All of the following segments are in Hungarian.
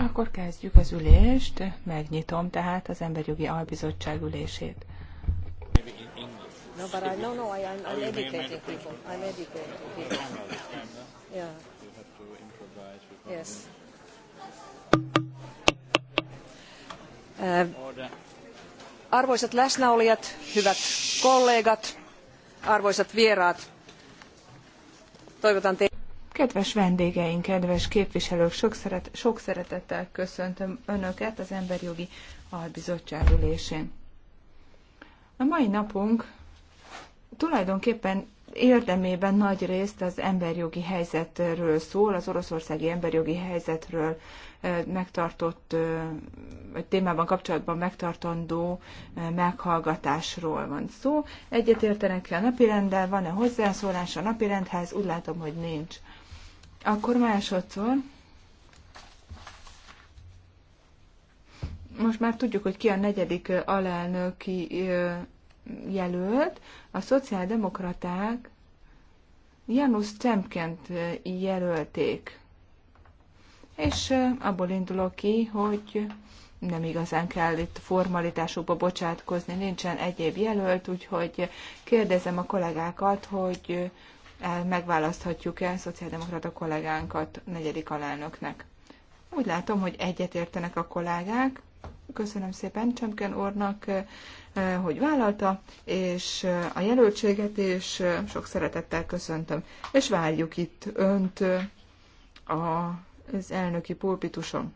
Akkor kezdjük az ülést, megnyitom tehát az Emberjogi Albizottság ülését. No, but I, no, no, I, I'm educating people. I'm educating people. Yeah. Yes. Uh, arvoisat läsnäolijat, hyvät kollegat, arvoisat vieraat, toivotan teille. Kedves vendégeink, kedves képviselők, sok, szeret, sok szeretettel köszöntöm Önöket az Emberjogi Albizottság ülésén. A mai napunk tulajdonképpen érdemében nagy részt az emberjogi helyzetről szól, az oroszországi emberjogi helyzetről megtartott, vagy témában kapcsolatban megtartandó meghallgatásról van szó. Egyetértenek e a napirenddel, van-e hozzászólás a napirendhez? Úgy látom, hogy nincs. Akkor másodszor. Most már tudjuk, hogy ki a negyedik alelnöki jelölt. A szociáldemokraták Janusz Cemkent jelölték. És abból indulok ki, hogy nem igazán kell itt formalitásokba bocsátkozni, nincsen egyéb jelölt, úgyhogy kérdezem a kollégákat, hogy Eh, megválaszthatjuk-e szociáldemokrata kollégánkat negyedik alelnöknek. Úgy látom, hogy egyetértenek a kollégák. Köszönöm szépen Csemken úrnak, eh, eh, hogy vállalta, és a jelöltséget, is sok szeretettel köszöntöm. És várjuk itt önt az elnöki pulpituson.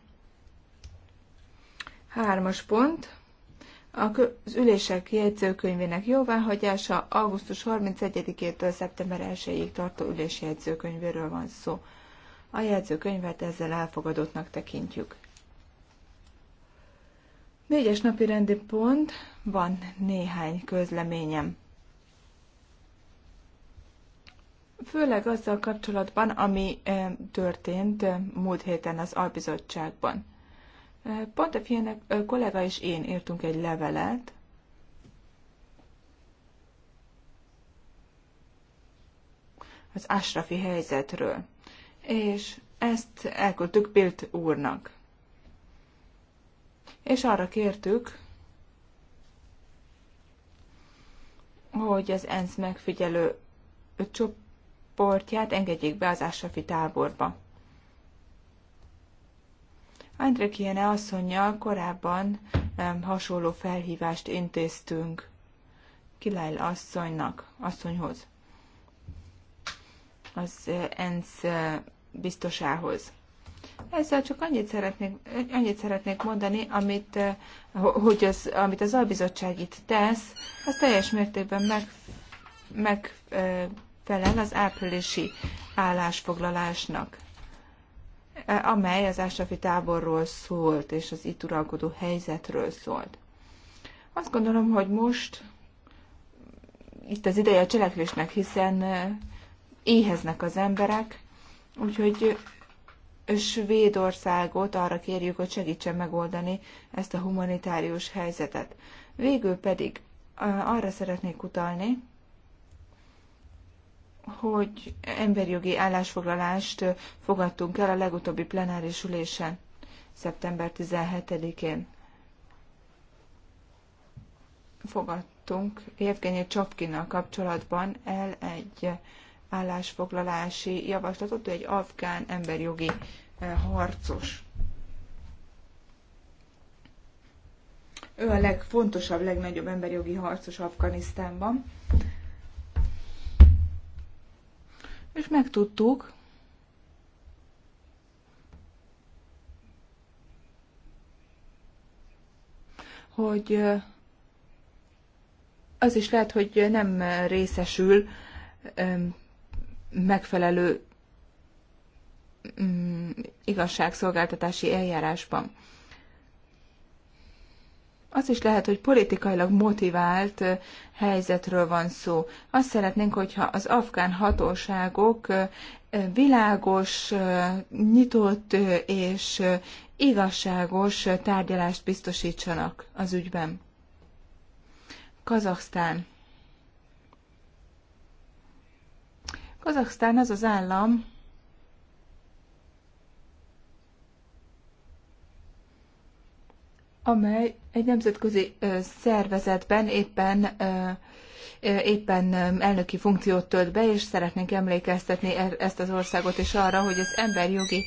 Hármas pont. Az ülések jegyzőkönyvének jóváhagyása augusztus 31-től szeptember 1-ig tartó ülés jegyzőkönyvéről van szó. A jegyzőkönyvet ezzel elfogadottnak tekintjük. Négyes napi rendi pont, van néhány közleményem. Főleg azzal kapcsolatban, ami eh, történt eh, múlt héten az albizottságban. Pont a Fiene kollega és én írtunk egy levelet, az Ásrafi helyzetről, és ezt elküldtük Bilt úrnak. És arra kértük, hogy az ENSZ megfigyelő csoportját engedjék be az Ásrafi táborba. Andre Kiene asszonynal korábban hasonló felhívást intéztünk Kilájl asszonynak, asszonyhoz, az ENSZ biztosához. Ezzel csak annyit szeretnék, annyit szeretnék mondani, amit, hogy az, amit az albizottság itt tesz, az teljes mértékben meg, megfelel az áprilisi állásfoglalásnak. Eh, amely az Ásafi táborról szólt, és az itt uralkodó helyzetről szólt. Azt gondolom, hogy most itt az ideje a cselekvésnek, hiszen eh, éheznek az emberek, úgyhogy eh, Svédországot arra kérjük, hogy segítsen megoldani ezt a humanitárius helyzetet. Végül pedig arra szeretnék utalni, hogy emberjogi állásfoglalást fogadtunk el a legutóbbi plenáris ülésen, szeptember 17-én. Fogadtunk Évgenyi Csapkinnal kapcsolatban el egy állásfoglalási javaslatot, egy afgán emberjogi eh, harcos. Ő a legfontosabb, legnagyobb emberjogi harcos Afganisztánban, és megtudtuk, hogy az is lehet, hogy nem részesül megfelelő mm, igazságszolgáltatási eljárásban az is lehet, hogy politikailag motivált helyzetről van szó. Azt szeretnénk, hogyha az afgán hatóságok világos, nyitott és igazságos tárgyalást biztosítsanak az ügyben. Kazaksztán. Kazaksztán az az állam, amely egy nemzetközi szervezetben éppen éppen elnöki funkciót tölt be, és szeretnénk emlékeztetni e-, ezt az országot is arra, hogy az emberjogi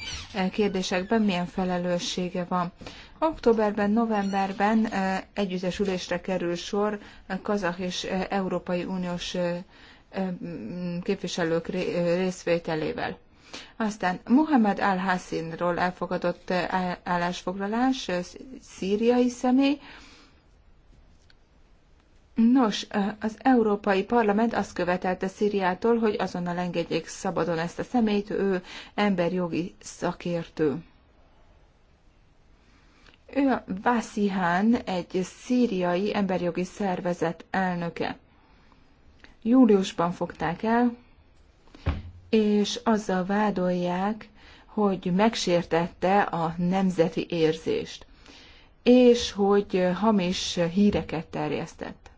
kérdésekben milyen felelőssége van. Októberben, novemberben együttes kerül sor kazah és Európai Uniós képviselők részvételével. Aztán Muhammad Al-Hassinról elfogadott eh, állásfoglalás, eh, szíriai személy. Nos, eh, az Európai Parlament azt követelte Szíriától, hogy azonnal engedjék szabadon ezt a személyt, ő emberjogi szakértő. Ő a Vászihan, egy szíriai emberjogi szervezet elnöke. Júliusban fogták el, és azzal vádolják, hogy megsértette a nemzeti érzést, és hogy hamis híreket terjesztett.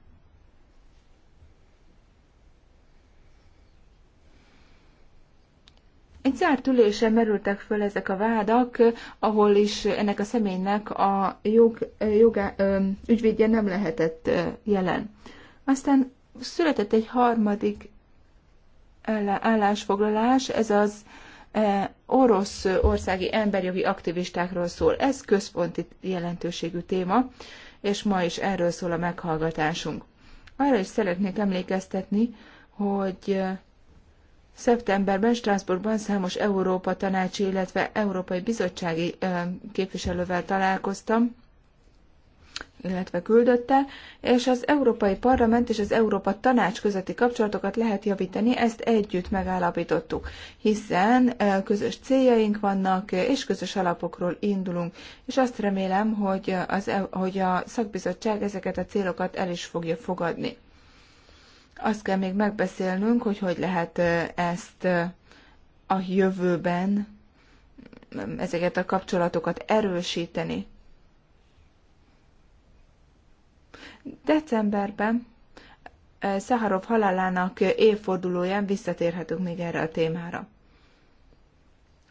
Egy zárt ülésen merültek föl ezek a vádak, ahol is ennek a személynek a jog, jogá, ügyvédje nem lehetett jelen. Aztán született egy harmadik állásfoglalás, ez az e, orosz országi emberjogi aktivistákról szól. Ez központi jelentőségű téma, és ma is erről szól a meghallgatásunk. Arra is szeretnék emlékeztetni, hogy e, szeptemberben Strasbourgban számos Európa tanácsi, illetve Európai Bizottsági e, képviselővel találkoztam, illetve küldötte, és az Európai Parlament és az Európa Tanács közötti kapcsolatokat lehet javítani, ezt együtt megállapítottuk, hiszen közös céljaink vannak, és közös alapokról indulunk, és azt remélem, hogy, az, e hogy a szakbizottság ezeket a célokat el is fogja fogadni. Azt kell még megbeszélnünk, hogy hogy lehet ezt a jövőben ezeket a kapcsolatokat erősíteni. Decemberben eh, Szaharov halálának eh, évfordulóján visszatérhetünk még erre a témára.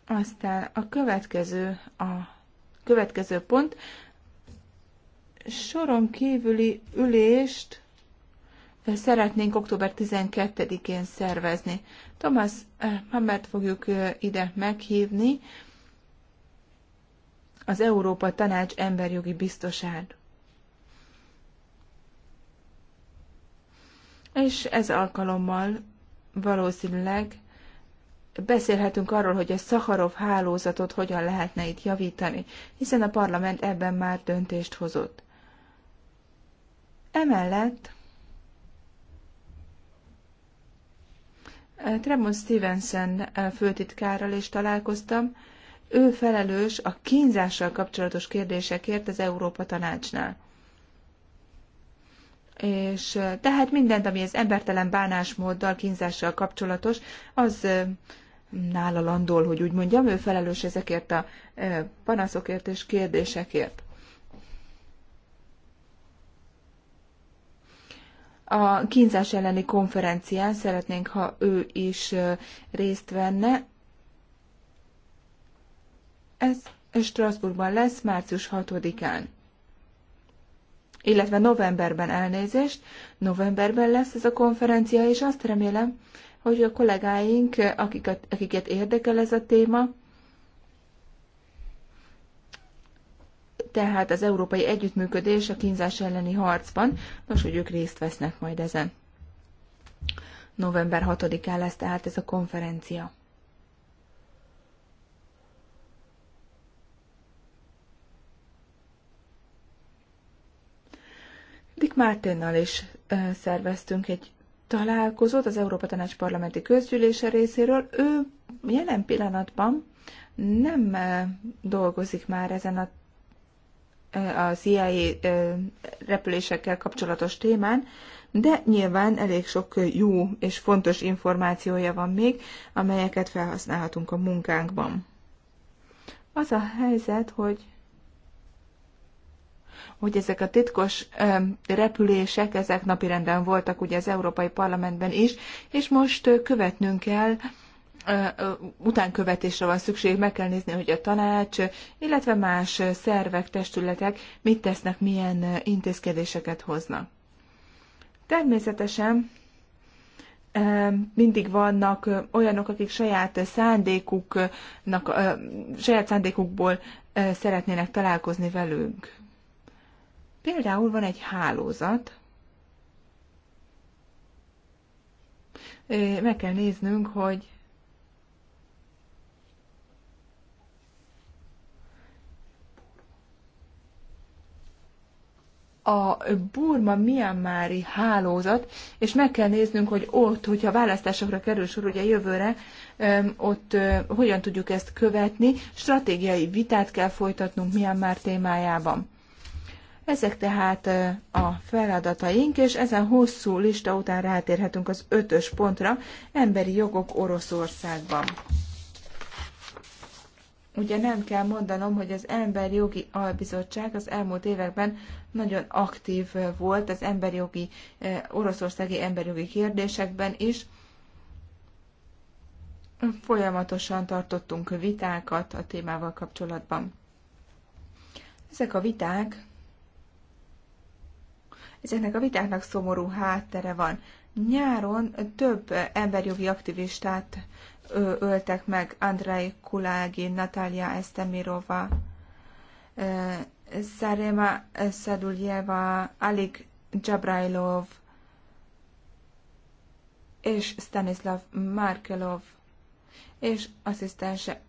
Aztán a következő, a következő pont, soron kívüli ülést eh, szeretnénk október 12-én szervezni. Thomas Hammert fogjuk ide meghívni, az Európa Tanács emberjogi biztosát. és ez alkalommal valószínűleg beszélhetünk arról, hogy a Szaharov hálózatot hogyan lehetne itt javítani, hiszen a parlament ebben már döntést hozott. Emellett eh, Tremont Stevenson eh, főtitkárral is találkoztam, ő felelős a kínzással kapcsolatos kérdésekért az Európa Tanácsnál és tehát mindent, ami az embertelen bánásmóddal, kínzással kapcsolatos, az nála landol, hogy úgy mondjam, ő felelős ezekért a panaszokért és kérdésekért. A kínzás elleni konferencián szeretnénk, ha ő is részt venne. Ez Strasbourgban lesz március 6-án illetve novemberben elnézést, novemberben lesz ez a konferencia, és azt remélem, hogy a kollégáink, akiket, akiket érdekel ez a téma, tehát az európai együttműködés a kínzás elleni harcban, nos, hogy ők részt vesznek majd ezen. November 6-án lesz tehát ez a konferencia. Dick Martinnal is szerveztünk egy találkozót az Európa Tanács Parlamenti Közgyűlése részéről. Ő jelen pillanatban nem dolgozik már ezen a, a CIA repülésekkel kapcsolatos témán, de nyilván elég sok jó és fontos információja van még, amelyeket felhasználhatunk a munkánkban. Az a helyzet, hogy hogy ezek a titkos repülések, ezek napirenden voltak ugye az Európai Parlamentben is, és most követnünk kell, utánkövetésre van szükség, meg kell nézni, hogy a tanács, illetve más szervek, testületek mit tesznek, milyen intézkedéseket hoznak. Természetesen mindig vannak olyanok, akik saját szándékuknak, saját szándékukból szeretnének találkozni velünk. Például van egy hálózat, meg kell néznünk, hogy a burma miamári hálózat, és meg kell néznünk, hogy ott, hogyha választásokra kerül sor ugye jövőre, ott hogyan tudjuk ezt követni. Stratégiai vitát kell folytatnunk Myanmar témájában. Ezek tehát a feladataink, és ezen hosszú lista után rátérhetünk az ötös pontra, emberi jogok Oroszországban. Ugye nem kell mondanom, hogy az Emberi Jogi Albizottság az elmúlt években nagyon aktív volt az emberi jogi, oroszországi emberi jogi kérdésekben is. Folyamatosan tartottunk vitákat a témával kapcsolatban. Ezek a viták ezeknek a vitáknak szomorú háttere van. Nyáron több emberjogi aktivistát öltek meg, Andrei Kulági, Natália Estemirova, Szarema Szaduljeva, Alik Jabrailov és Stanislav Markelov és asszisztense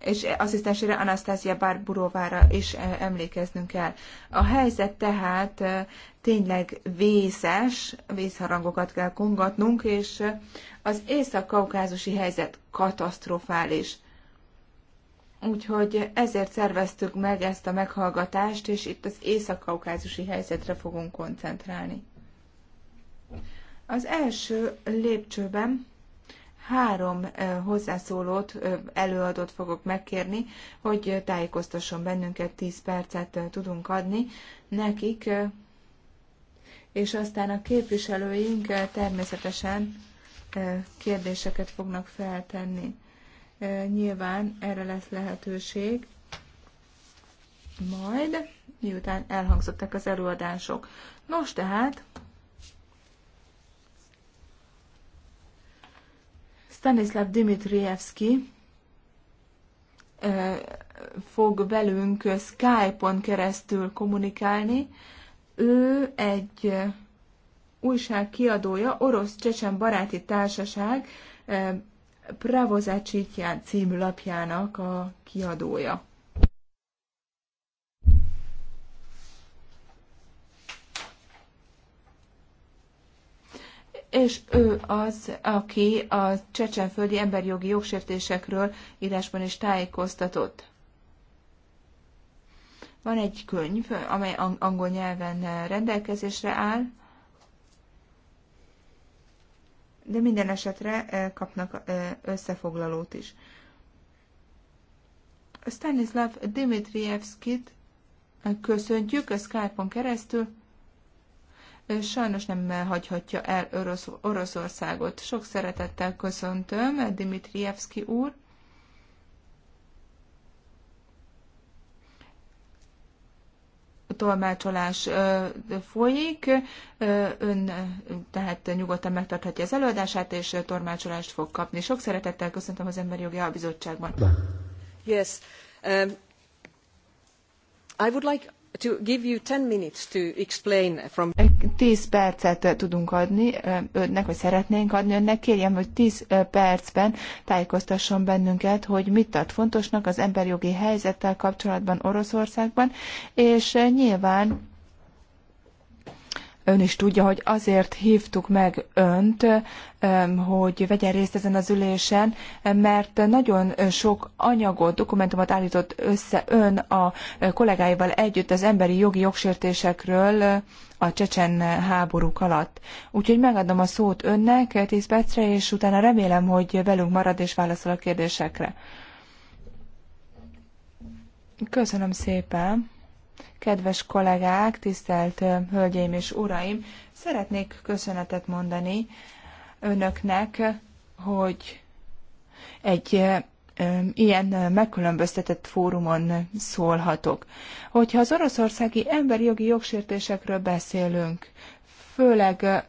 és asszisztensére Anasztázia Barburovára is e, emlékeznünk kell. A helyzet tehát e, tényleg vészes, vészharangokat kell kongatnunk, és e, az észak-kaukázusi helyzet katasztrofális. Úgyhogy ezért szerveztük meg ezt a meghallgatást, és itt az észak-kaukázusi helyzetre fogunk koncentrálni. Az első lépcsőben három hozzászólót, előadót fogok megkérni, hogy tájékoztasson bennünket, 10 percet tudunk adni nekik, és aztán a képviselőink természetesen kérdéseket fognak feltenni. Nyilván erre lesz lehetőség majd, miután elhangzottak az előadások. Nos tehát, Stanislav Dimitrievski fog velünk Skype-on keresztül kommunikálni. Ő egy újság kiadója, Orosz-Csecsen Baráti Társaság Pravozácsítján című lapjának a kiadója. és ő az, aki a csecsenföldi emberjogi jogsértésekről írásban is tájékoztatott. Van egy könyv, amely angol nyelven rendelkezésre áll, de minden esetre e, kapnak e, összefoglalót is. Stanislav Dimitrievskit e, köszöntjük a Skype-on keresztül sajnos nem hagyhatja el Orosz, Oroszországot. Sok szeretettel köszöntöm Dimitrievski úr. tolmácsolás folyik, ön tehát nyugodtan megtarthatja az előadását, és tolmácsolást fog kapni. Sok szeretettel köszöntöm az Emberi Jogi Albizottságban. Yes. Um, I would like to give you 10 minutes to explain from... 10 percet tudunk adni önnek, vagy szeretnénk adni önnek, kérjem, hogy 10 percben tájékoztasson bennünket, hogy mit tart fontosnak az emberjogi helyzettel kapcsolatban Oroszországban, és nyilván Ön is tudja, hogy azért hívtuk meg önt, hogy vegyen részt ezen az ülésen, mert nagyon sok anyagot, dokumentumot állított össze ön a kollégáival együtt az emberi jogi jogsértésekről a csecsen háborúk alatt. Úgyhogy megadom a szót önnek 10 percre, és utána remélem, hogy velünk marad és válaszol a kérdésekre. Köszönöm szépen. Kedves kollégák, tisztelt hölgyeim és uraim, szeretnék köszönetet mondani önöknek, hogy egy ilyen megkülönböztetett fórumon szólhatok. Hogyha az oroszországi emberi jogi jogsértésekről beszélünk, főleg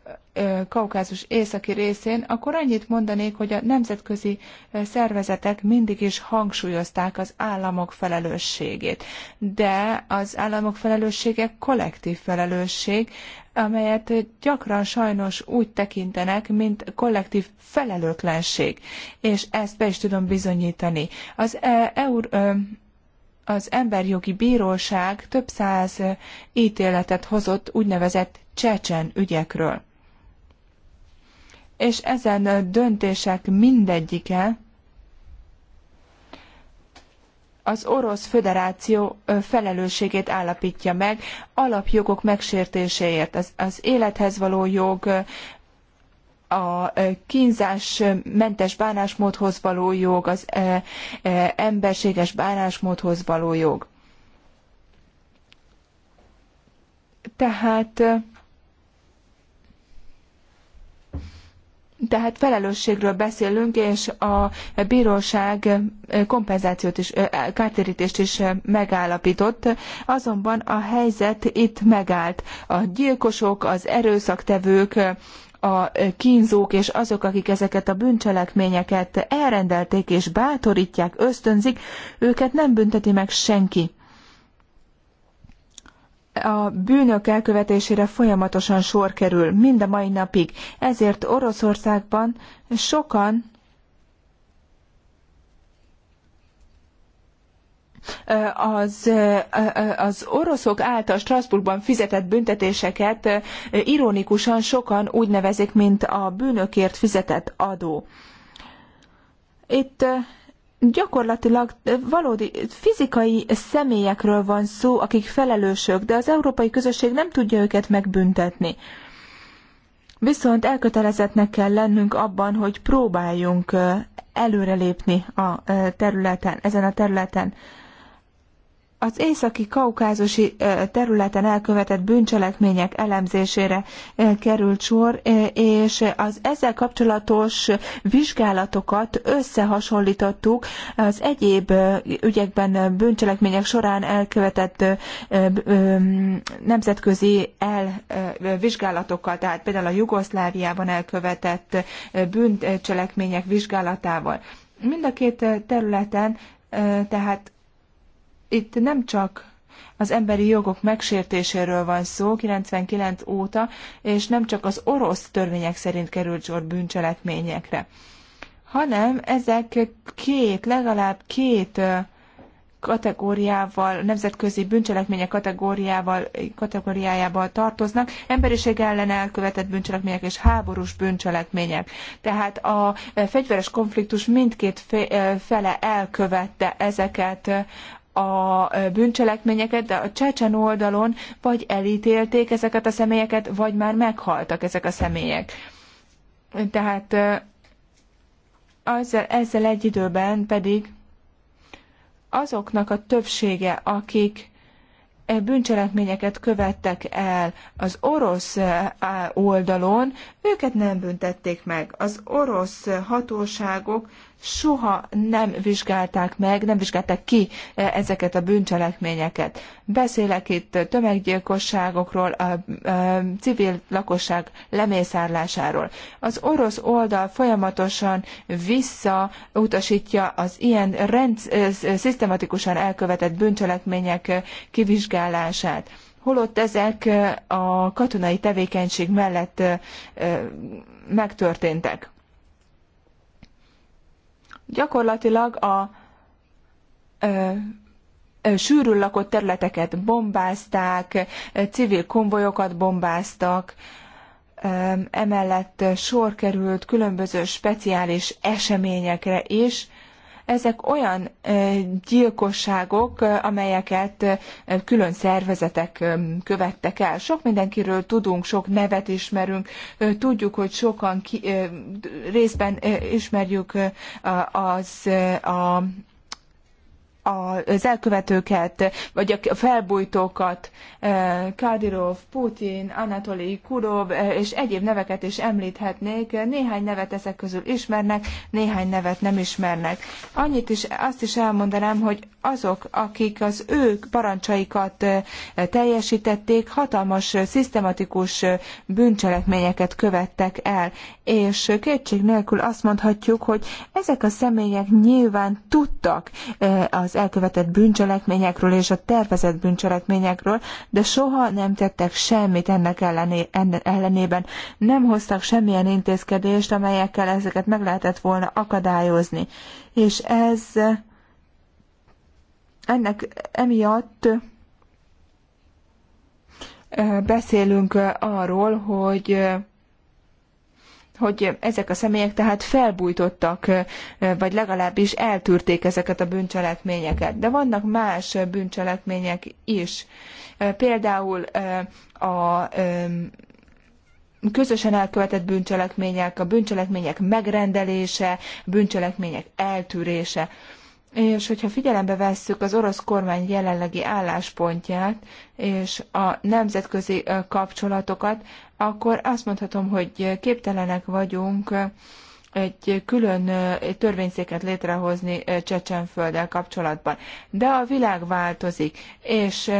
Kaukázus északi részén, akkor annyit mondanék, hogy a nemzetközi szervezetek mindig is hangsúlyozták az államok felelősségét. De az államok felelőssége kollektív felelősség, amelyet gyakran sajnos úgy tekintenek, mint kollektív felelőtlenség. És ezt be is tudom bizonyítani. Az EU az emberjogi bíróság több száz ítéletet hozott úgynevezett csecsen ügyekről. És ezen a döntések mindegyike az Orosz Föderáció felelősségét állapítja meg alapjogok megsértéséért, az, az élethez való jog, a kínzás mentes bánásmódhoz való jog, az emberséges bánásmódhoz való jog. Tehát Tehát felelősségről beszélünk, és a bíróság kompenzációt is, kártérítést is megállapított, azonban a helyzet itt megállt. A gyilkosok, az erőszaktevők, a kínzók és azok, akik ezeket a bűncselekményeket elrendelték és bátorítják, ösztönzik, őket nem bünteti meg senki a bűnök elkövetésére folyamatosan sor kerül, mind a mai napig. Ezért Oroszországban sokan az, az oroszok által Strasbourgban fizetett büntetéseket ironikusan sokan úgy nevezik, mint a bűnökért fizetett adó. Itt gyakorlatilag valódi fizikai személyekről van szó, akik felelősök, de az európai közösség nem tudja őket megbüntetni. Viszont elkötelezettnek kell lennünk abban, hogy próbáljunk előrelépni a területen, ezen a területen az északi kaukázusi területen elkövetett bűncselekmények elemzésére került sor, és az ezzel kapcsolatos vizsgálatokat összehasonlítottuk az egyéb ügyekben bűncselekmények során elkövetett nemzetközi vizsgálatokkal, tehát például a Jugoszláviában elkövetett bűncselekmények vizsgálatával. Mind a két területen tehát itt nem csak az emberi jogok megsértéséről van szó 99 óta, és nem csak az orosz törvények szerint került sor bűncselekményekre, hanem ezek két, legalább két kategóriával, nemzetközi bűncselekmények kategóriával, kategóriájába tartoznak, emberiség ellen elkövetett bűncselekmények és háborús bűncselekmények. Tehát a fegyveres konfliktus mindkét fele elkövette ezeket a bűncselekményeket, de a Csecsen oldalon vagy elítélték ezeket a személyeket, vagy már meghaltak ezek a személyek. Tehát ezzel, ezzel egy időben pedig azoknak a többsége, akik bűncselekményeket követtek el az orosz oldalon, őket nem büntették meg. Az orosz hatóságok soha nem vizsgálták meg, nem vizsgálták ki eh, ezeket a bűncselekményeket. Beszélek itt tömeggyilkosságokról, a, civil lakosság lemészárlásáról. Az orosz oldal folyamatosan visszautasítja az ilyen rendsz, eh, eh, szisztematikusan elkövetett bűncselekmények kivizsgálását holott ezek a katonai tevékenység mellett megtörténtek gyakorlatilag a ö, ö, sűrűn lakott területeket bombázták, civil konvojokat bombáztak, emellett sor került különböző speciális eseményekre is, ezek olyan gyilkosságok, amelyeket külön szervezetek követtek el. Sok mindenkiről tudunk, sok nevet ismerünk, tudjuk, hogy sokan ki, részben ismerjük az a az elkövetőket, vagy a felbújtókat, eh, Kadirov, Putin, Anatoli Kurov eh, és egyéb neveket is említhetnék. Néhány nevet ezek közül ismernek, néhány nevet nem ismernek. Annyit is, azt is elmondanám, hogy azok, akik az ő parancsaikat teljesítették, hatalmas, szisztematikus bűncselekményeket követtek el. És kétség nélkül azt mondhatjuk, hogy ezek a személyek nyilván tudtak az elkövetett bűncselekményekről és a tervezett bűncselekményekről, de soha nem tettek semmit ennek ellenében. Nem hoztak semmilyen intézkedést, amelyekkel ezeket meg lehetett volna akadályozni. És ez ennek emiatt beszélünk arról, hogy hogy ezek a személyek tehát felbújtottak, vagy legalábbis eltűrték ezeket a bűncselekményeket. De vannak más bűncselekmények is. Például a közösen elkövetett bűncselekmények, a bűncselekmények megrendelése, bűncselekmények eltűrése. És hogyha figyelembe vesszük az orosz kormány jelenlegi álláspontját és a nemzetközi kapcsolatokat, akkor azt mondhatom, hogy képtelenek vagyunk egy külön törvényszéket létrehozni Csecsenfölddel kapcsolatban. De a világ változik, és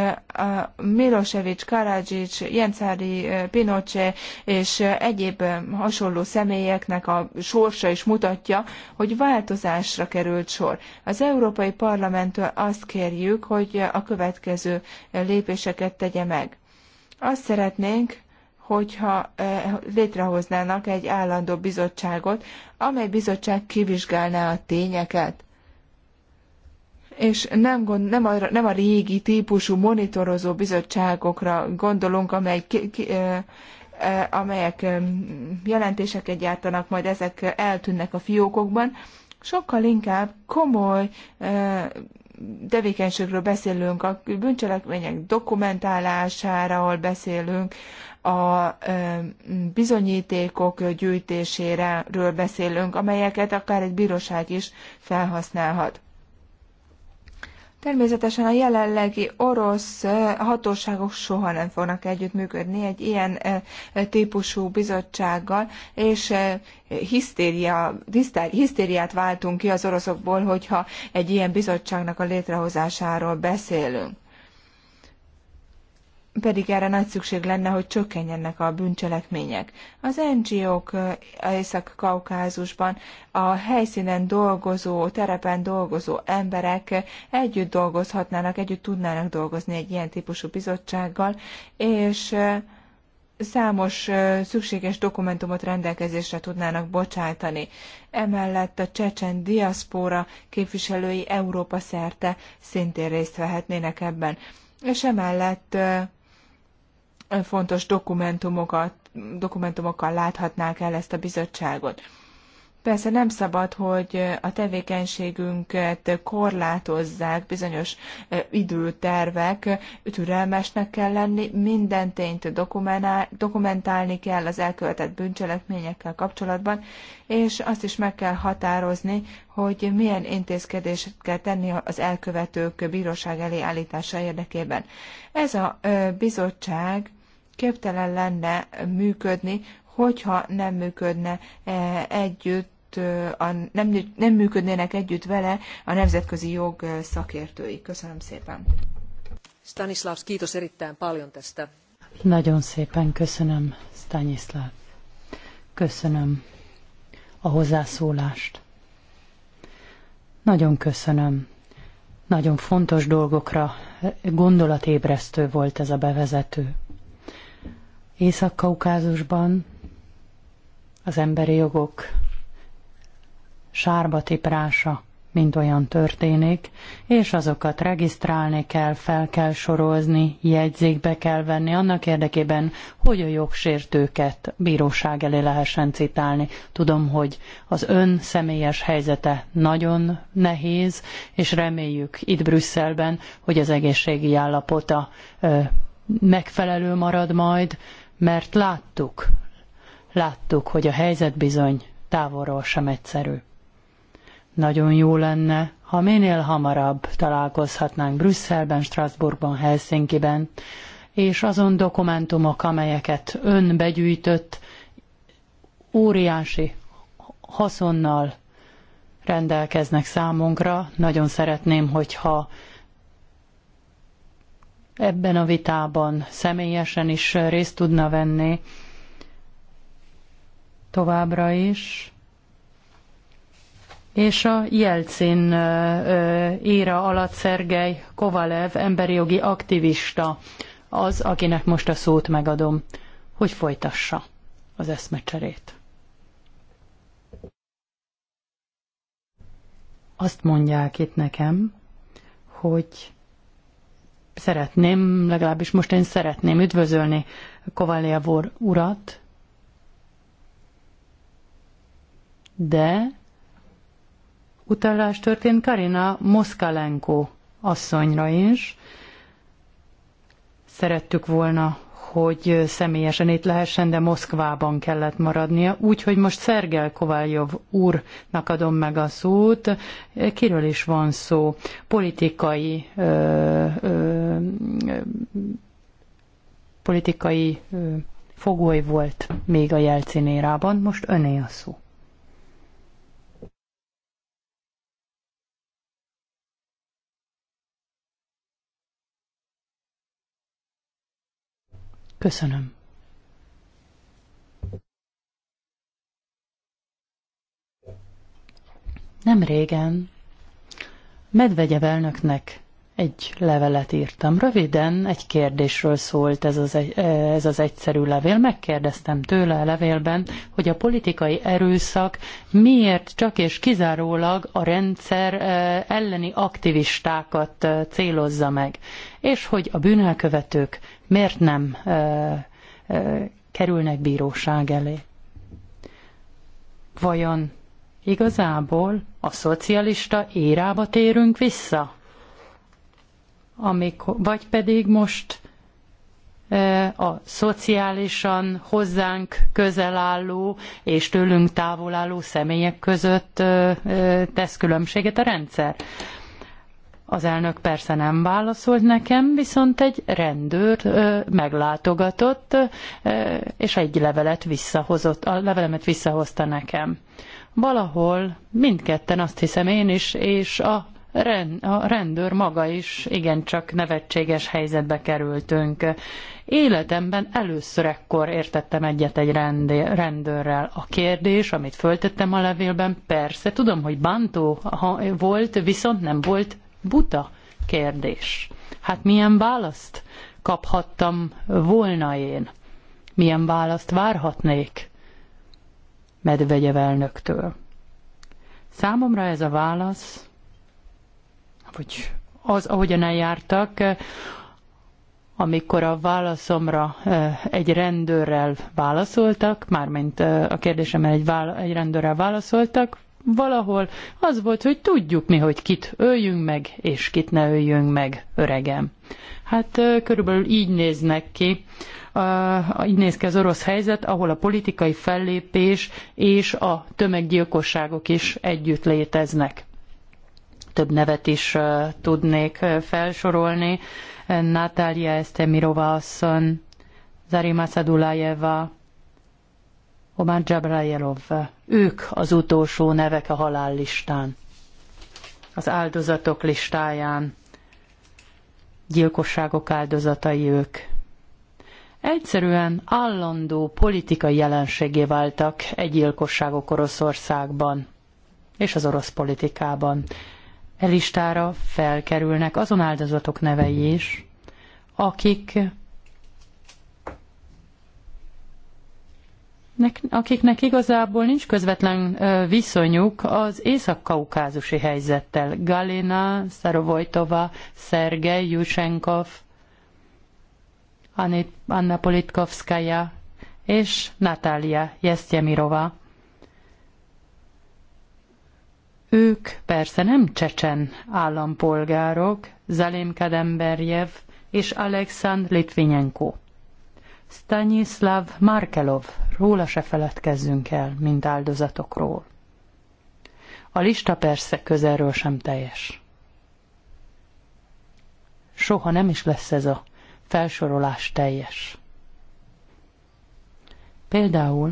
Milosevic, Karadzsics, Jenszári, Pinoche és egyéb hasonló személyeknek a sorsa is mutatja, hogy változásra került sor. Az Európai Parlamenttől azt kérjük, hogy a következő lépéseket tegye meg. Azt szeretnénk, hogyha eh, létrehoznának egy állandó bizottságot, amely bizottság kivizsgálná a tényeket. És nem, gond, nem, a, nem a régi típusú monitorozó bizottságokra gondolunk, amely ki, ki, eh, eh, amelyek jelentéseket gyártanak, majd ezek eltűnnek a fiókokban, sokkal inkább komoly tevékenységről beszélünk, a bűncselekmények dokumentálásáról beszélünk, a bizonyítékok gyűjtéséről beszélünk, amelyeket akár egy bíróság is felhasználhat. Természetesen a jelenlegi orosz hatóságok soha nem fognak együttműködni egy ilyen típusú bizottsággal, és hisztéria, hisztériát váltunk ki az oroszokból, hogyha egy ilyen bizottságnak a létrehozásáról beszélünk pedig erre nagy szükség lenne, hogy csökkenjenek a bűncselekmények. Az NGO-k Észak-Kaukázusban a helyszínen dolgozó, terepen dolgozó emberek együtt dolgozhatnának, együtt tudnának dolgozni egy ilyen típusú bizottsággal, és számos szükséges dokumentumot rendelkezésre tudnának bocsátani. Emellett a csecsen diaszpóra képviselői Európa szerte szintén részt vehetnének ebben. És emellett fontos dokumentumokat, dokumentumokkal láthatnák el ezt a bizottságot. Persze nem szabad, hogy a tevékenységünket korlátozzák bizonyos időtervek, türelmesnek kell lenni, minden tényt dokumentálni kell az elkövetett bűncselekményekkel kapcsolatban, és azt is meg kell határozni, hogy milyen intézkedést kell tenni az elkövetők bíróság elé állítása érdekében. Ez a bizottság képtelen lenne működni, hogyha nem működne eh, együtt, eh, a, nem, nem működnének együtt vele a nemzetközi jog eh, szakértői. Köszönöm szépen. Stanislav, kiitos erittäin paljon tästä. Nagyon szépen köszönöm, Stanislav. Köszönöm a hozzászólást. Nagyon köszönöm. Nagyon fontos dolgokra gondolatébresztő volt ez a bevezető. Észak-Kaukázusban az emberi jogok sárba tiprása mint olyan történik, és azokat regisztrálni kell, fel kell sorozni, jegyzékbe kell venni annak érdekében, hogy a jogsértőket bíróság elé lehessen citálni. Tudom, hogy az ön személyes helyzete nagyon nehéz, és reméljük itt Brüsszelben, hogy az egészségi állapota ö, megfelelő marad majd, mert láttuk, láttuk, hogy a helyzet bizony távolról sem egyszerű. Nagyon jó lenne, ha minél hamarabb találkozhatnánk Brüsszelben, Strasbourgban, Helsinkiben, és azon dokumentumok, amelyeket ön begyűjtött, óriási haszonnal rendelkeznek számunkra. Nagyon szeretném, hogyha ebben a vitában személyesen is részt tudna venni továbbra is. És a Jelcin éra alatt Szergej Kovalev, emberi jogi aktivista, az, akinek most a szót megadom, hogy folytassa az eszmecserét. Azt mondják itt nekem, hogy szeretném, legalábbis most én szeretném üdvözölni Kovaljev urat, de utalás történt Karina Moszkalenko asszonyra is. Szerettük volna hogy személyesen itt lehessen, de Moszkvában kellett maradnia. Úgyhogy most Szergel Kovályov úrnak adom meg a szót. Kiről is van szó? Politikai ö, ö, politikai ö, fogoly volt még a Jelcinérában, most öné a szó. Köszönöm. Nem régen Medvegyev elnöknek egy levelet írtam. Röviden egy kérdésről szólt ez az, ez az egyszerű levél. Megkérdeztem tőle a levélben, hogy a politikai erőszak miért csak és kizárólag a rendszer eh, elleni aktivistákat eh, célozza meg, és hogy a bűnelkövetők miért nem kerülnek bíróság elé? Vajon igazából a szocialista érába térünk vissza? Amikor, vagy pedig most a szociálisan hozzánk közel álló és tőlünk távol álló személyek között tesz különbséget a rendszer. Az elnök persze nem válaszolt nekem, viszont egy rendőr ö, meglátogatott, ö, és egy levelet visszahozott, a levelemet visszahozta nekem. Valahol mindketten azt hiszem én is, és a, rend, a rendőr maga is igencsak nevetséges helyzetbe kerültünk. Életemben először ekkor értettem egyet egy rendőrrel. A kérdés, amit föltettem a levélben, persze tudom, hogy bántó volt, viszont nem volt buta kérdés. Hát milyen választ kaphattam volna én? Milyen választ várhatnék Medvegyev elnöktől? Számomra ez a válasz, vagy az, ahogyan eljártak, amikor a válaszomra eh, egy rendőrrel válaszoltak, mármint eh, a kérdésemre egy, vála- egy rendőrrel válaszoltak, valahol, az volt, hogy tudjuk mi, hogy kit öljünk meg, és kit ne öljünk meg, öregem. Hát körülbelül így néznek ki, így néz ki az orosz helyzet, ahol a politikai fellépés és a tömeggyilkosságok is együtt léteznek. Több nevet is tudnék felsorolni. Natália Estemirova asszony, Zarima Szadulajeva, Omar Jabrajelov. Ők az utolsó nevek a halállistán, az áldozatok listáján. Gyilkosságok áldozatai ők. Egyszerűen állandó politikai jelenségé váltak egy gyilkosságok Oroszországban és az orosz politikában. Elistára felkerülnek azon áldozatok nevei is, akik akiknek igazából nincs közvetlen viszonyuk az észak-kaukázusi helyzettel. Galina, Szarovojtova, Szergej, Jusenkov, Anna Politkovskaya és Natália Jesztyemirova. Ők persze nem csecsen állampolgárok, Zalim Kademberjev és Alexand Litvinenko. Stanislav Markelov, róla se feledkezzünk el, mint áldozatokról. A lista persze közelről sem teljes. Soha nem is lesz ez a felsorolás teljes. Például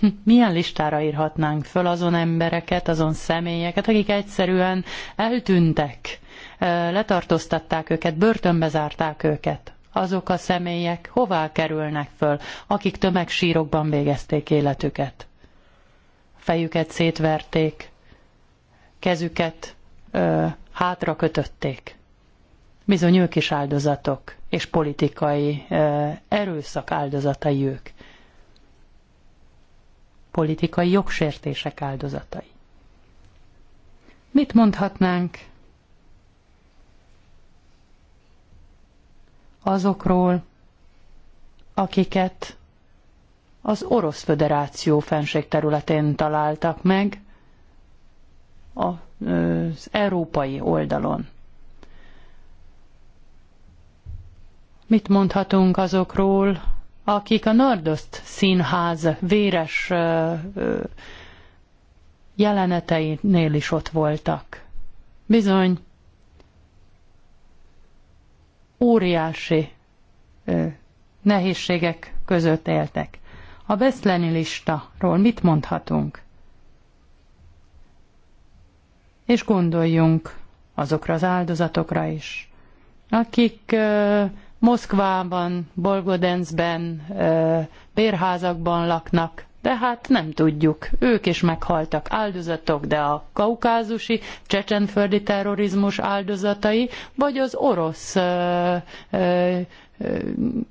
hm, milyen listára írhatnánk föl azon embereket, azon személyeket, akik egyszerűen eltűntek, letartóztatták őket, börtönbe zárták őket. Azok a személyek hová kerülnek föl, akik tömegsírokban végezték életüket? Fejüket szétverték, kezüket ö, hátra kötötték. Bizony ők is áldozatok, és politikai ö, erőszak áldozatai ők. Politikai jogsértések áldozatai. Mit mondhatnánk azokról, akiket az Orosz Föderáció fenség területén találtak meg az európai oldalon. Mit mondhatunk azokról, akik a Nordost színház véres jeleneteinél is ott voltak? Bizony, óriási ö, nehézségek között éltek. A Beszleni ról mit mondhatunk? És gondoljunk azokra az áldozatokra is, akik ö, Moszkvában, Bolgodenzben, ö, bérházakban laknak, de hát nem tudjuk. Ők is meghaltak áldozatok, de a kaukázusi csecsenföldi terrorizmus áldozatai, vagy az orosz ö, ö, ö,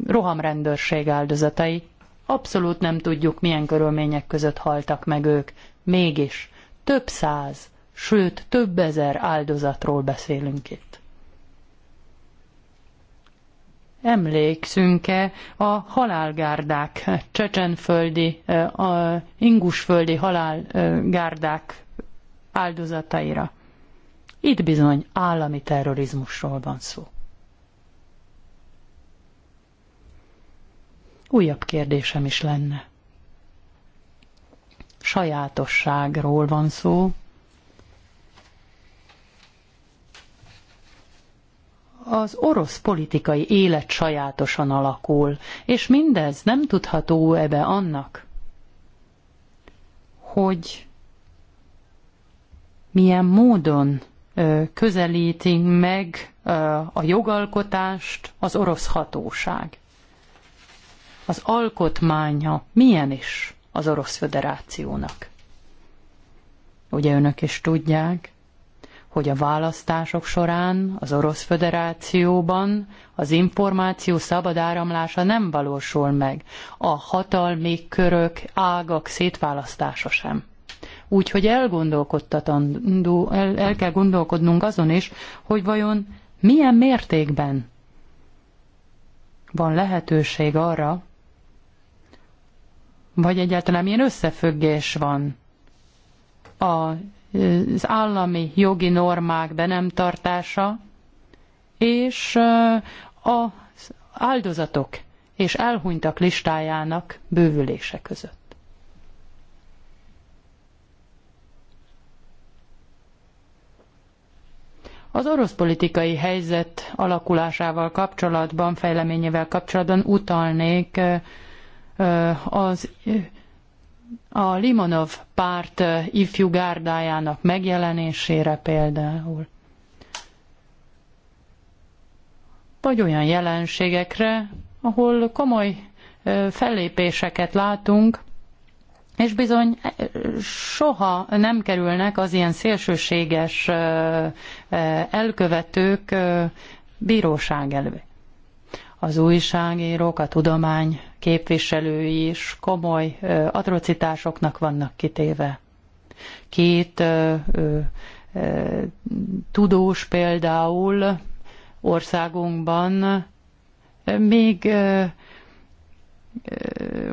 rohamrendőrség áldozatai. Abszolút nem tudjuk, milyen körülmények között haltak meg ők. Mégis több száz, sőt több ezer áldozatról beszélünk itt emlékszünk-e a halálgárdák, csecsenföldi, a ingusföldi halálgárdák áldozataira. Itt bizony állami terrorizmusról van szó. Újabb kérdésem is lenne. Sajátosságról van szó, az orosz politikai élet sajátosan alakul, és mindez nem tudható ebbe annak, hogy milyen módon közelítünk meg a jogalkotást az orosz hatóság. Az alkotmánya milyen is az Orosz Föderációnak? Ugye önök is tudják, hogy a választások során az Orosz Föderációban az információ szabad áramlása nem valósul meg, a hatalmi körök, ágak szétválasztása sem. Úgyhogy elgondolkodtatandó, el, el kell gondolkodnunk azon is, hogy vajon milyen mértékben van lehetőség arra, vagy egyáltalán milyen összefüggés van a az állami jogi normák be nem tartása, és az áldozatok és elhunytak listájának bővülése között. Az orosz politikai helyzet alakulásával kapcsolatban, fejleményével kapcsolatban utalnék az a Limonov párt eh, ifjú gárdájának megjelenésére például. Vagy olyan jelenségekre, ahol komoly eh, fellépéseket látunk, és bizony eh, soha nem kerülnek az ilyen szélsőséges elkövetők bíróság elő. Az újságírók, a tudomány képviselői is komoly atrocitásoknak vannak kitéve. Két tudós például országunkban még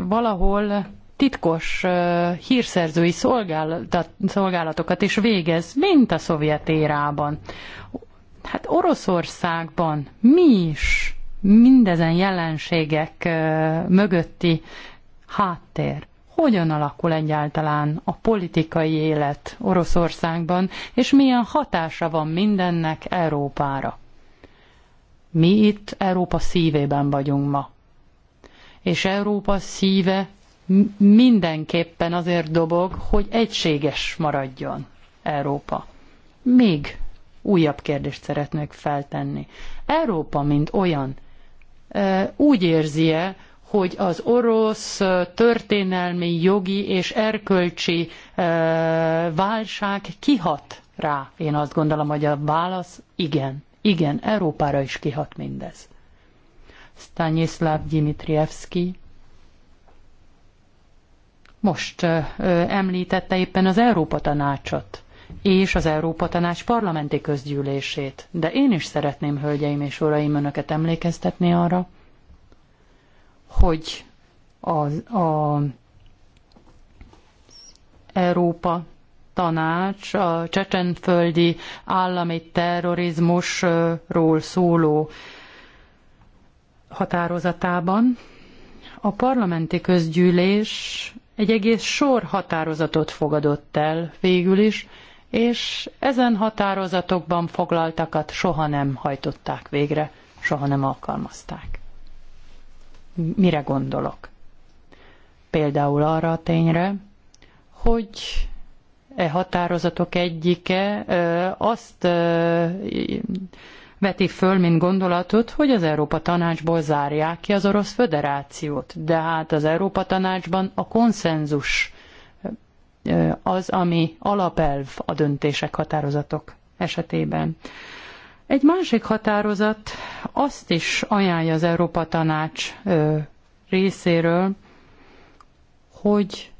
valahol titkos hírszerzői szolgálat, szolgálatokat is végez, mint a szovjet érában. Hát Oroszországban mi is mindezen jelenségek mögötti háttér. Hogyan alakul egyáltalán a politikai élet Oroszországban, és milyen hatása van mindennek Európára? Mi itt Európa szívében vagyunk ma. És Európa szíve mindenképpen azért dobog, hogy egységes maradjon Európa. Még újabb kérdést szeretnék feltenni. Európa, mint olyan, úgy érzi-e, hogy az orosz történelmi, jogi és erkölcsi válság kihat rá. Én azt gondolom, hogy a válasz igen. Igen, Európára is kihat mindez. Stanislav Dimitrievski most említette éppen az Európa Tanácsot és az Európa Tanács parlamenti közgyűlését. De én is szeretném, hölgyeim és uraim, önöket emlékeztetni arra, hogy az a Európa tanács a csecsenföldi állami terrorizmusról szóló határozatában a parlamenti közgyűlés egy egész sor határozatot fogadott el végül is, és ezen határozatokban foglaltakat soha nem hajtották végre, soha nem alkalmazták. Mire gondolok? Például arra a tényre, hogy e határozatok egyike azt veti föl, mint gondolatot, hogy az Európa Tanácsból zárják ki az Orosz Föderációt. De hát az Európa Tanácsban a konszenzus az, ami alapelv a döntések, határozatok esetében. Egy másik határozat azt is ajánlja az Európa Tanács részéről, hogy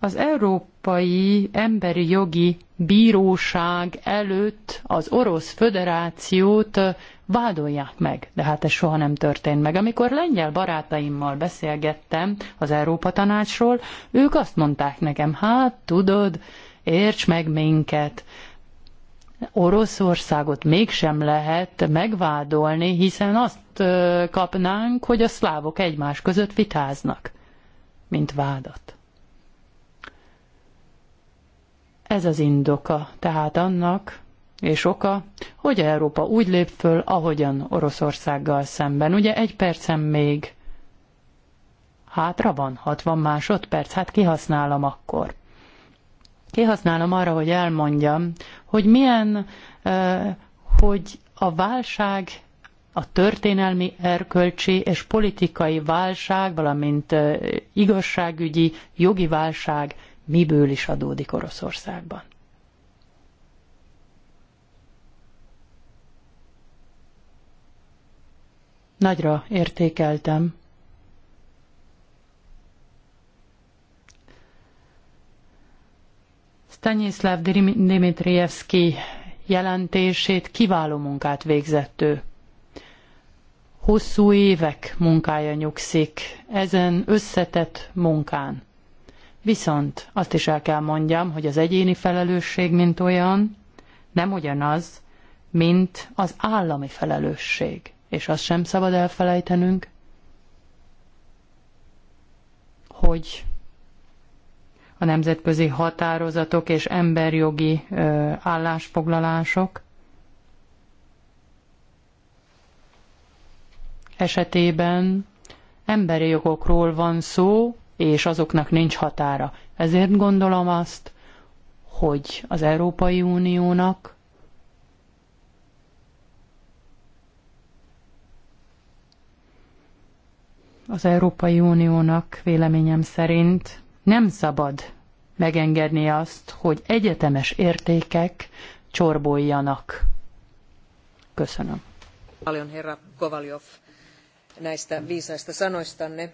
az Európai Emberi Jogi Bíróság előtt az Orosz Föderációt vádolják meg. De hát ez soha nem történt meg. Amikor lengyel barátaimmal beszélgettem az Európa Tanácsról, ők azt mondták nekem, hát tudod, érts meg minket. Oroszországot mégsem lehet megvádolni, hiszen azt kapnánk, hogy a szlávok egymás között vitáznak, mint vádat. Ez az indoka tehát annak, és oka, hogy Európa úgy lép föl, ahogyan Oroszországgal szemben. Ugye egy percen még hátra van, 60 másodperc, hát kihasználom akkor. Kihasználom arra, hogy elmondjam, hogy milyen, hogy a válság a történelmi, erkölcsi és politikai válság, valamint igazságügyi, jogi válság miből is adódik Oroszországban. Nagyra értékeltem. Stanislav Dimitrievski jelentését kiváló munkát végzett ő. Hosszú évek munkája nyugszik ezen összetett munkán. Viszont azt is el kell mondjam, hogy az egyéni felelősség, mint olyan, nem ugyanaz, mint az állami felelősség és azt sem szabad elfelejtenünk, hogy a nemzetközi határozatok és emberjogi ö, állásfoglalások esetében emberi jogokról van szó, és azoknak nincs határa. Ezért gondolom azt, hogy az Európai Uniónak az Európai Uniónak véleményem szerint nem szabad megengedni azt, hogy egyetemes értékek csorboljanak. Köszönöm. Paljon herra Kovaljov näistä viisaista sanoistanne.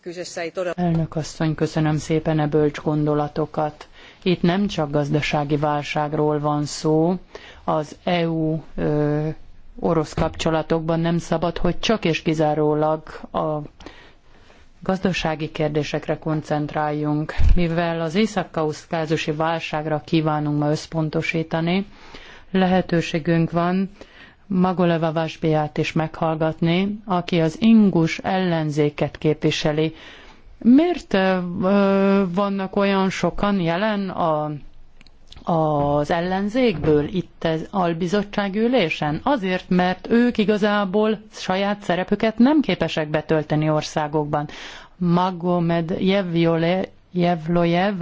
Kyseessä ei todella... Elnök asszony, köszönöm szépen a bölcs gondolatokat. Itt nem csak gazdasági válságról van szó, az EU ö, orosz kapcsolatokban nem szabad, hogy csak és kizárólag a gazdasági kérdésekre koncentráljunk, mivel az észak-kaukázusi válságra kívánunk ma összpontosítani, lehetőségünk van Magoleva Vasbiát is meghallgatni, aki az ingus ellenzéket képviseli. Miért vannak olyan sokan jelen a az ellenzékből itt az albizottság ülésen? Azért, mert ők igazából saját szerepüket nem képesek betölteni országokban. Magomed Jevlojev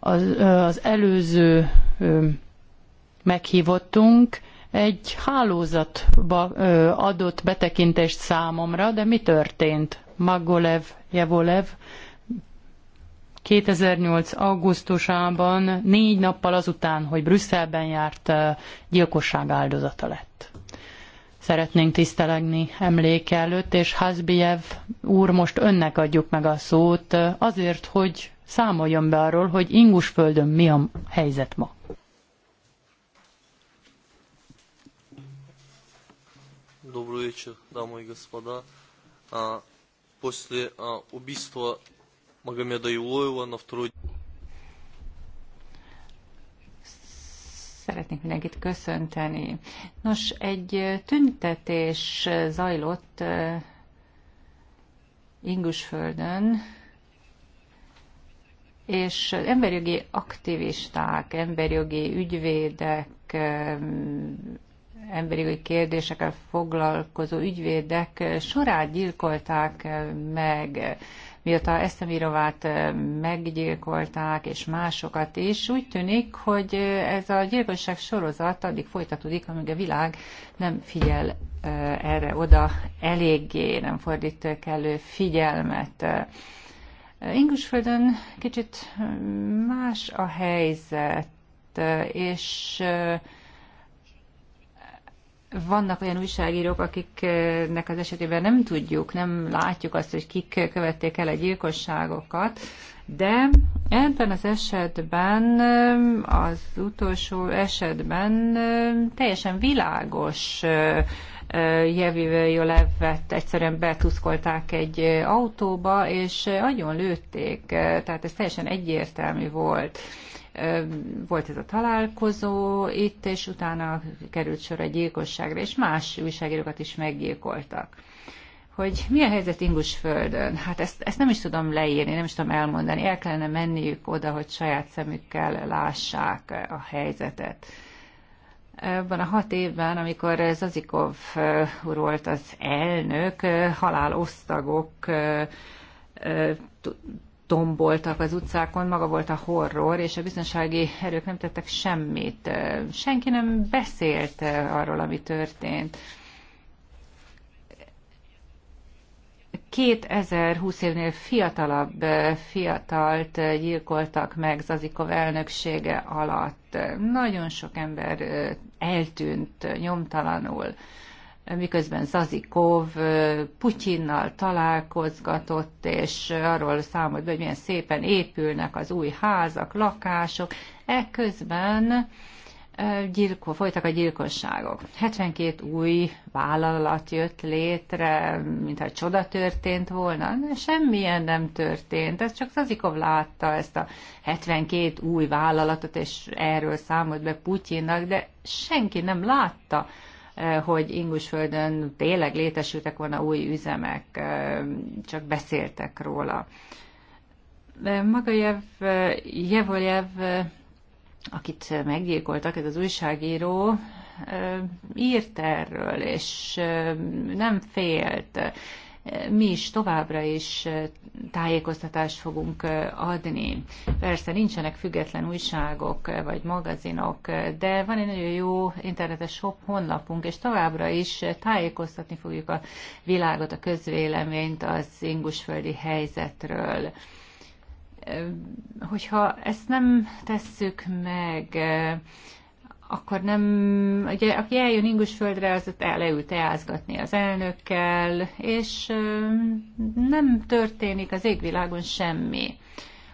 az, az előző meghívottunk, egy hálózatba adott betekintést számomra, de mi történt? Magolev, Jevolev 2008. augusztusában, négy nappal azután, hogy Brüsszelben járt, gyilkosság áldozata lett. Szeretnénk tisztelegni emléke előtt, és Hazbiev úr, most önnek adjuk meg a szót azért, hogy számoljon be arról, hogy Ingusföldön mi a helyzet ma. Добрый вечер, дамы и господа. После убийства Юлоева на второй... Szeretnék mindenkit köszönteni. Nos, egy tüntetés zajlott Ingusföldön, és emberjogi aktivisták, emberjogi ügyvédek, emberi kérdésekkel foglalkozó ügyvédek sorát gyilkolták meg mióta Eszemirovát eh, meggyilkolták, és másokat is, úgy tűnik, hogy eh, ez a gyilkosság sorozat addig folytatódik, amíg a világ nem figyel eh, erre oda eléggé, nem fordít kellő figyelmet. Ingusföldön kicsit más a helyzet, és vannak olyan újságírók, akiknek az esetében nem tudjuk, nem látjuk azt, hogy kik követték el a gyilkosságokat, de ebben az esetben, az utolsó esetben teljesen világos Jevivőjölev levett, egyszerűen betuszkolták egy autóba, és agyon lőtték, tehát ez teljesen egyértelmű volt. Volt ez a találkozó itt, és utána került sor a gyilkosságra, és más újságírókat is meggyilkoltak hogy mi a helyzet földön. Hát ezt, ezt nem is tudom leírni, nem is tudom elmondani. El kellene menniük oda, hogy saját szemükkel lássák a helyzetet. Ebben a hat évben, amikor Zazikov úr volt az elnök, halálosztagok tomboltak az utcákon, maga volt a horror, és a biztonsági erők nem tettek semmit. Senki nem beszélt arról, ami történt. 2020 évnél fiatalabb fiatalt gyilkoltak meg Zazikov elnöksége alatt. Nagyon sok ember eltűnt nyomtalanul miközben Zazikov Putyinnal találkozgatott, és arról számolt be, hogy milyen szépen épülnek az új házak, lakások. Ekközben gyilko, folytak a gyilkosságok. 72 új vállalat jött létre, mintha csoda történt volna, de semmilyen nem történt. Ez csak Zazikov látta ezt a 72 új vállalatot, és erről számolt be Putyinnak, de senki nem látta Eh, hogy Ingusföldön tényleg létesültek volna új üzemek, eh, csak beszéltek róla. De Magajev, eh, Jevoljev, akit meggyilkoltak, ez az újságíró, írt erről, és nem félt mi is továbbra is tájékoztatást fogunk adni. Persze nincsenek független újságok vagy magazinok, de van egy nagyon jó internetes honlapunk, és továbbra is tájékoztatni fogjuk a világot, a közvéleményt az ingusföldi helyzetről hogyha ezt nem tesszük meg, akkor nem, ugye aki eljön Ingusföldre, az ott leül teázgatni az elnökkel, és nem történik az égvilágon semmi.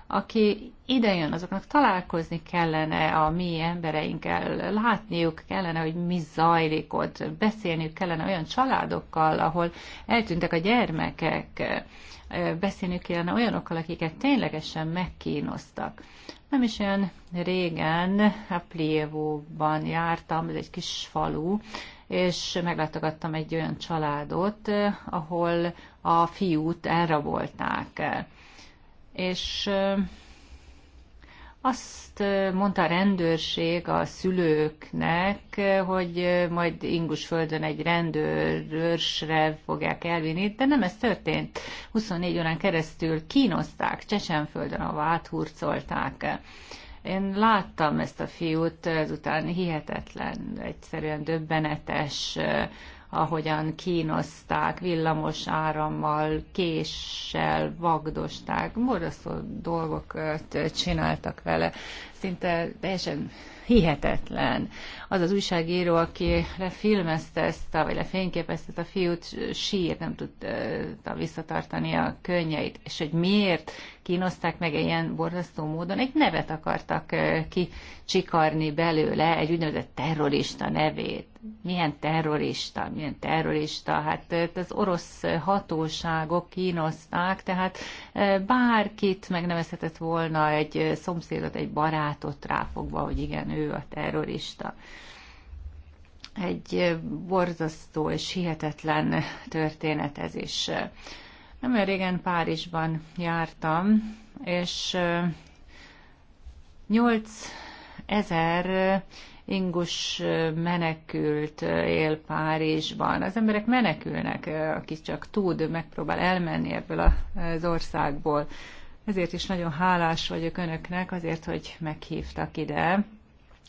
Aki idejön, azoknak találkozni kellene a mi embereinkkel, látniuk kellene, hogy mi zajlik ott, beszélniük kellene olyan családokkal, ahol eltűntek a gyermekek, beszélniük kellene olyanokkal, akiket ténylegesen megkínoztak. Nem is olyan régen a Plievóban jártam, ez egy kis falu, és meglátogattam egy olyan családot, ahol a fiút elrabolták. És azt mondta a rendőrség a szülőknek, hogy majd Ingusföldön egy rendőrsre fogják elvinni, de nem ez történt. 24 órán keresztül kínozták, Csecsenföldön a áthurcolták. Én láttam ezt a fiút, ezután hihetetlen, egyszerűen döbbenetes ahogyan kínozták, villamos árammal, késsel, vagdosták, borzasztó dolgokat csináltak vele. Szinte teljesen hihetetlen. Az az újságíró, aki lefilmezte ezt, a, vagy lefényképezte ezt a fiút, sír, nem tudta visszatartani a könnyeit. És hogy miért kínozták meg ilyen borzasztó módon, egy nevet akartak kicsikarni belőle, egy úgynevezett terrorista nevét. Milyen terrorista, milyen terrorista, hát az orosz hatóságok kínozták, tehát bárkit megnevezhetett volna egy szomszédot, egy barátot ráfogva, hogy igen, ő a terrorista egy borzasztó és hihetetlen történet ez is. Nem olyan régen Párizsban jártam, és 8 ezer ingus menekült él Párizsban. Az emberek menekülnek, aki csak tud, megpróbál elmenni ebből az országból. Ezért is nagyon hálás vagyok önöknek, azért, hogy meghívtak ide,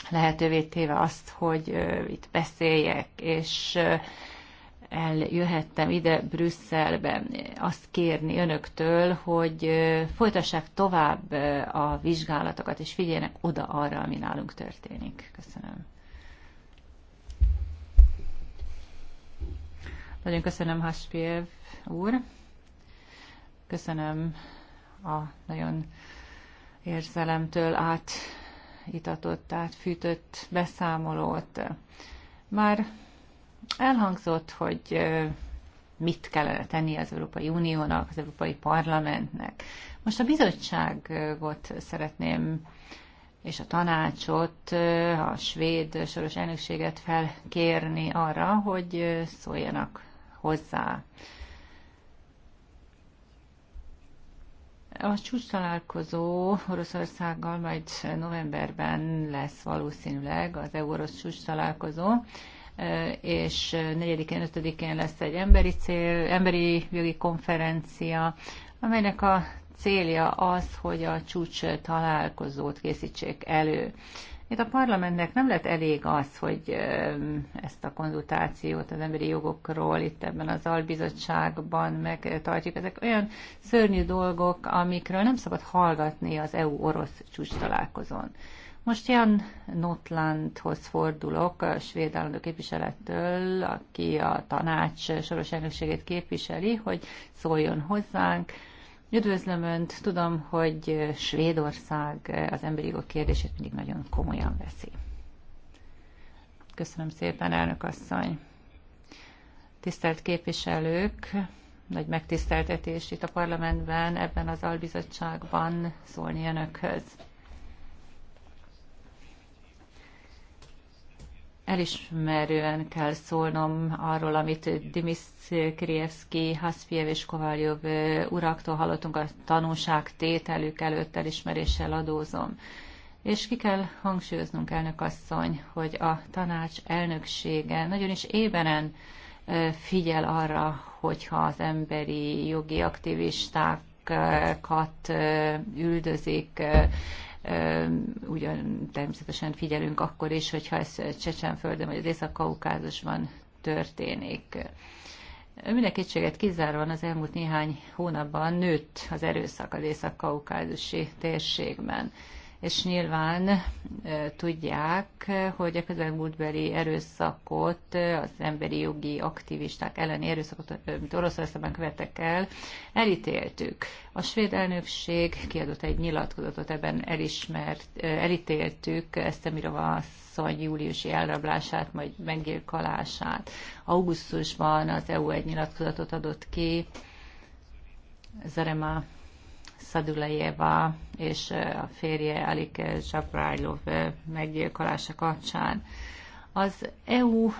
lehetővé téve azt, hogy itt beszéljek, és eljöhettem ide Brüsszelbe azt kérni önöktől, hogy folytassák tovább a vizsgálatokat, és figyeljenek oda arra, ami nálunk történik. Köszönöm. Nagyon köszönöm, Haspiev úr. Köszönöm a nagyon érzelemtől át itatott, átfűtött beszámolót. Már Elhangzott, hogy mit kellene tenni az Európai Uniónak, az Európai Parlamentnek. Most a bizottságot szeretném és a tanácsot, a svéd soros elnökséget felkérni arra, hogy szóljanak hozzá. A csúcs találkozó Oroszországgal majd novemberben lesz valószínűleg az EU-orosz csúcs találkozó, és 4-én, 5-én lesz egy emberi, cél, emberi jogi konferencia, amelynek a célja az, hogy a csúcs találkozót készítsék elő. Itt a parlamentnek nem lett elég az, hogy ezt a konzultációt az emberi jogokról itt ebben az albizottságban megtartjuk. Ezek olyan szörnyű dolgok, amikről nem szabad hallgatni az EU-orosz csúcs találkozón. Most Jan Notlandhoz fordulok, a svéd állandó képviselettől, aki a tanács soros elnökségét képviseli, hogy szóljon hozzánk. Üdvözlöm Önt, tudom, hogy Svédország az emberi jogok kérdését mindig nagyon komolyan veszi. Köszönöm szépen, elnök asszony. Tisztelt képviselők, nagy megtiszteltetés itt a parlamentben, ebben az albizottságban szólni Önökhöz. elismerően kell szólnom arról, amit Dimis Krievski, Haszfiev és Kovaljov uraktól hallottunk a tanúság tételük előtt elismeréssel adózom. És ki kell hangsúlyoznunk, elnök asszony, hogy a tanács elnöksége nagyon is éberen figyel arra, hogyha az emberi jogi aktivistákat üldözik, ugyan természetesen figyelünk akkor is, hogyha ez Csecsenföldön vagy az Észak-Kaukázusban történik. Minden kétséget kizáróan az elmúlt néhány hónapban nőtt az erőszak az észak-kaukázusi térségben és nyilván tudják, hogy a közelmúltbeli erőszakot, az emberi jogi aktivisták elleni erőszakot, amit Oroszországban követtek el, elítéltük. A svéd elnökség kiadott egy nyilatkozatot, ebben elismert, elítéltük ezt a Mirova asszony júliusi elrablását, majd meggyilkolását. Augusztusban az EU egy nyilatkozatot adott ki, Zarema Szadulajéva és a férje Alik Zsabrájlov meggyilkolása kapcsán. Az EU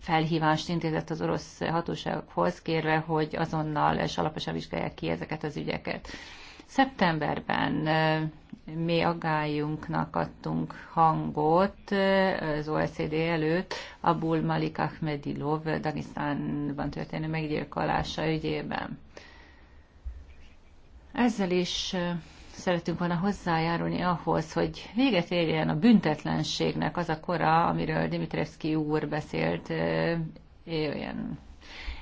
felhívást intézett az orosz hatóságokhoz, kérve, hogy azonnal és alaposan vizsgálják ki ezeket az ügyeket. Szeptemberben mi aggályunknak adtunk hangot az OECD előtt Abul Malik Ahmedilov Dagisztánban történő meggyilkolása ügyében. Ezzel is szeretünk volna hozzájárulni ahhoz, hogy véget érjen a büntetlenségnek az a kora, amiről Dimitrevski úr beszélt, olyan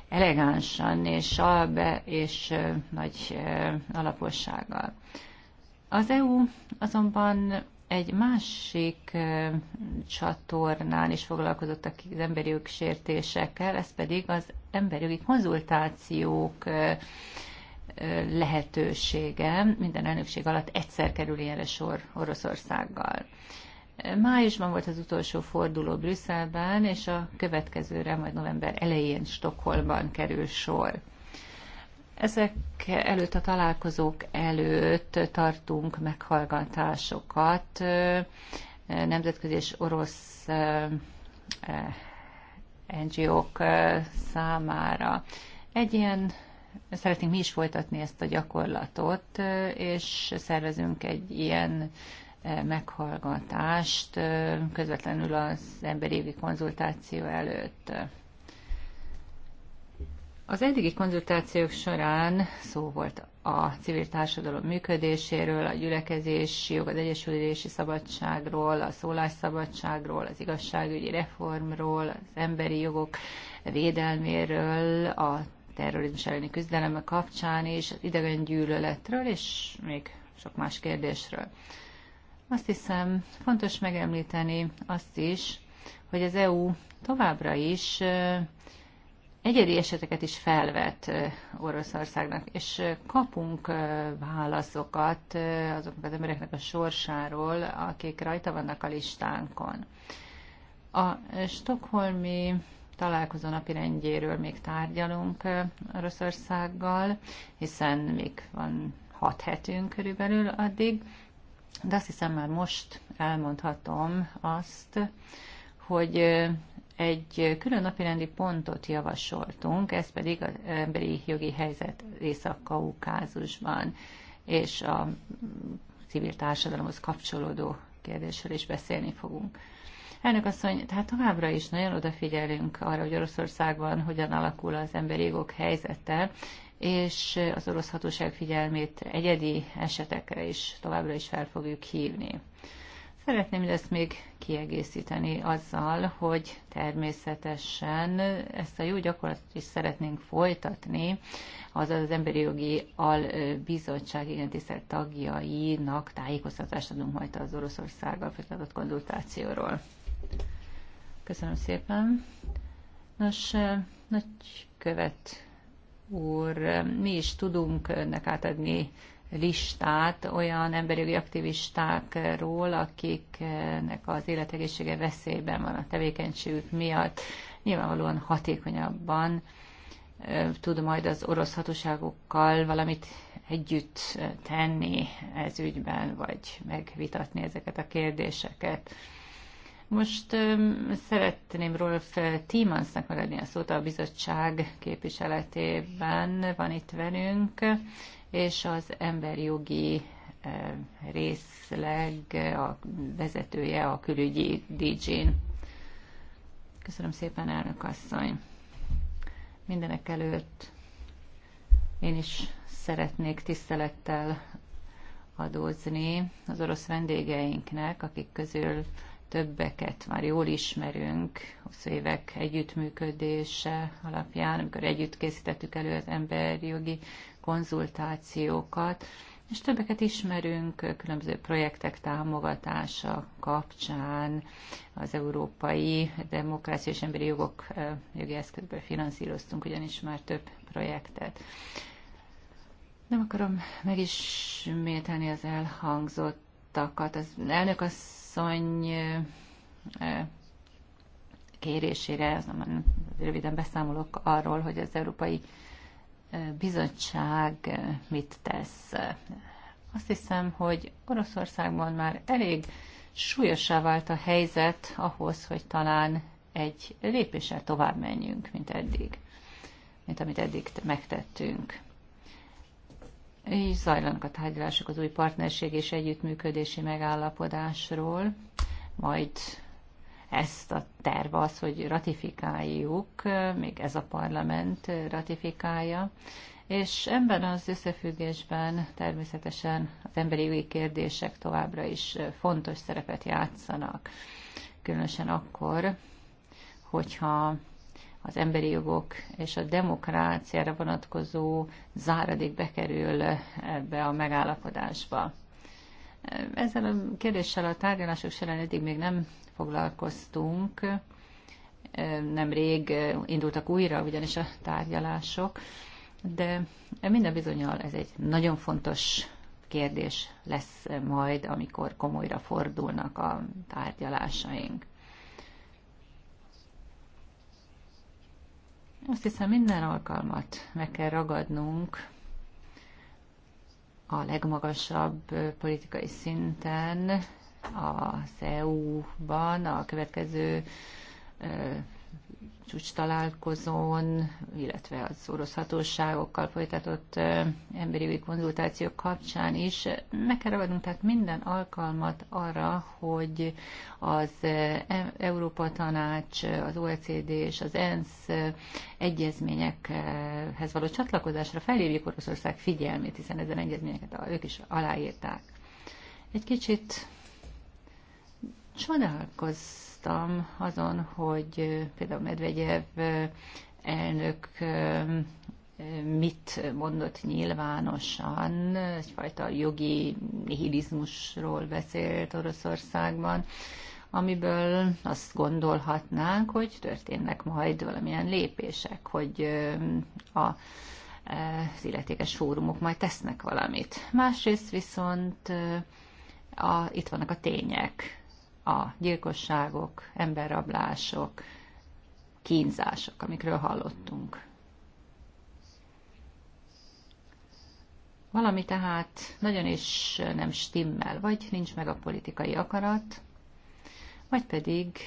elegánsan és, albe, és nagy alapossággal. Az EU azonban egy másik csatornán is foglalkozott az emberi jogsértésekkel, ez pedig az emberi jogi konzultációk lehetősége. Minden elnökség alatt egyszer kerül ilyenre sor Oroszországgal. Májusban volt az utolsó forduló Brüsszelben, és a következőre majd november elején Stockholmban kerül sor. Ezek előtt, a találkozók előtt tartunk meghallgatásokat nemzetközi és orosz NGO-k számára. Egy ilyen Szeretnénk mi is folytatni ezt a gyakorlatot, és szervezünk egy ilyen meghallgatást közvetlenül az emberi konzultáció előtt. Az eddigi konzultációk során szó volt a civil társadalom működéséről, a gyülekezési jog, az egyesülési szabadságról, a szólásszabadságról, az igazságügyi reformról, az emberi jogok védelméről, a terrorizmus elleni küzdelem kapcsán is, az idegen gyűlöletről és még sok más kérdésről. Azt hiszem, fontos megemlíteni azt is, hogy az EU továbbra is egyedi eseteket is felvet Oroszországnak, és kapunk válaszokat azoknak az embereknek a sorsáról, akik rajta vannak a listánkon. A stokholmi találkozó napi rendjéről még tárgyalunk Oroszországgal, hiszen még van hat hetünk körülbelül addig, de azt hiszem már most elmondhatom azt, hogy egy külön napirendi pontot javasoltunk, ez pedig az emberi jogi helyzet Észak-Kaukázusban, és a civil társadalomhoz kapcsolódó kérdésről is beszélni fogunk. Elnök asszony, tehát továbbra is nagyon odafigyelünk arra, hogy Oroszországban hogyan alakul az emberi jogok helyzete, és az orosz hatóság figyelmét egyedi esetekre is továbbra is fel fogjuk hívni. Szeretném ezt még kiegészíteni azzal, hogy természetesen ezt a jó gyakorlatot is szeretnénk folytatni, azaz az Emberi Jogi Albizottság igen tisztelt tagjainak tájékoztatást adunk majd az Oroszországgal folytatott konzultációról. Köszönöm szépen. Nos, eh, követ úr, eh, mi is tudunk önnek átadni listát olyan emberi aktivistákról, akiknek az életegészsége veszélyben van a tevékenységük miatt. Nyilvánvalóan hatékonyabban eh, tud majd az orosz hatóságokkal valamit együtt tenni ez ügyben, vagy megvitatni ezeket a kérdéseket. Most öm, szeretném Rolf Tímansznak megadni a szót a bizottság képviseletében, van itt velünk, és az emberjogi részleg a vezetője a külügyi DJ-n. Köszönöm szépen, elnök asszony. Mindenek előtt én is szeretnék tisztelettel adózni az orosz vendégeinknek, akik közül többeket már jól ismerünk, hosszú évek együttműködése alapján, amikor együtt készítettük elő az emberjogi konzultációkat, és többeket ismerünk különböző projektek támogatása kapcsán, az európai demokrácia és emberi jogok jogi eszközből finanszíroztunk ugyanis már több projektet. Nem akarom megismételni az elhangzottakat. Az elnök azt asszony kérésére, röviden beszámolok arról, hogy az Európai Bizottság mit tesz. Azt hiszem, hogy Oroszországban már elég súlyosá vált a helyzet ahhoz, hogy talán egy lépéssel tovább menjünk, mint eddig, mint amit eddig megtettünk. Így zajlanak a tárgyalások az új partnerség és együttműködési megállapodásról, majd ezt a terv az, hogy ratifikáljuk, még ez a parlament ratifikálja, és ebben az összefüggésben természetesen az emberi jogi kérdések továbbra is fontos szerepet játszanak, különösen akkor, hogyha az emberi jogok és a demokráciára vonatkozó záradék bekerül ebbe a megállapodásba. Ezzel a kérdéssel a tárgyalások során eddig még nem foglalkoztunk. Nemrég indultak újra ugyanis a tárgyalások, de minden bizonyal ez egy nagyon fontos kérdés lesz majd, amikor komolyra fordulnak a tárgyalásaink. Azt hiszem minden alkalmat meg kell ragadnunk a legmagasabb politikai szinten, az EU-ban a következő csúcs találkozón, illetve az orosz hatóságokkal folytatott emberi konzultációk kapcsán is meg kell ragadnunk tehát minden alkalmat arra, hogy az e-, Európa Tanács, az OECD és az ENSZ egyezményekhez való csatlakozásra felhívjuk Oroszország figyelmét, hiszen ezen egyezményeket ők is aláírták. Egy kicsit csodálkozom, gondolkoztam azon, hogy például Medvegyev elnök mit mondott nyilvánosan, egyfajta jogi nihilizmusról beszélt Oroszországban, amiből azt gondolhatnánk, hogy történnek majd valamilyen lépések, hogy a az illetékes fórumok majd tesznek valamit. Másrészt viszont a, itt vannak a tények a gyilkosságok, emberrablások, kínzások, amikről hallottunk. Valami tehát nagyon is nem stimmel, vagy nincs meg a politikai akarat, vagy pedig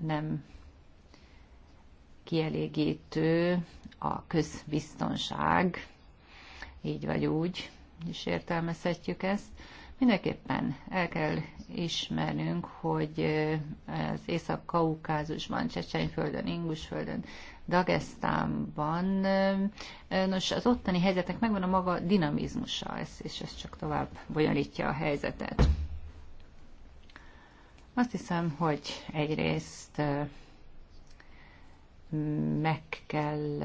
nem kielégítő a közbiztonság, így vagy úgy, is értelmezhetjük ezt. Mindenképpen el kell ismernünk, hogy eh, az Észak-Kaukázusban, Csecsenyföldön, Ingusföldön, Dagestánban, eh, nos, az ottani helyzetek megvan a maga dinamizmusa, ez, és ez csak tovább bonyolítja a helyzetet. Azt hiszem, hogy egyrészt eh, meg kell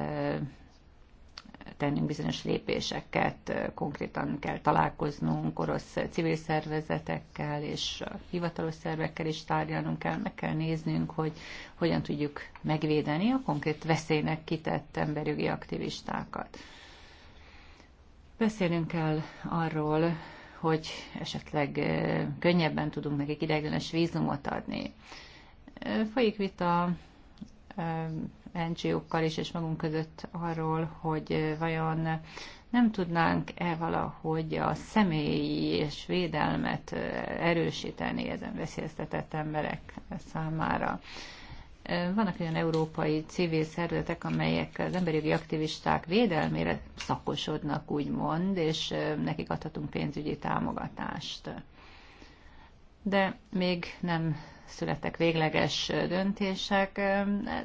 tennünk bizonyos lépéseket, konkrétan kell találkoznunk orosz civil szervezetekkel és hivatalos szervekkel is tárgyalnunk kell, meg kell néznünk, hogy hogyan tudjuk megvédeni a konkrét veszélynek kitett emberjogi aktivistákat. Beszélnünk kell arról, hogy esetleg könnyebben tudunk nekik ideiglenes vízumot adni. Folyik vita NGO-kkal is, és magunk között arról, hogy vajon nem tudnánk-e valahogy a személyi és védelmet erősíteni ezen veszélyeztetett emberek számára. Vannak olyan európai civil szervezetek, amelyek az emberi jogi aktivisták védelmére szakosodnak, úgymond, és nekik adhatunk pénzügyi támogatást. De még nem születtek végleges döntések,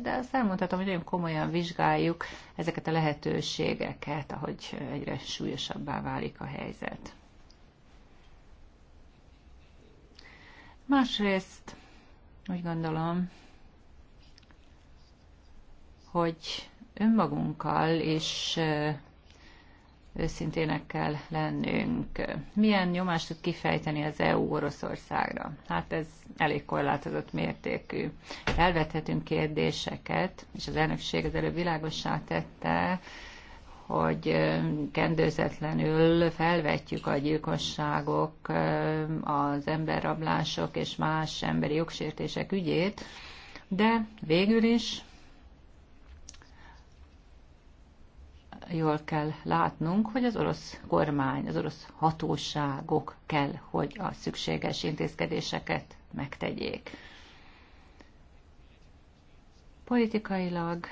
de azt elmondhatom, hogy nagyon komolyan vizsgáljuk ezeket a lehetőségeket, ahogy egyre súlyosabbá válik a helyzet. Másrészt úgy gondolom, hogy önmagunkkal és őszintének kell lennünk. Milyen nyomást tud kifejteni az EU Oroszországra? Hát ez elég korlátozott mértékű. Elvethetünk kérdéseket, és az elnökség az előbb világossá tette, hogy kendőzetlenül felvetjük a gyilkosságok, az emberrablások és más emberi jogsértések ügyét, de végül is jól kell látnunk, hogy az orosz kormány, az orosz hatóságok kell, hogy a szükséges intézkedéseket megtegyék. Politikailag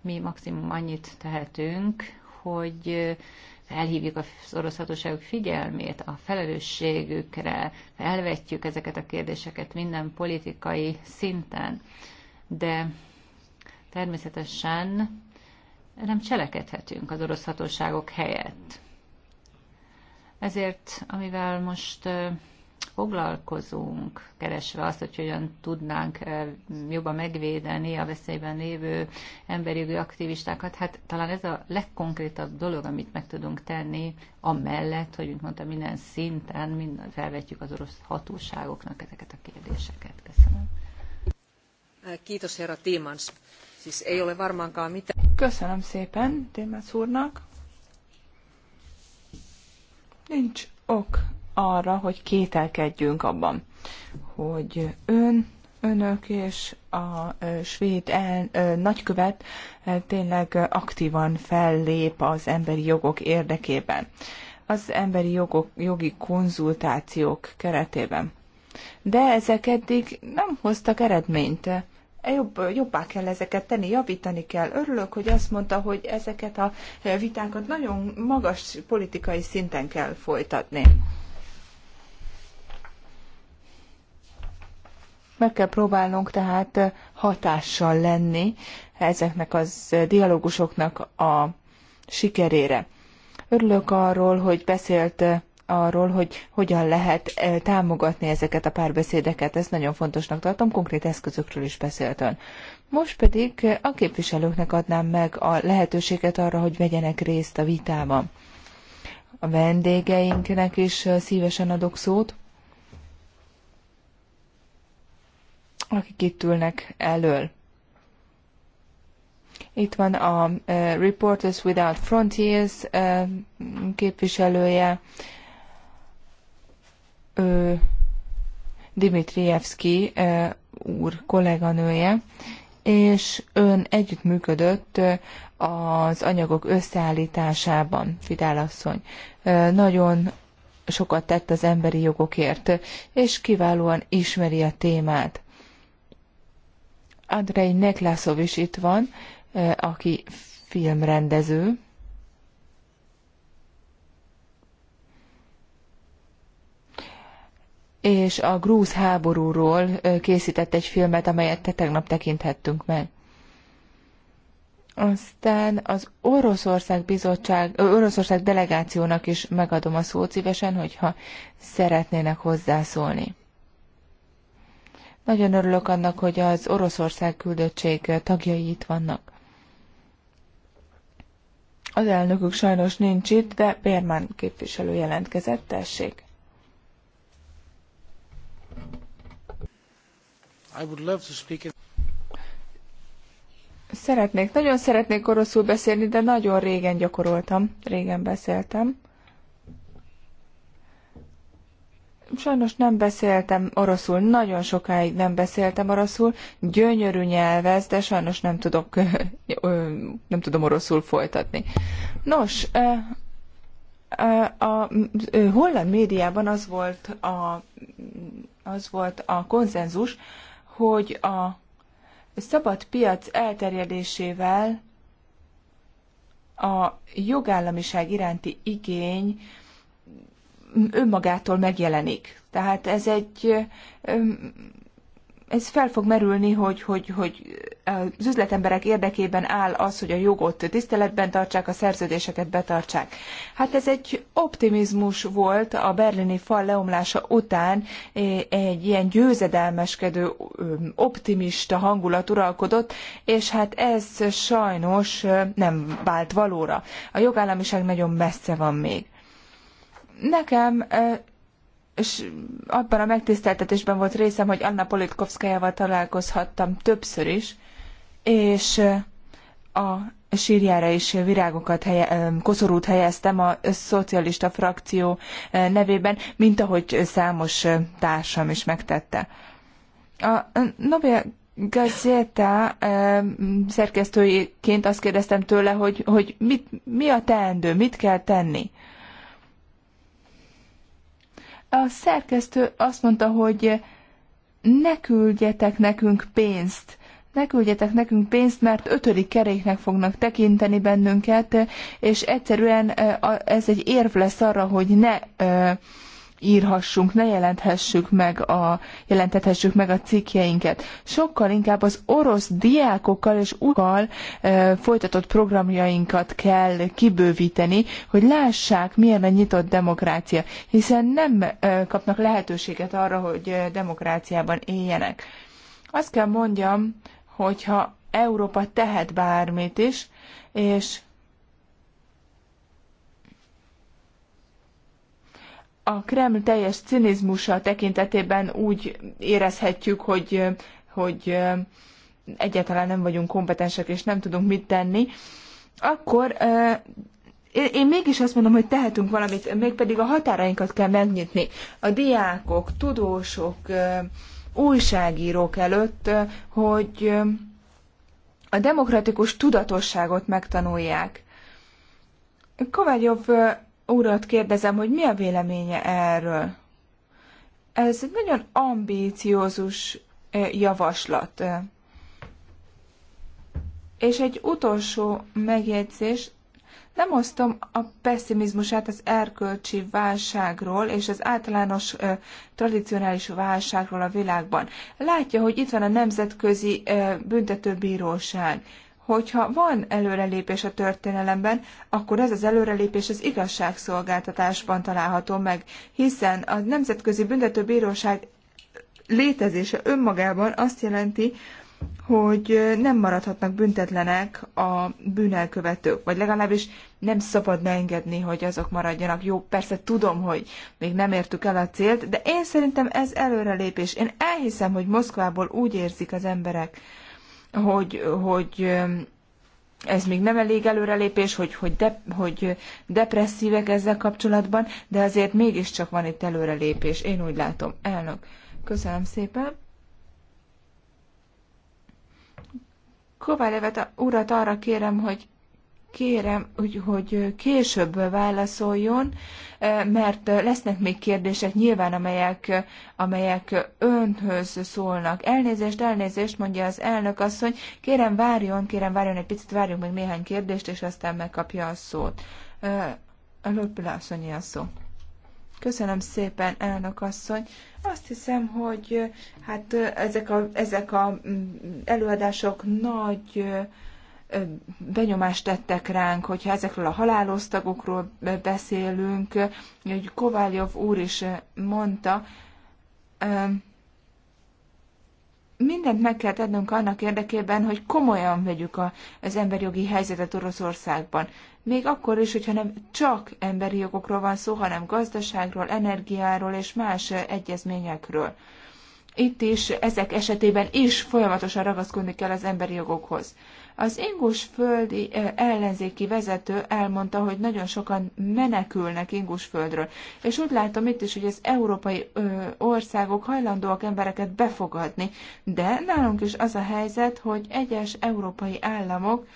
mi maximum annyit tehetünk, hogy felhívjuk az orosz hatóságok figyelmét a felelősségükre, felvetjük ezeket a kérdéseket minden politikai szinten. De természetesen nem cselekedhetünk az orosz hatóságok helyett. Ezért, amivel most foglalkozunk, keresve azt, hogy hogyan tudnánk jobban megvédeni a veszélyben lévő emberi jogi aktivistákat, hát talán ez a legkonkrétabb dolog, amit meg tudunk tenni, amellett, hogy mint mondtam, minden szinten mind felvetjük az orosz hatóságoknak ezeket a kérdéseket. Köszönöm. Kiitos, herra Timans. Siis ei ole varmaankaan mitään. Köszönöm szépen Démász úrnak. Nincs ok arra, hogy kételkedjünk abban, hogy ön, önök és a svéd el, nagykövet tényleg aktívan fellép az emberi jogok érdekében, az emberi jogok, jogi konzultációk keretében. De ezek eddig nem hoztak eredményt jobb, jobbá kell ezeket tenni, javítani kell. Örülök, hogy azt mondta, hogy ezeket a vitákat nagyon magas politikai szinten kell folytatni. Meg kell próbálnunk tehát hatással lenni ezeknek az dialógusoknak a sikerére. Örülök arról, hogy beszélt arról, hogy hogyan lehet e, támogatni ezeket a párbeszédeket. Ezt nagyon fontosnak tartom, konkrét eszközökről is beszélt ön. Most pedig a képviselőknek adnám meg a lehetőséget arra, hogy vegyenek részt a vitában. A vendégeinknek is e, szívesen adok szót, akik itt ülnek elől. Itt van a e, Reporters Without Frontiers képviselője, ö, Dimitrievski ö, úr kolléganője, és ön együttműködött az anyagok összeállításában, Fidálasszony. Nagyon sokat tett az emberi jogokért, és kiválóan ismeri a témát. Andrei Neklászov is itt van, aki filmrendező, és a grúz háborúról készített egy filmet, amelyet te tegnap tekinthettünk meg. Aztán az Oroszország bizottság, Oroszország delegációnak is megadom a szót szívesen, hogyha szeretnének hozzászólni. Nagyon örülök annak, hogy az Oroszország küldöttség tagjai itt vannak. Az elnökük sajnos nincs itt, de Bérmán képviselő jelentkezett, tessék. Szeretnék, nagyon szeretnék oroszul beszélni, de nagyon régen gyakoroltam, régen beszéltem. Sajnos nem beszéltem oroszul, nagyon sokáig nem beszéltem oroszul, gyönyörű nyelvez, de sajnos nem tudok, nem tudom oroszul folytatni. Nos, a holland médiában az volt a, az volt a konzenzus, hogy a szabad piac elterjedésével a jogállamiság iránti igény önmagától megjelenik. Tehát ez egy ez fel fog merülni, hogy, hogy, hogy az üzletemberek érdekében áll az, hogy a jogot tiszteletben tartsák, a szerződéseket betartsák. Hát ez egy optimizmus volt a berlini fal leomlása után, egy ilyen győzedelmeskedő, optimista hangulat uralkodott, és hát ez sajnos nem vált valóra. A jogállamiság nagyon messze van még. Nekem és abban a megtiszteltetésben volt részem, hogy Anna Politkovszkájával találkozhattam többször is, és eh, a sírjára is virágokat helye, eh, koszorút helyeztem a szocialista frakció eh, nevében, mint ahogy számos társam is megtette. A Nobel Gazeta szerkesztőjéként azt kérdeztem tőle, hogy, hogy mit, mi a teendő, mit kell tenni. A szerkesztő azt mondta, hogy ne küldjetek nekünk pénzt, ne küldjetek nekünk pénzt, mert ötödik keréknek fognak tekinteni bennünket, és egyszerűen ez egy érv lesz arra, hogy ne írhassunk, ne jelenthessük meg a, jelentethessük meg a cikkjeinket. Sokkal inkább az orosz diákokkal és ukkal e, folytatott programjainkat kell kibővíteni, hogy lássák, milyen a nyitott demokrácia, hiszen nem e, kapnak lehetőséget arra, hogy e, demokráciában éljenek. Azt kell mondjam, hogyha Európa tehet bármit is, és a Kreml teljes cinizmusa tekintetében úgy érezhetjük, hogy, hogy egyáltalán nem vagyunk kompetensek, és nem tudunk mit tenni, akkor én mégis azt mondom, hogy tehetünk valamit, mégpedig a határainkat kell megnyitni. A diákok, tudósok, újságírók előtt, hogy a demokratikus tudatosságot megtanulják. Kovályov urat kérdezem, hogy mi a véleménye erről. Ez egy nagyon ambíciózus javaslat. És egy utolsó megjegyzés, nem osztom a pessimizmusát az erkölcsi válságról és az általános ö, tradicionális válságról a világban. Látja, hogy itt van a Nemzetközi ö, Büntetőbíróság hogyha van előrelépés a történelemben, akkor ez az előrelépés az igazságszolgáltatásban található meg, hiszen a Nemzetközi Büntetőbíróság létezése önmagában azt jelenti, hogy nem maradhatnak büntetlenek a bűnelkövetők, vagy legalábbis nem ne engedni, hogy azok maradjanak. Jó, persze tudom, hogy még nem értük el a célt, de én szerintem ez előrelépés. Én elhiszem, hogy Moszkvából úgy érzik az emberek, hogy, hogy ez még nem elég előrelépés, hogy, hogy, de, hogy depresszívek ezzel kapcsolatban, de azért mégiscsak van itt előrelépés, én úgy látom. Elnök, köszönöm szépen. Levet urat arra kérem, hogy kérem, hogy, hogy később válaszoljon, eh, mert lesznek még kérdések nyilván, amelyek, amelyek önhöz szólnak. Elnézést, elnézést, mondja az elnök asszony, kérem várjon, kérem várjon egy picit, várjunk még néhány kérdést, és aztán megkapja a szót. Eh, Lopila asszonyi a szó. Köszönöm szépen, elnök asszony. Azt hiszem, hogy eh, hát ezek a, ezek a mm, előadások nagy benyomást tettek ránk, hogyha ezekről a halálosztagokról beszélünk, hogy Kováljov úr is mondta, mindent meg kell tennünk annak érdekében, hogy komolyan vegyük a, az emberjogi helyzetet Oroszországban. Még akkor is, hogyha nem csak emberi jogokról van szó, hanem gazdaságról, energiáról és más egyezményekről. Itt is, ezek esetében is folyamatosan ragaszkodni kell az emberi jogokhoz. Az földi ellenzéki vezető elmondta, hogy nagyon sokan menekülnek földről, és úgy látom itt is, hogy az európai országok hajlandóak embereket befogadni, de nálunk is az a helyzet, hogy egyes európai államok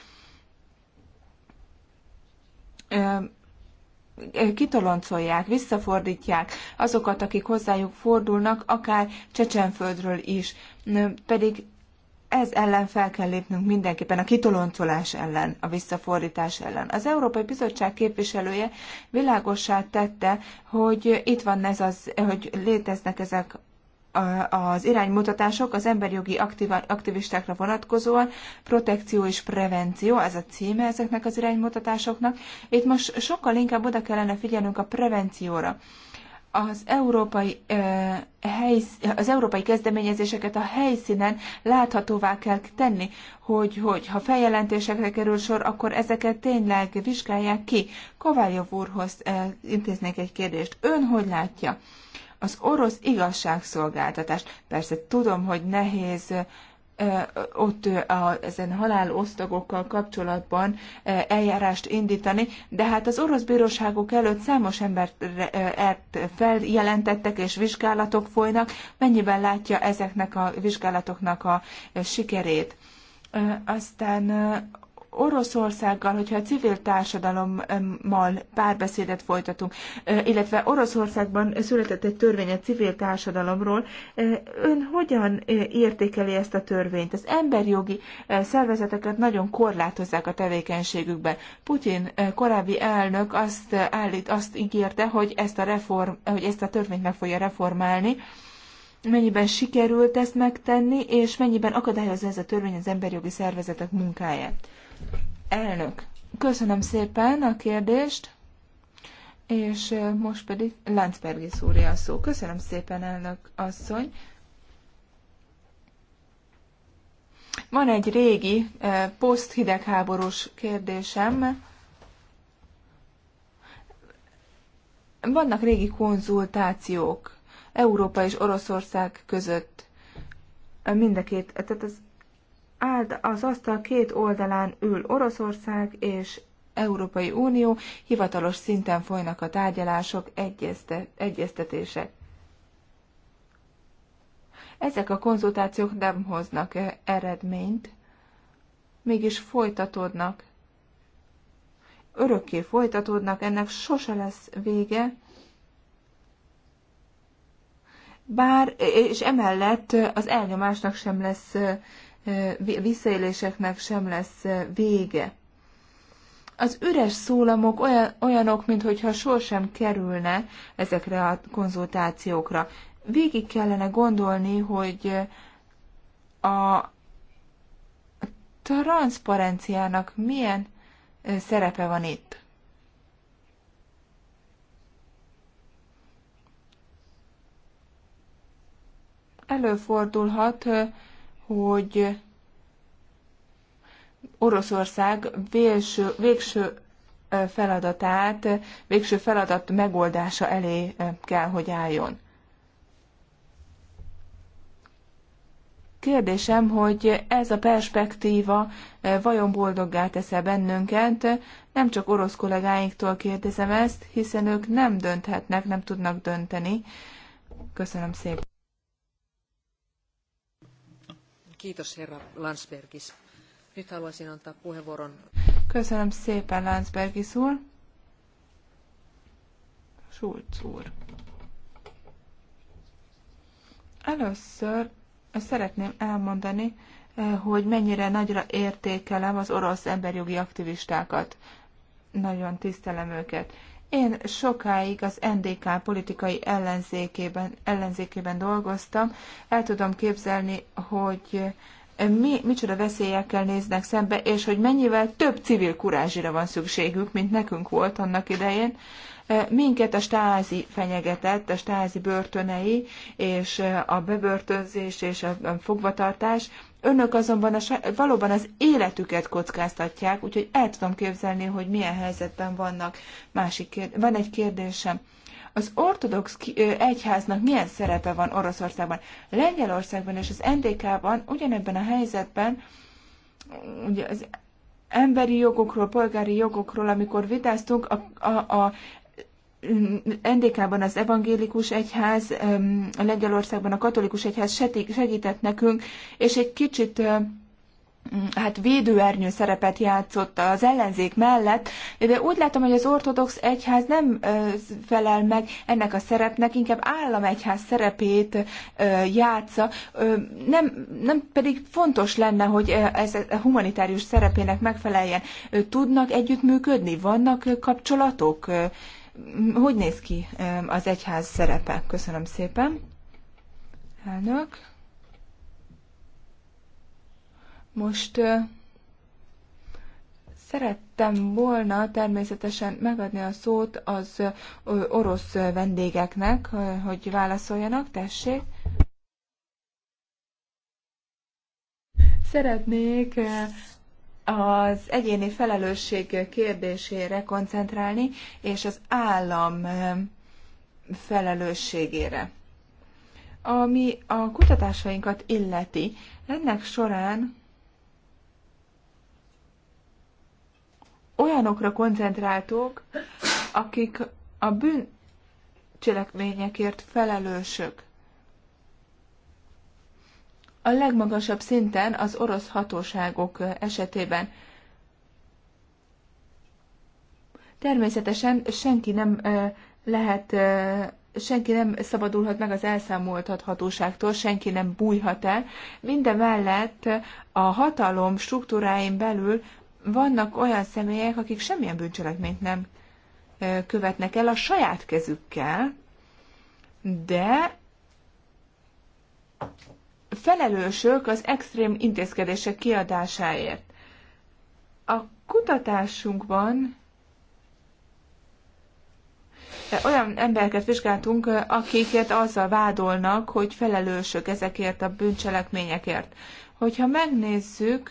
kitoloncolják, visszafordítják azokat, akik hozzájuk fordulnak, akár Csecsenföldről is. Pedig ez ellen fel kell lépnünk mindenképpen, a kitoloncolás ellen, a visszafordítás ellen. Az Európai Bizottság képviselője világossá tette, hogy itt van ez az, hogy léteznek ezek az iránymutatások az emberjogi aktiva, aktivistákra vonatkozóan, protekció és prevenció, ez a címe ezeknek az iránymutatásoknak. Itt most sokkal inkább oda kellene figyelnünk a prevencióra az európai, eh, helysz, az európai kezdeményezéseket a helyszínen láthatóvá kell tenni, hogy, hogy ha feljelentésekre kerül sor, akkor ezeket tényleg vizsgálják ki. Kovályov úrhoz eh, intéznék egy kérdést. Ön hogy látja? Az orosz igazságszolgáltatást. Persze tudom, hogy nehéz ott a, ezen halálosztagokkal kapcsolatban eljárást indítani, de hát az orosz bíróságok előtt számos embert feljelentettek és vizsgálatok folynak. Mennyiben látja ezeknek a vizsgálatoknak a sikerét? Aztán Oroszországgal, hogyha a civil társadalommal párbeszédet folytatunk, illetve Oroszországban született egy törvény a civil társadalomról, ön hogyan értékeli ezt a törvényt? Az emberjogi szervezeteket nagyon korlátozzák a tevékenységükben. Putin korábbi elnök azt állít, azt ígérte, hogy ezt a, reform, hogy ezt a törvényt meg fogja reformálni, mennyiben sikerült ezt megtenni, és mennyiben akadályozza ez a törvény az emberi jogi szervezetek munkáját. Elnök, köszönöm szépen a kérdést, és most pedig Láncbergi szúrja a szó. Köszönöm szépen, elnök asszony. Van egy régi poszthidegháborús kérdésem. Vannak régi konzultációk Európa és Oroszország között. Mind a két, tehát az áld az asztal két oldalán ül Oroszország és Európai Unió, hivatalos szinten folynak a tárgyalások, egyezte, egyeztetések. Ezek a konzultációk nem hoznak e, eredményt, mégis folytatódnak. Örökké folytatódnak, ennek sose lesz vége, bár, és emellett az elnyomásnak sem lesz e, visszaéléseknek sem lesz vége. Az üres szólamok olyan, olyanok, mintha sor sem kerülne ezekre a konzultációkra. Végig kellene gondolni, hogy a transzparenciának milyen szerepe van itt. Előfordulhat, hogy Oroszország végső, végső feladatát, végső feladat megoldása elé kell, hogy álljon. Kérdésem, hogy ez a perspektíva vajon boldoggá tesz-e bennünket? Nem csak orosz kollégáinktól kérdezem ezt, hiszen ők nem dönthetnek, nem tudnak dönteni. Köszönöm szépen. Kiitos herra Landsbergis. Nyt haluaisin antaa puheenvuoron. Köszönöm szépen, Landsbergis úr. Schulz úr. Először szeretném elmondani, eh, hogy mennyire nagyra értékelem az orosz emberjogi aktivistákat. Nagyon tisztelem őket. Én sokáig az NDK politikai ellenzékében, ellenzékében dolgoztam. El tudom képzelni, hogy mi, micsoda veszélyekkel néznek szembe, és hogy mennyivel több civil kurázsira van szükségük, mint nekünk volt annak idején. E, minket a stázi fenyegetett, a stázi börtönei, és a bebörtönzés, és a fogvatartás, Önök azonban a, valóban az életüket kockáztatják, úgyhogy el tudom képzelni, hogy milyen helyzetben vannak. Másik kérd- van egy kérdésem. Az ortodox egyháznak milyen szerepe van Oroszországban? Lengyelországban és az NDK-ban ugyanebben a helyzetben ugye az emberi jogokról, polgári jogokról, amikor vitáztunk, a, a, a NDK-ban az evangélikus egyház, a Lengyelországban a katolikus egyház segített nekünk, és egy kicsit hát védőernyő szerepet játszott az ellenzék mellett, de úgy látom, hogy az ortodox egyház nem felel meg ennek a szerepnek, inkább államegyház szerepét játsza, nem, nem pedig fontos lenne, hogy ez a humanitárius szerepének megfeleljen. Tudnak együttműködni? Vannak kapcsolatok? hogy néz ki az egyház szerepe? Köszönöm szépen. Elnök. Most szerettem volna természetesen megadni a szót az orosz vendégeknek, hogy válaszoljanak, tessék. Szeretnék az egyéni felelősség kérdésére koncentrálni, és az állam felelősségére. Ami a kutatásainkat illeti, ennek során olyanokra koncentráltok, akik a bűncselekményekért felelősök a legmagasabb szinten az orosz hatóságok esetében. Természetesen senki nem lehet, senki nem szabadulhat meg az elszámoltathatóságtól, senki nem bújhat el. Minden mellett a hatalom struktúráin belül vannak olyan személyek, akik semmilyen bűncselekményt nem követnek el a saját kezükkel, de felelősök az extrém intézkedések kiadásáért. A kutatásunkban e, olyan embereket vizsgáltunk, e, akiket azzal vádolnak, hogy felelősök ezekért a bűncselekményekért. Hogyha megnézzük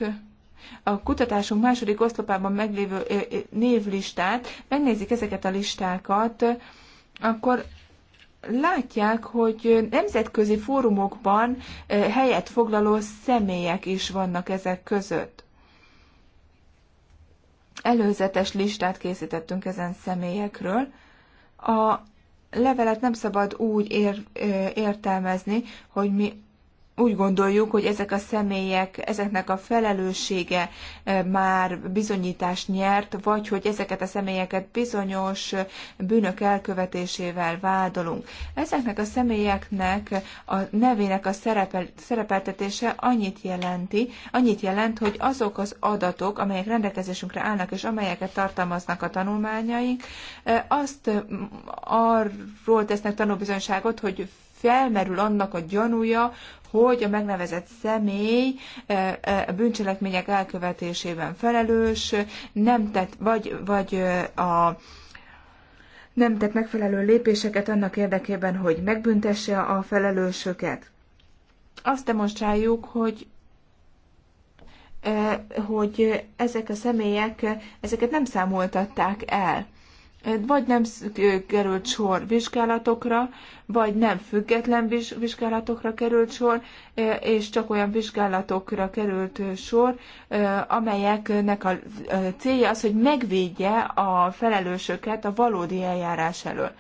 a kutatásunk második oszlopában meglévő e, névlistát, megnézik ezeket a listákat, akkor látják, hogy nemzetközi fórumokban helyet foglaló személyek is vannak ezek között. Előzetes listát készítettünk ezen személyekről. A levelet nem szabad úgy ér, értelmezni, hogy mi úgy gondoljuk, hogy ezek a személyek, ezeknek a felelőssége e, már bizonyítást nyert, vagy hogy ezeket a személyeket bizonyos e, bűnök elkövetésével vádolunk. Ezeknek a személyeknek a nevének a szerepel, szerepeltetése annyit jelenti, annyit jelent, hogy azok az adatok, amelyek rendelkezésünkre állnak, és amelyeket tartalmaznak a tanulmányaink, e, azt arról tesznek tanúbizonyságot, hogy felmerül annak a gyanúja, hogy a megnevezett személy a bűncselekmények elkövetésében felelős, nem tett, vagy, vagy a nem tett megfelelő lépéseket annak érdekében, hogy megbüntesse a felelősöket. Azt demonstráljuk, hogy hogy ezek a személyek, ezeket nem számoltatták el vagy nem került sor vizsgálatokra, vagy nem független vizsgálatokra került sor, és csak olyan vizsgálatokra került sor, amelyeknek a célja az, hogy megvédje a felelősöket a valódi eljárás elől.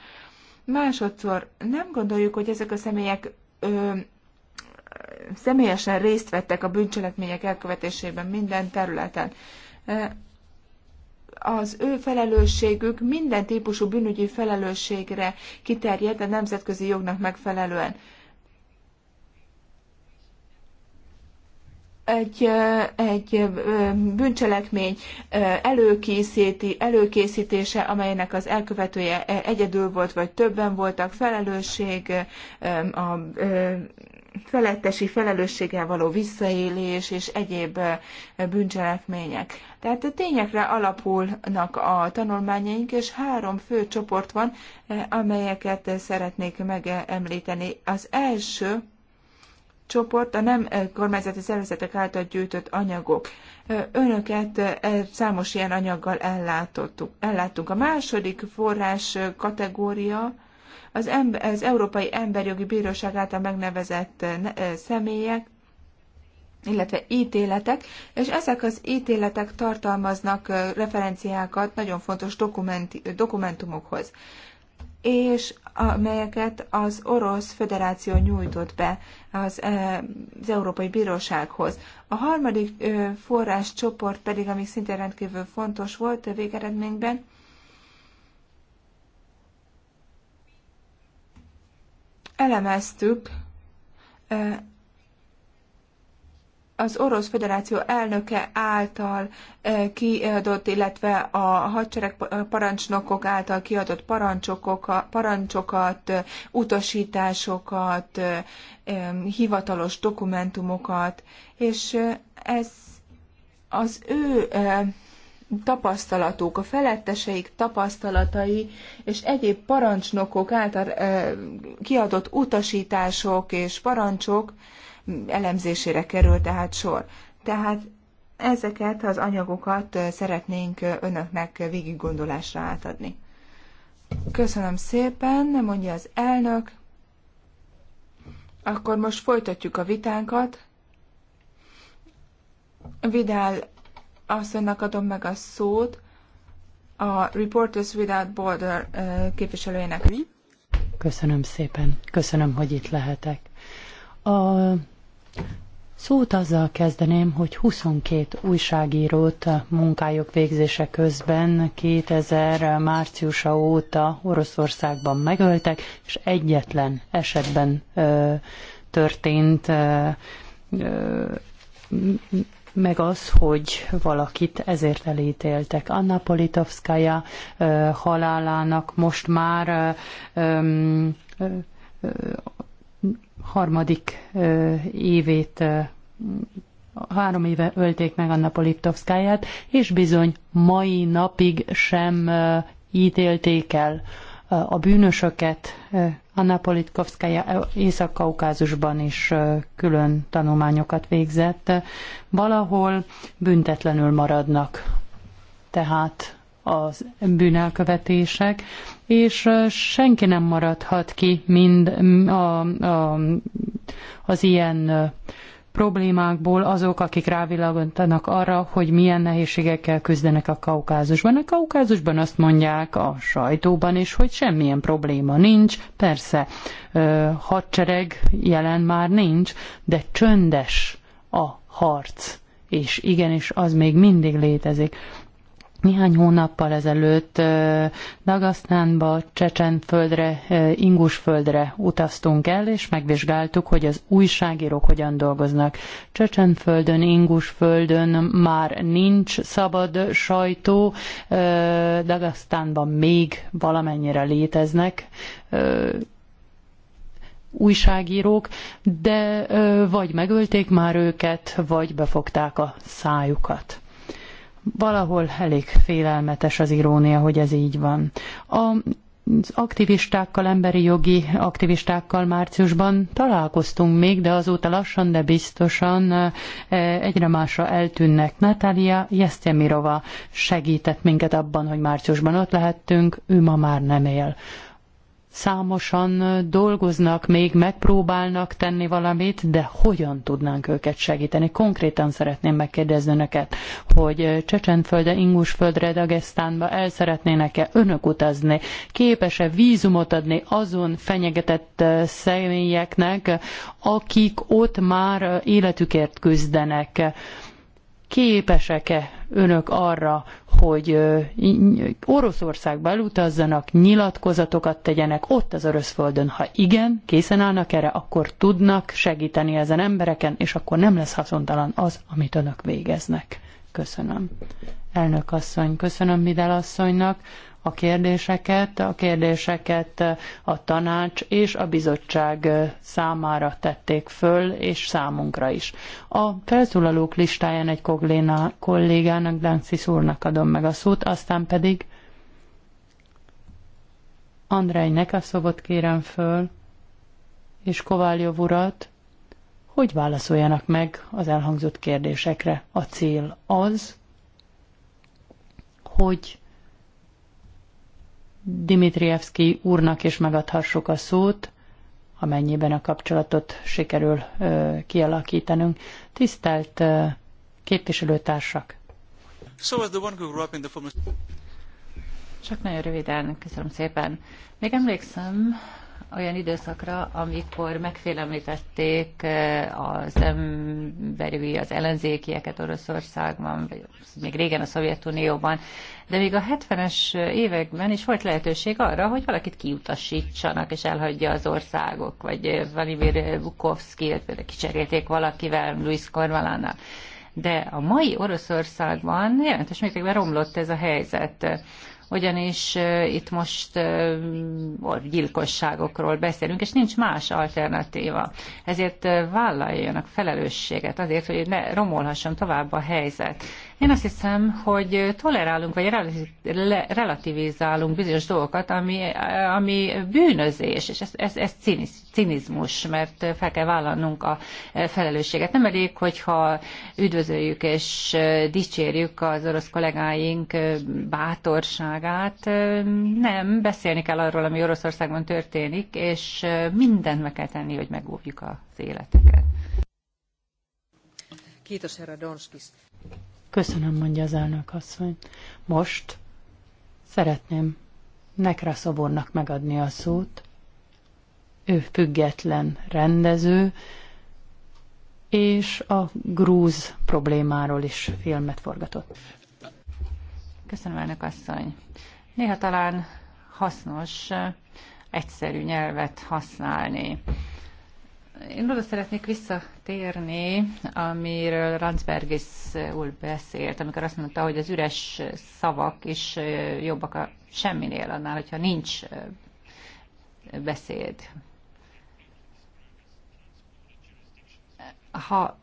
Másodszor nem gondoljuk, hogy ezek a személyek ö, személyesen részt vettek a bűncselekmények elkövetésében minden területen az ő felelősségük minden típusú bűnügyi felelősségre kiterjed a nemzetközi jognak megfelelően. egy, egy bűncselekmény előkészíti, előkészítése, amelynek az elkövetője e, egyedül volt, vagy többen voltak, felelősség, a felettesi felelősséggel való visszaélés és egyéb bűncselekmények. Tehát a tényekre alapulnak a tanulmányaink, és három fő csoport van, eh, amelyeket szeretnék megemlíteni. Az első csoport a nem eh, kormányzati szervezetek által gyűjtött anyagok. Eh, önöket számos ilyen anyaggal ellátottuk. ellátunk. A második forrás kategória az, ember, az Európai Emberjogi Bíróság által megnevezett személyek, illetve ítéletek, és ezek az ítéletek tartalmaznak referenciákat nagyon fontos dokumentumokhoz, és amelyeket az Orosz Föderáció nyújtott be az, az Európai Bírósághoz. A harmadik forráscsoport pedig, ami szintén rendkívül fontos volt a végeredményben, elemeztük az Orosz Föderáció elnöke által eh, kiadott, illetve a hadsereg parancsnokok által kiadott parancsokat, utasításokat, eh, hivatalos dokumentumokat, és eh, ez az ő tapasztalatuk, a feletteseik tapasztalatai és egyéb parancsnokok által kiadott utasítások és parancsok, elemzésére kerül tehát sor. Tehát ezeket az anyagokat szeretnénk önöknek végig gondolásra átadni. Köszönöm szépen, mondja az elnök. Akkor most folytatjuk a vitánkat. Vidál asszonynak adom meg a szót a Reporters Without Border képviselőjének. Köszönöm szépen. Köszönöm, hogy itt lehetek. A Szót azzal kezdeném, hogy 22 újságírót munkájuk végzése közben 2000 márciusa óta Oroszországban megöltek, és egyetlen esetben ö, történt ö, ö, meg az, hogy valakit ezért elítéltek. Anna Politovskaya ö, halálának most már ö, ö, ö, harmadik évét három éve ölték meg Anna Politkovskáját, és bizony mai napig sem ítélték el a bűnösöket. Anna Politkovskája Észak-Kaukázusban is külön tanulmányokat végzett. Valahol büntetlenül maradnak. Tehát az bűnelkövetések, és senki nem maradhat ki mind a, a, az ilyen problémákból azok, akik rávilágítanak arra, hogy milyen nehézségekkel küzdenek a kaukázusban. A kaukázusban azt mondják a sajtóban is, hogy semmilyen probléma nincs. Persze, hadsereg jelen már nincs, de csöndes a harc és igenis az még mindig létezik. Néhány hónappal ezelőtt Dagasztánba, Csecsenföldre, Ingusföldre utaztunk el, és megvizsgáltuk, hogy az újságírók hogyan dolgoznak. Csecsenföldön, Ingusföldön már nincs szabad sajtó, Dagasztánban még valamennyire léteznek újságírók, de vagy megölték már őket, vagy befogták a szájukat Valahol elég félelmetes az irónia, hogy ez így van. A az aktivistákkal, emberi jogi aktivistákkal márciusban találkoztunk még, de azóta lassan, de biztosan eh, egyre másra eltűnnek. Natália Jesztyemirova segített minket abban, hogy márciusban ott lehettünk, ő ma már nem él. Számosan dolgoznak, még megpróbálnak tenni valamit, de hogyan tudnánk őket segíteni? Konkrétan szeretném megkérdezni önöket, hogy Csecsenföldre, Ingusföldre, Dagestánba el szeretnének-e önök utazni? Képes-e vízumot adni azon fenyegetett személyeknek, akik ott már életükért küzdenek? képesek-e önök arra, hogy Oroszországba elutazzanak, nyilatkozatokat tegyenek ott az Oroszföldön. Ha igen, készen állnak erre, akkor tudnak segíteni ezen embereken, és akkor nem lesz haszontalan az, amit önök végeznek. Köszönöm. Elnök asszony, köszönöm Midel asszonynak a kérdéseket, a kérdéseket a tanács és a bizottság számára tették föl, és számunkra is. A felszólalók listáján egy kogléna kollégának, Dancis úrnak adom meg a szót, aztán pedig a Nekaszovot kérem föl, és Kováljov urat, hogy válaszoljanak meg az elhangzott kérdésekre. A cél az, hogy Dimitrievski úrnak is megadhassuk a szót, amennyiben a kapcsolatot sikerül ö, kialakítanunk. Tisztelt ö, képviselőtársak! So as the one who grew up in the Csak nagyon röviden, köszönöm szépen. Még emlékszem, olyan időszakra, amikor megfélemlítették eh, az emberi, az ellenzékieket Oroszországban, vagy még régen a Szovjetunióban, de még a 70-es években is volt lehetőség arra, hogy valakit kiutasítsanak, és elhagyja az országok, vagy Vladimir például kicserélték valakivel, Luis Korvalánnal. De a mai Oroszországban jelentős mértékben romlott ez a helyzet ugyanis itt most gyilkosságokról beszélünk, és nincs más alternatíva. Ezért vállaljanak felelősséget azért, hogy ne romolhasson tovább a helyzet. Én azt hiszem, hogy tolerálunk, vagy relativizálunk bizonyos dolgokat, ami, ami bűnözés, és ez, ez, ez cinizmus, mert fel kell vállalnunk a felelősséget. Nem elég, hogyha üdvözöljük és dicsérjük az orosz kollégáink bátorságát, nem, beszélni kell arról, ami Oroszországban történik, és mindent meg kell tenni, hogy megóvjuk az életeket. Kiitos, herra Donskis. Köszönöm, mondja az elnök asszony. Most szeretném Nekra Szobornak megadni a szót. Ő független rendező, és a grúz problémáról is filmet forgatott. Köszönöm, elnök asszony. Néha talán hasznos egyszerű nyelvet használni. Én oda szeretnék visszatérni, amiről Ranzbergis úr beszélt, amikor azt mondta, hogy az üres szavak is jobbak a semminél annál, hogyha nincs beszéd. Ha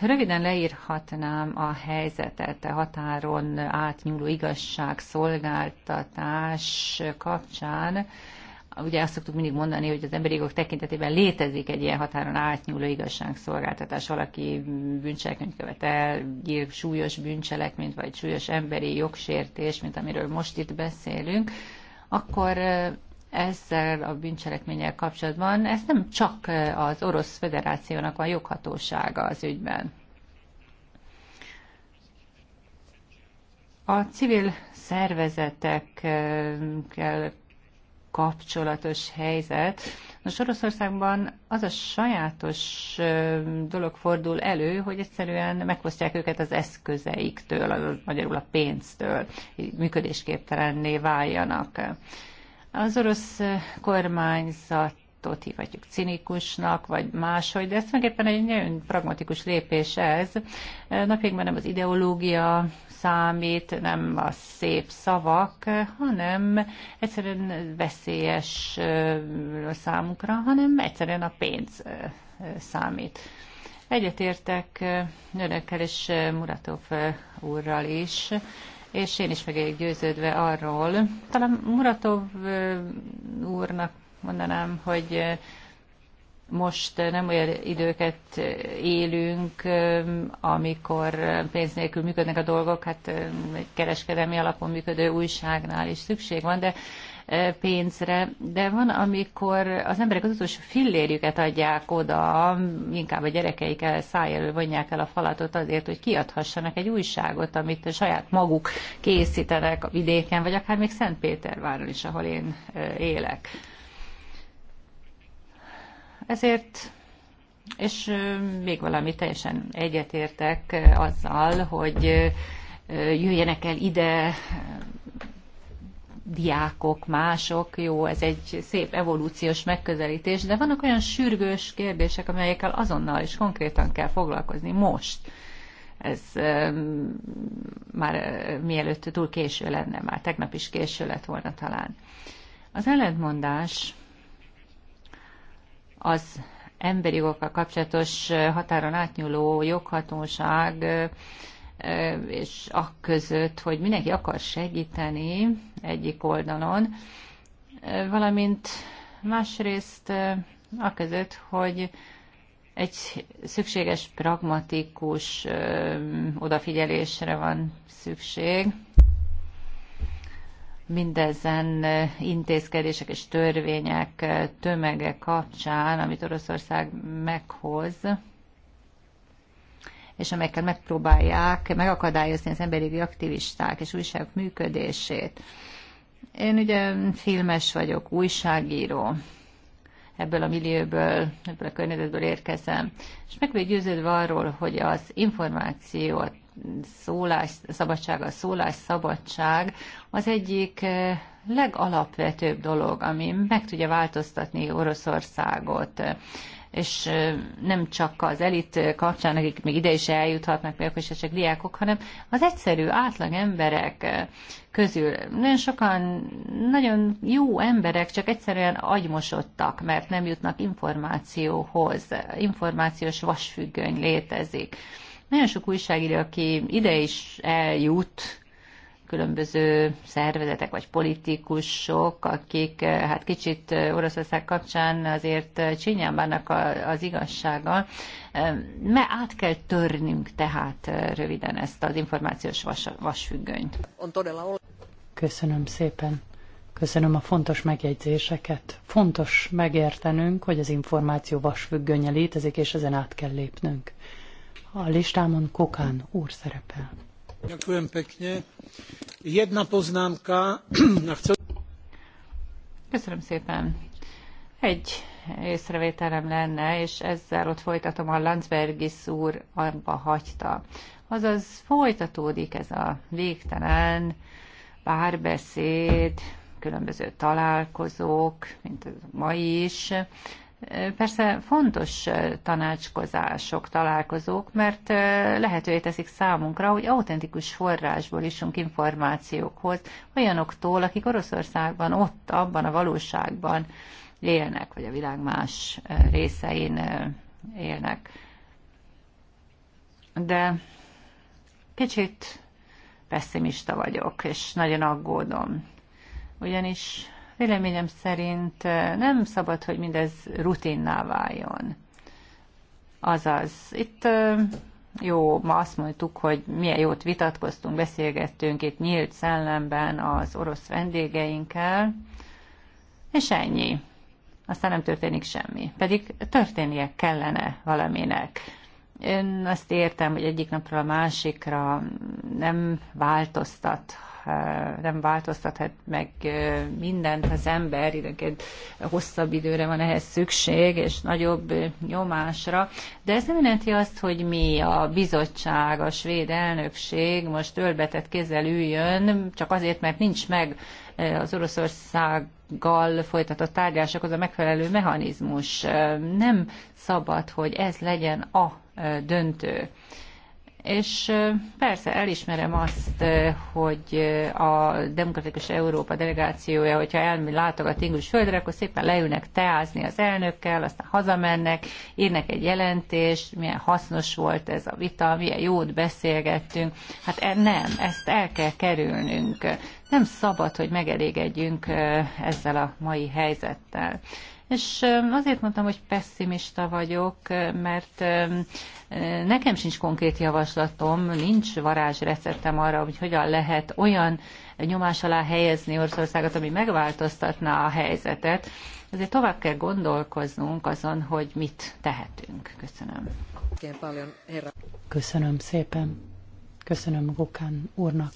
Röviden leírhatnám a helyzetet a határon átnyúló igazságszolgáltatás kapcsán ugye azt szoktuk mindig mondani, hogy az emberi jogok tekintetében létezik egy ilyen határon átnyúló igazságszolgáltatás. Valaki bűncselekményt el, gyilk, súlyos bűncselekményt, vagy súlyos emberi jogsértés, mint amiről most itt beszélünk, akkor ezzel a bűncselekménnyel kapcsolatban ez nem csak az Orosz Federációnak van joghatósága az ügyben. A civil szervezetekkel kapcsolatos helyzet. Nos, Oroszországban az a sajátos dolog fordul elő, hogy egyszerűen megfosztják őket az eszközeiktől, az, magyarul a pénztől, működésképtelenné váljanak. Az orosz kormányzat ott hívhatjuk cinikusnak, vagy máshogy, de ez tulajdonképpen egy nagyon pragmatikus lépés ez. Napjainkban nem az ideológia számít, nem a szép szavak, hanem egyszerűen veszélyes számukra, hanem egyszerűen a pénz számít. Egyetértek nőnökkel és Muratov úrral is, és én is meg vagyok győződve arról, talán Muratov úrnak mondanám, hogy most eh, nem olyan időket eh, élünk, eh, amikor pénz nélkül működnek a dolgok, hát kereskedelmi alapon működő újságnál is szükség van, de pénzre, de van, amikor az emberek az utolsó fillérjüket adják oda, inkább a gyerekeik el, száj elől vonják el a falatot azért, hogy kiadhassanak egy újságot, amit a saját maguk készítenek a vidéken, vagy akár még Szentpéterváron is, ahol én élek. Ezért és még valami teljesen egyetértek azzal, hogy jöjjenek el ide diákok, mások, jó, ez egy szép evolúciós megközelítés, de vannak olyan sürgős kérdések, amelyekkel azonnal és konkrétan kell foglalkozni most. Ez már mielőtt túl késő lenne, már tegnap is késő lett volna talán. Az ellentmondás az emberi jogokkal kapcsolatos határon átnyúló joghatóság és a között, hogy mindenki akar segíteni egyik oldalon, valamint másrészt a között, hogy egy szükséges, pragmatikus odafigyelésre van szükség, mindezen intézkedések és törvények tömege kapcsán, amit Oroszország meghoz, és amelyekkel megpróbálják megakadályozni az emberi aktivisták és újságok működését. Én ugye filmes vagyok, újságíró, ebből a millióból, ebből a környezetből érkezem, és meg vagyok győződve arról, hogy az információt szólás, szabadság, a szólás szabadság az egyik eh, legalapvetőbb dolog, ami meg tudja változtatni Oroszországot és eh, nem csak az elit kapcsán, akik még ide is eljuthatnak, mert akkor is csak diákok, hanem az egyszerű, átlag emberek eh, közül nagyon sokan nagyon jó emberek, csak egyszerűen agymosodtak, mert nem jutnak információhoz. Információs vasfüggöny létezik. Nagyon sok újságíró, aki ide is eljut, különböző szervezetek vagy politikusok, akik eh, hát kicsit eh, Oroszország kapcsán azért eh, csinyán bánnak az igazsága, Me át kell törnünk tehát röviden ezt az információs vas, vasfüggönyt. Köszönöm szépen. Köszönöm a fontos megjegyzéseket. Fontos megértenünk, hogy az információ vasfüggönye létezik, és ezen át kell lépnünk. A listámon Kokán úr szerepel. Ďakujem pekne. Jedna poznámka. Köszönöm szépen. Egy észrevételem lenne, és ezzel ott folytatom, a Landsbergis úr abba hagyta. Azaz folytatódik ez a végtelen párbeszéd, különböző találkozók, mint ez mai is, Persze fontos tanácskozások, találkozók, mert lehetővé teszik számunkra, hogy autentikus forrásból isunk információkhoz, olyanoktól, akik Oroszországban, ott, abban a valóságban élnek, vagy a világ más részein élnek. De kicsit pessimista vagyok, és nagyon aggódom. Ugyanis Véleményem szerint nem szabad, hogy mindez rutinná váljon. Azaz, itt jó, ma azt mondtuk, hogy milyen jót vitatkoztunk, beszélgettünk itt nyílt szellemben az orosz vendégeinkkel, és ennyi. Aztán nem történik semmi. Pedig történnie kellene valaminek. Én azt értem, hogy egyik napról a másikra nem változtat nem változtathat meg mindent az ember, időnként hosszabb időre van ehhez szükség, és nagyobb nyomásra, de ez nem jelenti azt, hogy mi a bizottság, a svéd elnökség most ölbetett kézzel üljön, csak azért, mert nincs meg az Oroszországgal folytatott tárgyalásokhoz a megfelelő mechanizmus. Nem szabad, hogy ez legyen a döntő. És persze elismerem azt, hogy a Demokratikus Európa delegációja, hogyha elmi látogat Ingus földre, akkor szépen leülnek teázni az elnökkel, aztán hazamennek, írnak egy jelentést, milyen hasznos volt ez a vita, milyen jót beszélgettünk. Hát e, nem, ezt el kell kerülnünk. Nem szabad, hogy megelégedjünk ezzel a mai helyzettel. És azért mondtam, hogy pessimista vagyok, mert nekem sincs konkrét javaslatom, nincs varázsreceptem arra, hogy hogyan lehet olyan nyomás alá helyezni Oroszországot, ami megváltoztatná a helyzetet. Ezért tovább kell gondolkoznunk azon, hogy mit tehetünk. Köszönöm. Köszönöm szépen. Köszönöm Gokán úrnak.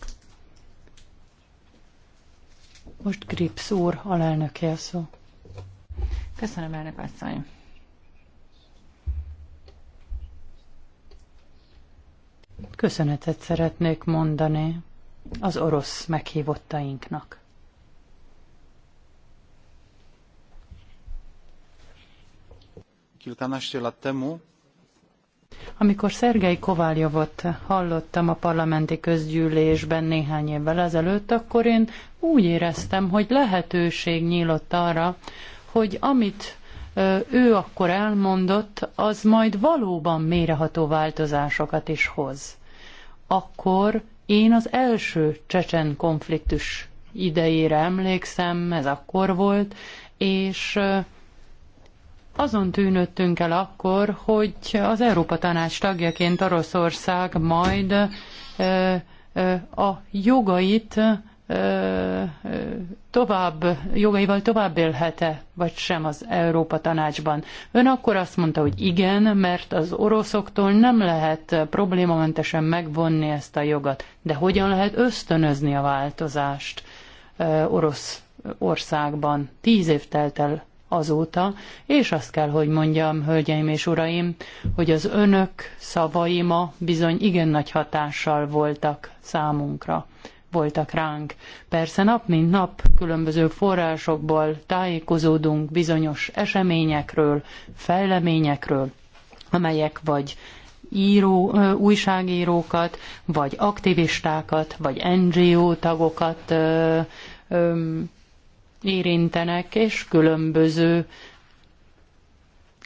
Most Grips úr, alelnöke a szó. Köszönöm, elnök asszony. Köszönetet szeretnék mondani az orosz meghívottainknak. amikor Szergei Kováljovot hallottam a parlamenti közgyűlésben néhány évvel ezelőtt, akkor én úgy éreztem, hogy lehetőség nyílott arra, hogy amit ő akkor elmondott, az majd valóban méreható változásokat is hoz. Akkor én az első csecsen konfliktus idejére emlékszem, ez akkor volt, és azon tűnöttünk el akkor, hogy az Európa Tanács tagjaként Oroszország majd a jogait tovább, jogaival tovább élhet-e, vagy sem az Európa Tanácsban. Ön akkor azt mondta, hogy igen, mert az oroszoktól nem lehet problémamentesen megvonni ezt a jogot. De hogyan lehet ösztönözni a változást orosz országban? Tíz év telt el azóta, és azt kell, hogy mondjam, hölgyeim és uraim, hogy az önök szavaima bizony igen nagy hatással voltak számunkra voltak ránk. Persze nap mint nap különböző forrásokból tájékozódunk bizonyos eseményekről, fejleményekről, amelyek vagy író, újságírókat, vagy aktivistákat, vagy NGO tagokat ö, ö, érintenek, és különböző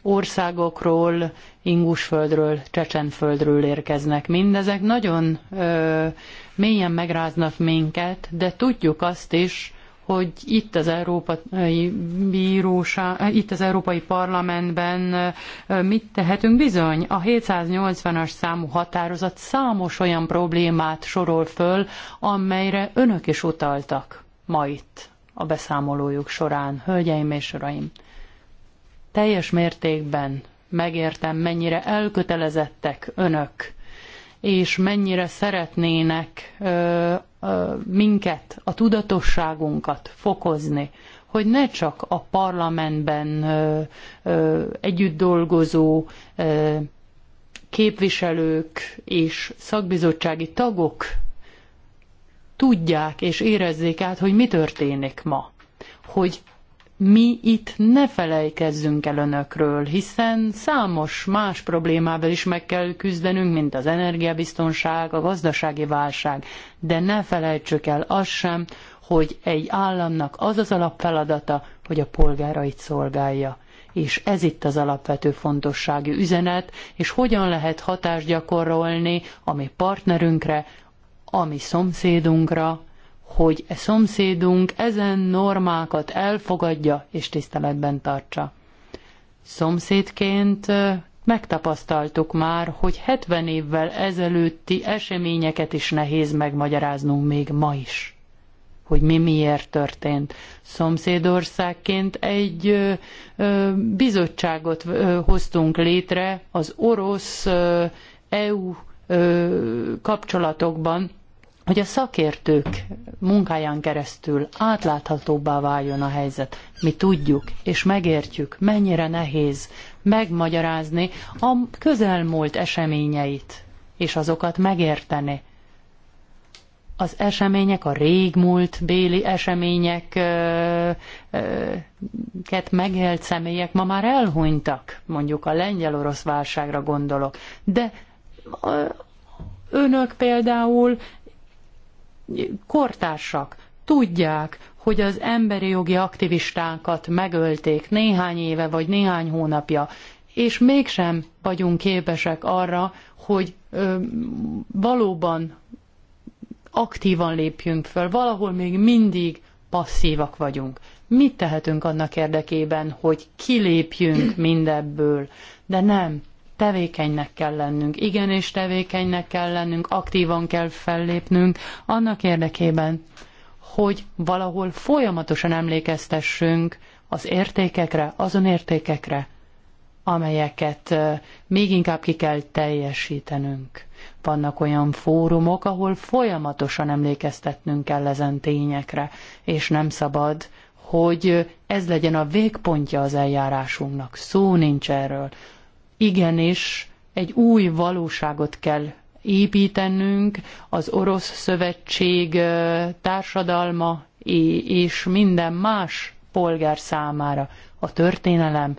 országokról, Ingusföldről, Csecsenföldről érkeznek. Mindezek nagyon ö, mélyen megráznak minket, de tudjuk azt is, hogy itt az Európai Bíróság, itt az Európai Parlamentben mit tehetünk bizony. A 780-as számú határozat számos olyan problémát sorol föl, amelyre önök is utaltak ma itt a beszámolójuk során, hölgyeim és uraim. Teljes mértékben megértem, mennyire elkötelezettek önök és mennyire szeretnének ö, ö, minket, a tudatosságunkat fokozni, hogy ne csak a parlamentben ö, ö, együtt dolgozó ö, képviselők és szakbizottsági tagok tudják és érezzék át, hogy mi történik ma. Hogy mi itt ne felejkezzünk el önökről, hiszen számos más problémával is meg kell küzdenünk, mint az energiabiztonság, a gazdasági válság, de ne felejtsük el azt sem, hogy egy államnak az az alapfeladata, hogy a polgárait szolgálja. És ez itt az alapvető fontosságú üzenet, és hogyan lehet hatást gyakorolni a mi partnerünkre, a mi szomszédunkra, hogy e szomszédunk ezen normákat elfogadja és tiszteletben tartsa. Szomszédként megtapasztaltuk már, hogy 70 évvel ezelőtti eseményeket is nehéz megmagyaráznunk még ma is hogy mi miért történt. Szomszédországként egy bizottságot hoztunk létre az orosz EU kapcsolatokban, hogy a szakértők munkáján keresztül átláthatóbbá váljon a helyzet. Mi tudjuk és megértjük, mennyire nehéz megmagyarázni a közelmúlt eseményeit, és azokat megérteni. Az események, a régmúlt béli eseményeket megélt személyek ma már elhunytak, mondjuk a lengyel-orosz válságra gondolok, de önök például kortársak tudják, hogy az emberi jogi aktivistákat megölték néhány éve vagy néhány hónapja, és mégsem vagyunk képesek arra, hogy ö, valóban aktívan lépjünk föl, valahol még mindig passzívak vagyunk. Mit tehetünk annak érdekében, hogy kilépjünk mindebből? De nem, tevékenynek kell lennünk, igenis tevékenynek kell lennünk, aktívan kell fellépnünk annak érdekében, hogy valahol folyamatosan emlékeztessünk az értékekre, azon értékekre, amelyeket még inkább ki kell teljesítenünk. Vannak olyan fórumok, ahol folyamatosan emlékeztetnünk kell ezen tényekre, és nem szabad, hogy ez legyen a végpontja az eljárásunknak. Szó nincs erről igenis egy új valóságot kell építenünk, az orosz szövetség társadalma és minden más polgár számára. A történelem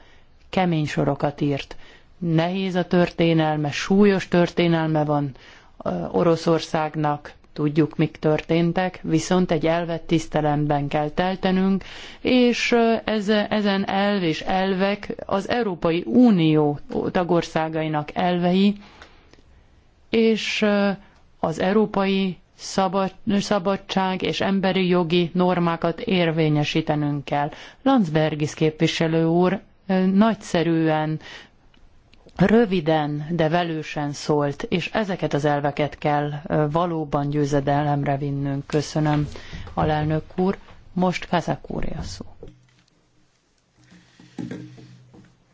kemény sorokat írt. Nehéz a történelme, súlyos történelme van Oroszországnak, tudjuk, mik történtek, viszont egy elvet tiszteletben kell teltenünk, és ez, ezen elv és elvek az Európai Unió tagországainak elvei, és az európai szabad, szabadság és emberi jogi normákat érvényesítenünk kell. Landsbergis képviselő úr nagyszerűen röviden, de velősen szólt, és ezeket az elveket kell valóban győzedelemre vinnünk. Köszönöm, alelnök úr. Most Kazak úr a szó.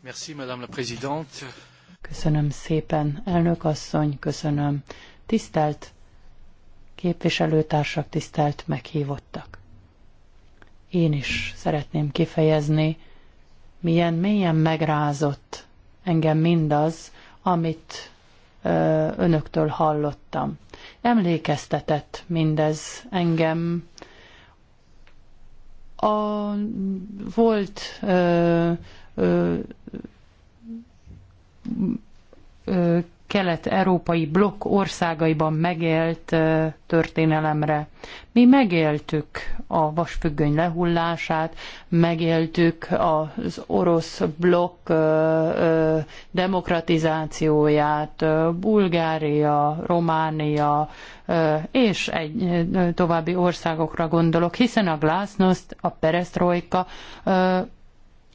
Merci, Madame la Présidente. Köszönöm szépen, elnök asszony, köszönöm. Tisztelt képviselőtársak, tisztelt meghívottak. Én is szeretném kifejezni, milyen mélyen megrázott engem mindaz, amit önöktől hallottam. Emlékeztetett mindez engem a volt ö, ö, ö, kelet-európai blokk országaiban megélt történelemre. Mi megéltük a vasfüggöny lehullását, megéltük az orosz blokk demokratizációját, Bulgária, Románia és egy további országokra gondolok, hiszen a glasnost, a Perestroika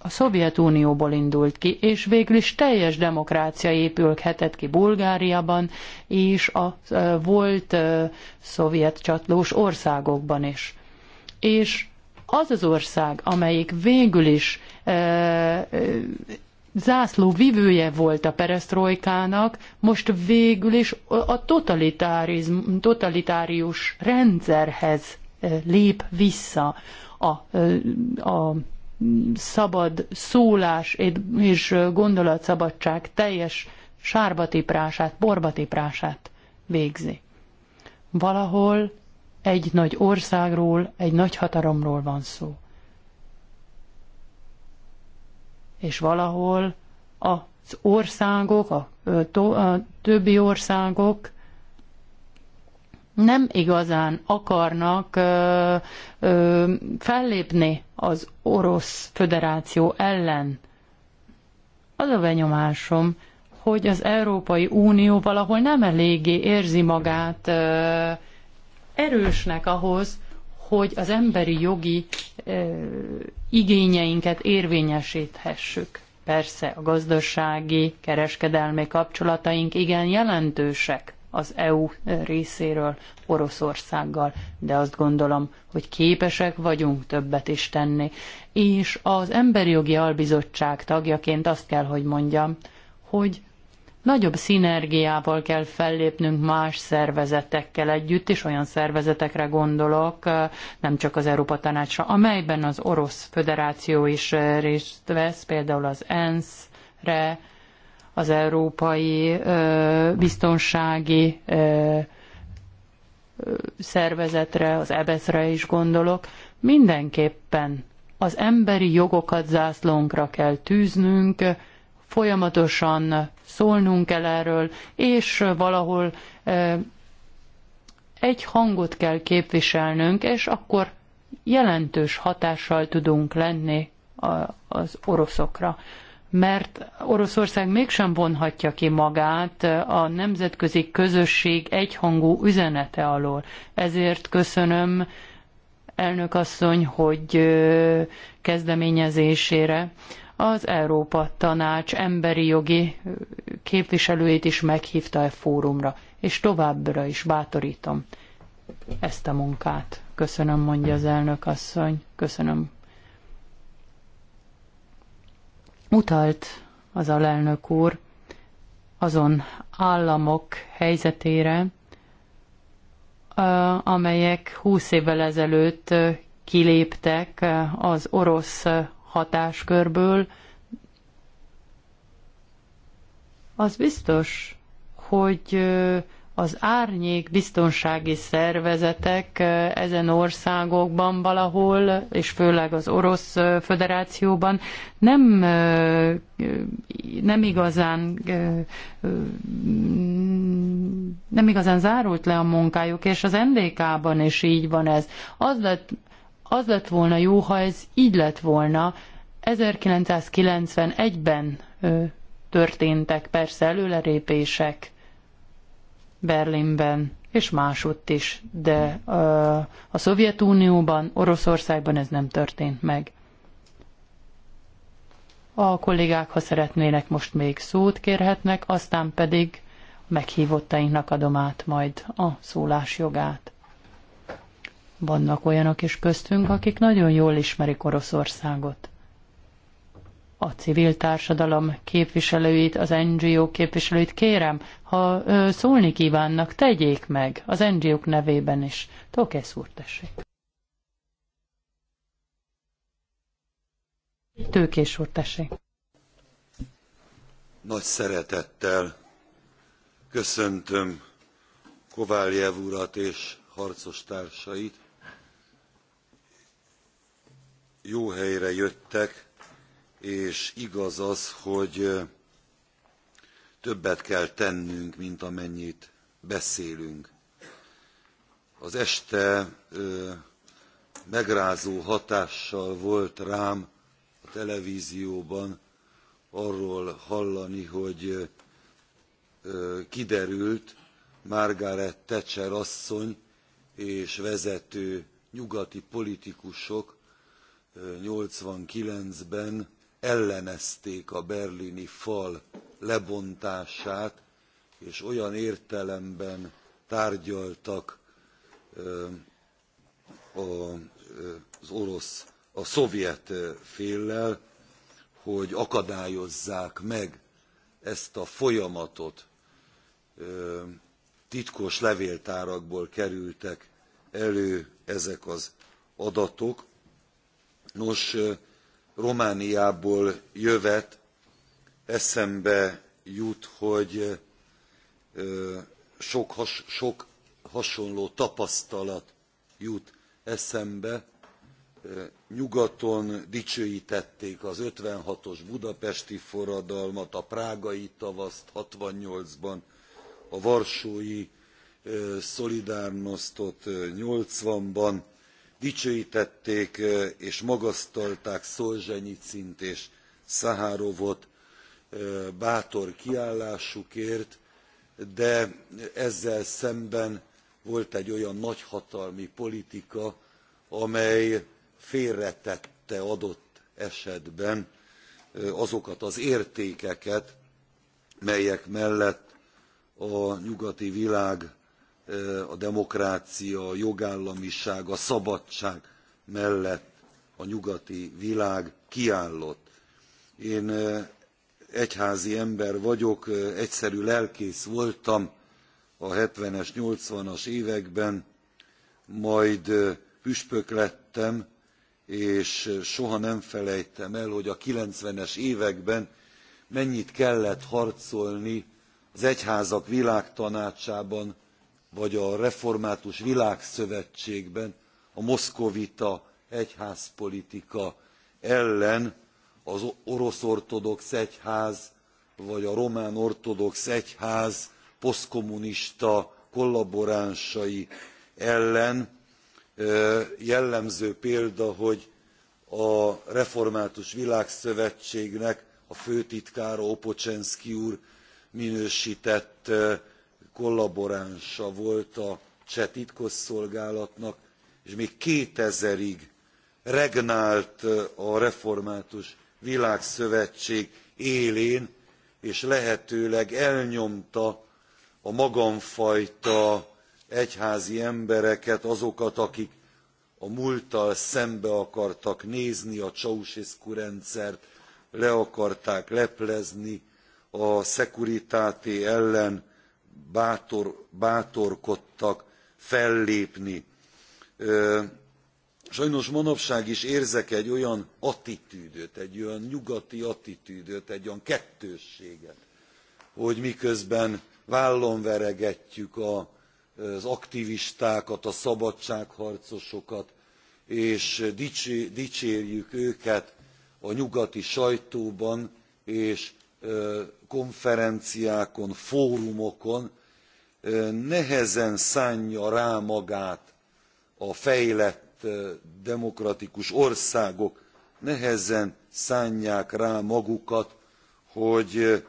a Szovjetunióból indult ki, és végül is teljes demokrácia épülhetett ki Bulgáriában és a volt szovjet csatlós országokban is. És az az ország, amelyik végül is e, e, zászló vivője volt a perestroikának most végül is a totalitárius rendszerhez lép vissza a, a szabad szólás és gondolatszabadság teljes sárbatiprását, borbatiprását végzi. Valahol egy nagy országról, egy nagy hataromról van szó. És valahol az országok, a, a többi országok nem igazán akarnak ö, ö, fellépni az Orosz Föderáció ellen. Az a benyomásom, hogy az Európai Unió valahol nem eléggé érzi magát ö, erősnek ahhoz, hogy az emberi jogi ö, igényeinket érvényesíthessük. Persze a gazdasági, kereskedelmi kapcsolataink igen jelentősek az EU részéről Oroszországgal, de azt gondolom, hogy képesek vagyunk többet is tenni. És az Emberi Jogi Albizottság tagjaként azt kell, hogy mondjam, hogy nagyobb szinergiával kell fellépnünk más szervezetekkel együtt, és olyan szervezetekre gondolok, nem csak az Európa Tanácsra, amelyben az Orosz Föderáció is részt vesz, például az ENSZ-re, az európai biztonsági szervezetre, az EBESZ-re is gondolok, mindenképpen az emberi jogokat zászlónkra kell tűznünk, folyamatosan szólnunk kell erről, és valahol egy hangot kell képviselnünk, és akkor jelentős hatással tudunk lenni az oroszokra mert Oroszország mégsem vonhatja ki magát a nemzetközi közösség egyhangú üzenete alól. Ezért köszönöm elnök asszony, hogy kezdeményezésére az Európa Tanács emberi jogi képviselőjét is meghívta e fórumra, és továbbra is bátorítom ezt a munkát. Köszönöm, mondja az elnök asszony. Köszönöm Utalt az alelnök úr azon államok helyzetére, amelyek húsz évvel ezelőtt kiléptek az orosz hatáskörből, az biztos, hogy az árnyék biztonsági szervezetek ezen országokban valahol, és főleg az Orosz Föderációban nem, nem igazán nem igazán zárult le a munkájuk, és az NDK-ban is így van ez. Az lett, az lett volna jó, ha ez így lett volna. 1991-ben történtek persze előlerépések, Berlinben és másutt is, de a Szovjetunióban, Oroszországban ez nem történt meg. A kollégák, ha szeretnének, most még szót kérhetnek, aztán pedig meghívottainknak adom át majd a szólásjogát. Vannak olyanok is köztünk, akik nagyon jól ismerik Oroszországot a civil társadalom képviselőit, az NGO képviselőit kérem, ha ö, szólni kívánnak, tegyék meg az NGO-k nevében is. Tókész úr, tessék. Tőkés úr, tessék. Nagy szeretettel köszöntöm Kováljev urat és harcos társait. Jó helyre jöttek és igaz az, hogy többet kell tennünk, mint amennyit beszélünk. Az este megrázó hatással volt rám a televízióban arról hallani, hogy kiderült Margaret Thatcher asszony és vezető nyugati politikusok 89-ben ellenezték a berlini fal lebontását, és olyan értelemben tárgyaltak az orosz, a szovjet féllel, hogy akadályozzák meg ezt a folyamatot. Titkos levéltárakból kerültek elő ezek az adatok. Nos, romániából jövet eszembe jut hogy sok, hasonló tapasztalat jut eszembe nyugaton dicsőtették az fifty six os budapesti forradalmat a prágai tavaszt sixty eight ban a varsói solidarnostot eighty ban dicsőtették és magasztalták szolzsenyicint és szaharovot bátor kiállásukért de ezzel szemben volt egy olyan nagyhatalmi politika amely félretette adott esetben azokat az értékeket melyek mellett a nyugati világ a demokrácia, a jogállamiság, a szabadság mellett a nyugati világ kiállott. Én egyházi ember vagyok, egyszerű lelkész voltam a 70-es, 80-as években, majd püspök lettem, és soha nem felejtem el, hogy a 90-es években mennyit kellett harcolni az egyházak világtanácsában vagy a református világszövetségben a moszkovita egyházpolitika ellen az orosz ortodox egyház vagy a román ortodox egyház posztkommunista kollaboránsai ellen jellemző példa hogy a református világszövetségnek a főtitkára Opocsenszki úr minőstett kollaboránsa volt a cseh titkosszolgálatnak és még two thousand ig regnált a református világszövetség élén és lehetőleg elnyomta a magamfajta egyházi embereket azokat akik a múlttal szembe akartak nézni a ceausescu rendszert le akarták leplezni a securitate ellen bátor, bátorkodtak fellépni. Sajnos manapság is érzek egy olyan attitűdöt, egy olyan nyugati attitűdöt, egy olyan kettősséget, hogy miközben vállon veregetjük a, az aktivistákat, a szabadságharcosokat, és dicsérjük őket a nyugati sajtóban, és konferenciákon, fórumokon nehezen szánja rá magát a fejlett demokratikus országok, nehezen szánják rá magukat, hogy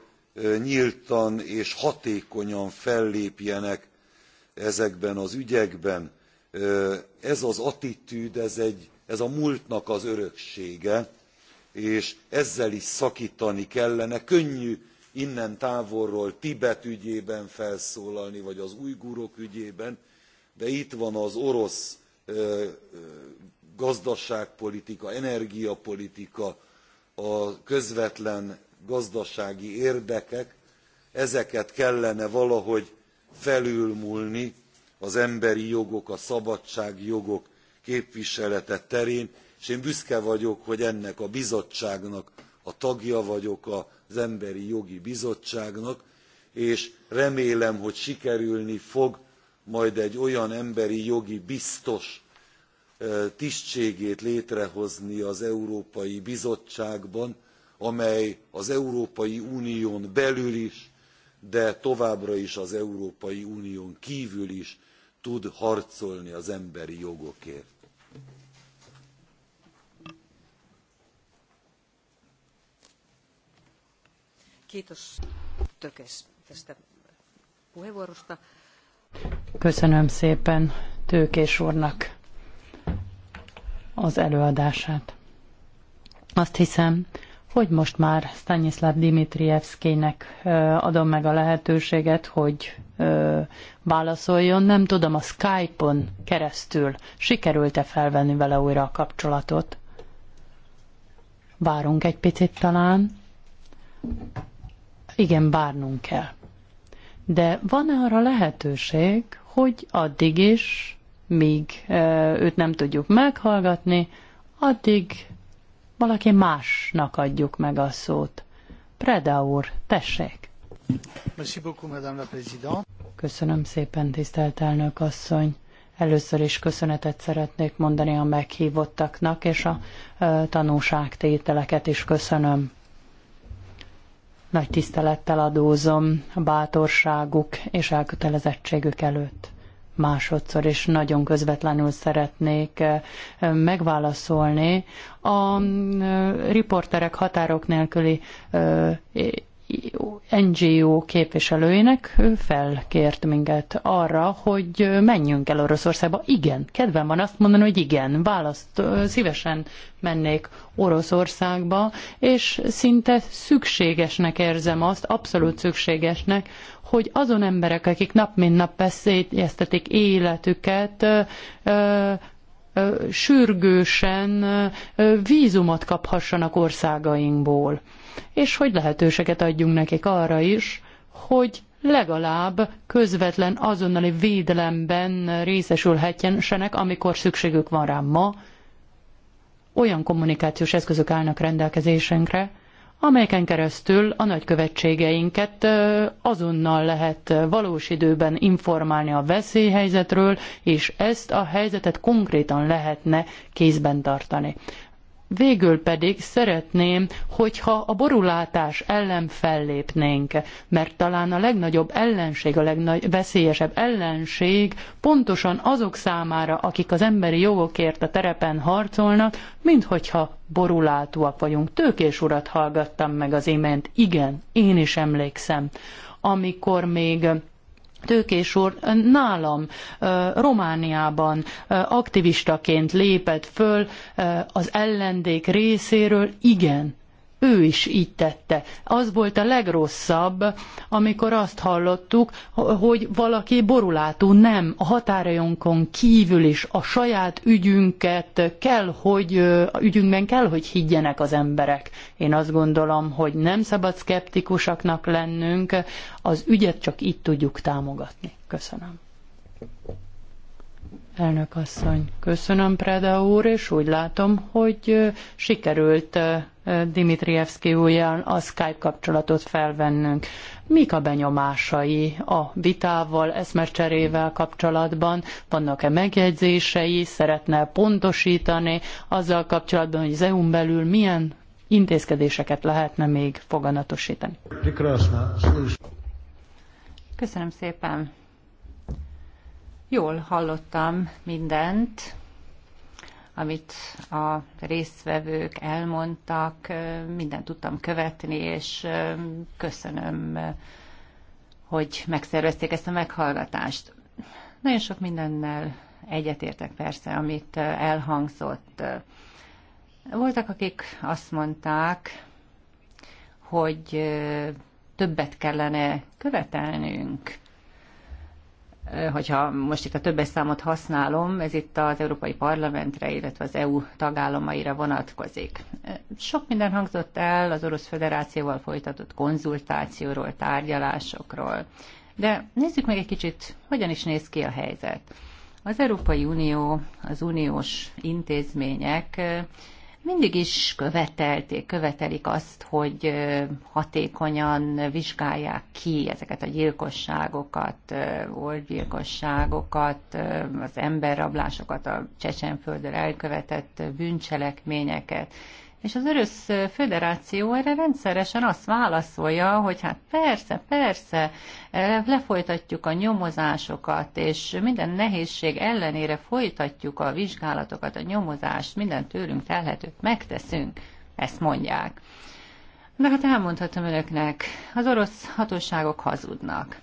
nyíltan és hatékonyan fellépjenek ezekben az ügyekben. Ez az attitűd, ez, egy, ez a múltnak az öröksége és ezzel is szaktani kellene könnyű innen távolról tibet ügyében felszólalni vagy az ujgurok ügyében de itt van az orosz gazdaságpolitika energiapolitika a közvetlen gazdasági érdekek ezeket kellene valahogy felülmúlni az emberi jogok a szabadságjogok képviselete terén és én büszke vagyok hogy ennek a bizottságnak a tagja vagyok az emberi jogi bizottságnak és remélem hogy sikerülni fog majd egy olyan emberi jogi biztos tisztségét létrehozni az európai bizottságban amely az európai unión belül is de továbbra is az európai unión kvül is tud harcolni az emberi jogokért. Kiitos Tökes tästä puheenvuorosta. Köszönöm szépen Tőkés úrnak az előadását. Azt hiszem, hogy most már Stanislav Dimitrievszkének adom meg a lehetőséget, hogy válaszoljon. Nem tudom, a Skype-on keresztül sikerült-e felvenni vele újra a kapcsolatot? Várunk egy picit talán igen, bárnunk kell. De van -e arra lehetőség, hogy addig is, míg őt nem tudjuk meghallgatni, addig valaki másnak adjuk meg a szót. Preda úr, tessék! Köszönöm szépen, tisztelt elnök asszony! Először is köszönetet szeretnék mondani a meghívottaknak, és a tanúságtételeket is köszönöm. Nagy tisztelettel adózom a bátorságuk és elkötelezettségük előtt. Másodszor is nagyon közvetlenül szeretnék eh, megválaszolni a eh, riporterek határok nélküli eh, NGO képviselőinek felkért minket arra, hogy menjünk el Oroszországba. Igen, kedvem van azt mondani, hogy igen, választ, szívesen mennék Oroszországba, és szinte szükségesnek érzem azt, abszolút szükségesnek, hogy azon emberek, akik nap mint nap beszélyeztetik életüket, sürgősen vízumot kaphassanak országainkból és hogy lehetőséget adjunk nekik arra is, hogy legalább közvetlen azonnali védelemben részesülhetjenek, amikor szükségük van rám ma, olyan kommunikációs eszközök állnak rendelkezésünkre, amelyeken keresztül a nagykövetségeinket azonnal lehet valós időben informálni a veszélyhelyzetről, és ezt a helyzetet konkrétan lehetne kézben tartani. Végül pedig szeretném, hogyha a borulátás ellen fellépnénk, mert talán a legnagyobb ellenség, a legveszélyesebb ellenség pontosan azok számára, akik az emberi jogokért a terepen harcolnak, minthogyha borulátúak vagyunk. Tőkés urat hallgattam meg az imént. Igen, én is emlékszem amikor még Tőkés úr nálam Romániában aktivistaként lépett föl az ellendék részéről, igen, ő is így tette. Az volt a legrosszabb, amikor azt hallottuk, hogy valaki borulátó nem, a határajonkon kívül is a saját ügyünket kell, hogy ügyünkben kell, hogy higgyenek az emberek. Én azt gondolom, hogy nem szabad szkeptikusaknak lennünk, az ügyet csak így tudjuk támogatni. Köszönöm. Elnök asszony, köszönöm Preda úr, és úgy látom, hogy sikerült Dimitrievski újjal a Skype kapcsolatot felvennünk. Mik a benyomásai a vitával, eszmecserével kapcsolatban? Vannak-e megjegyzései? Szeretne pontosítani azzal kapcsolatban, hogy az EU-n belül milyen intézkedéseket lehetne még foganatosítani? Köszönöm szépen. Jól hallottam mindent amit a résztvevők elmondtak, mindent tudtam követni, és köszönöm, hogy megszervezték ezt a meghallgatást. Nagyon sok mindennel egyetértek persze, amit elhangzott. Voltak, akik azt mondták, hogy többet kellene követelnünk, hogyha most itt a többes számot használom, ez itt az Európai Parlamentre, illetve az EU tagállamaira vonatkozik. Sok minden hangzott el az Orosz Föderációval folytatott konzultációról, tárgyalásokról. De nézzük meg egy kicsit, hogyan is néz ki a helyzet. Az Európai Unió, az uniós intézmények mindig is követelték, követelik azt, hogy hatékonyan vizsgálják ki ezeket a gyilkosságokat, orgyilkosságokat, az emberrablásokat, a Csecsenföldön elkövetett bűncselekményeket. És az Orosz Föderáció erre rendszeresen azt válaszolja, hogy hát persze, persze, eh, lefolytatjuk a nyomozásokat, és minden nehézség ellenére folytatjuk a vizsgálatokat, a nyomozást, minden tőlünk telhetőt megteszünk, ezt mondják. De hát elmondhatom önöknek, az orosz hatóságok hazudnak.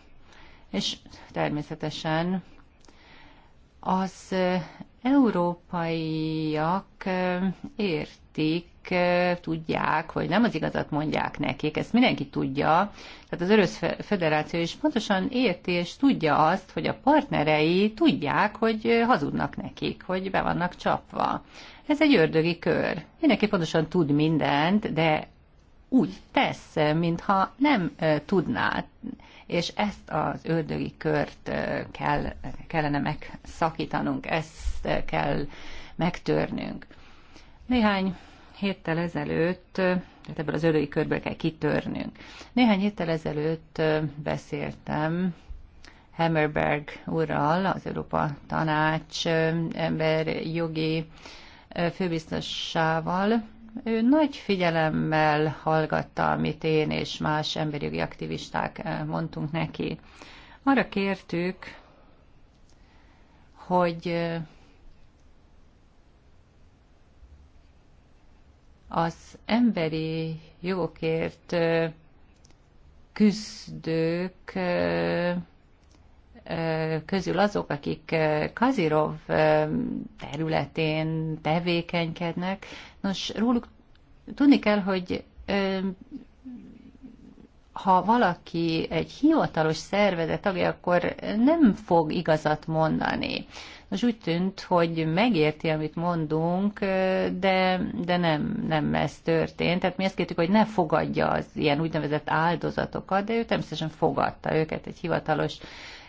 És természetesen az eh, európaiak eh, ért értik, tudják, hogy nem az igazat mondják nekik, ezt mindenki tudja. Tehát az Orosz Federáció is pontosan érti és tudja azt, hogy a partnerei tudják, hogy hazudnak nekik, hogy be vannak csapva. Ez egy ördögi kör. Mindenki pontosan tud mindent, de úgy tesz, mintha nem tudná. És ezt az ördögi kört kell, kellene megszakítanunk, ezt kell megtörnünk. Néhány héttel ezelőtt, tehát ebből az ölői körből kell kitörnünk. Néhány héttel ezelőtt beszéltem Hammerberg úrral, az Európa Tanács ember jogi főbiztossával. Ő nagy figyelemmel hallgatta, amit én és más emberjogi aktivisták mondtunk neki. Arra kértük, hogy az emberi jogokért küzdők közül azok, akik Kazirov területén tevékenykednek. Nos, róluk tudni kell, hogy ha valaki egy hivatalos szervezet tagja, akkor nem fog igazat mondani. Most úgy tűnt, hogy megérti, amit mondunk, de, de nem, nem ez történt. Tehát mi azt kértük, hogy ne fogadja az ilyen úgynevezett áldozatokat, de ő természetesen fogadta őket egy hivatalos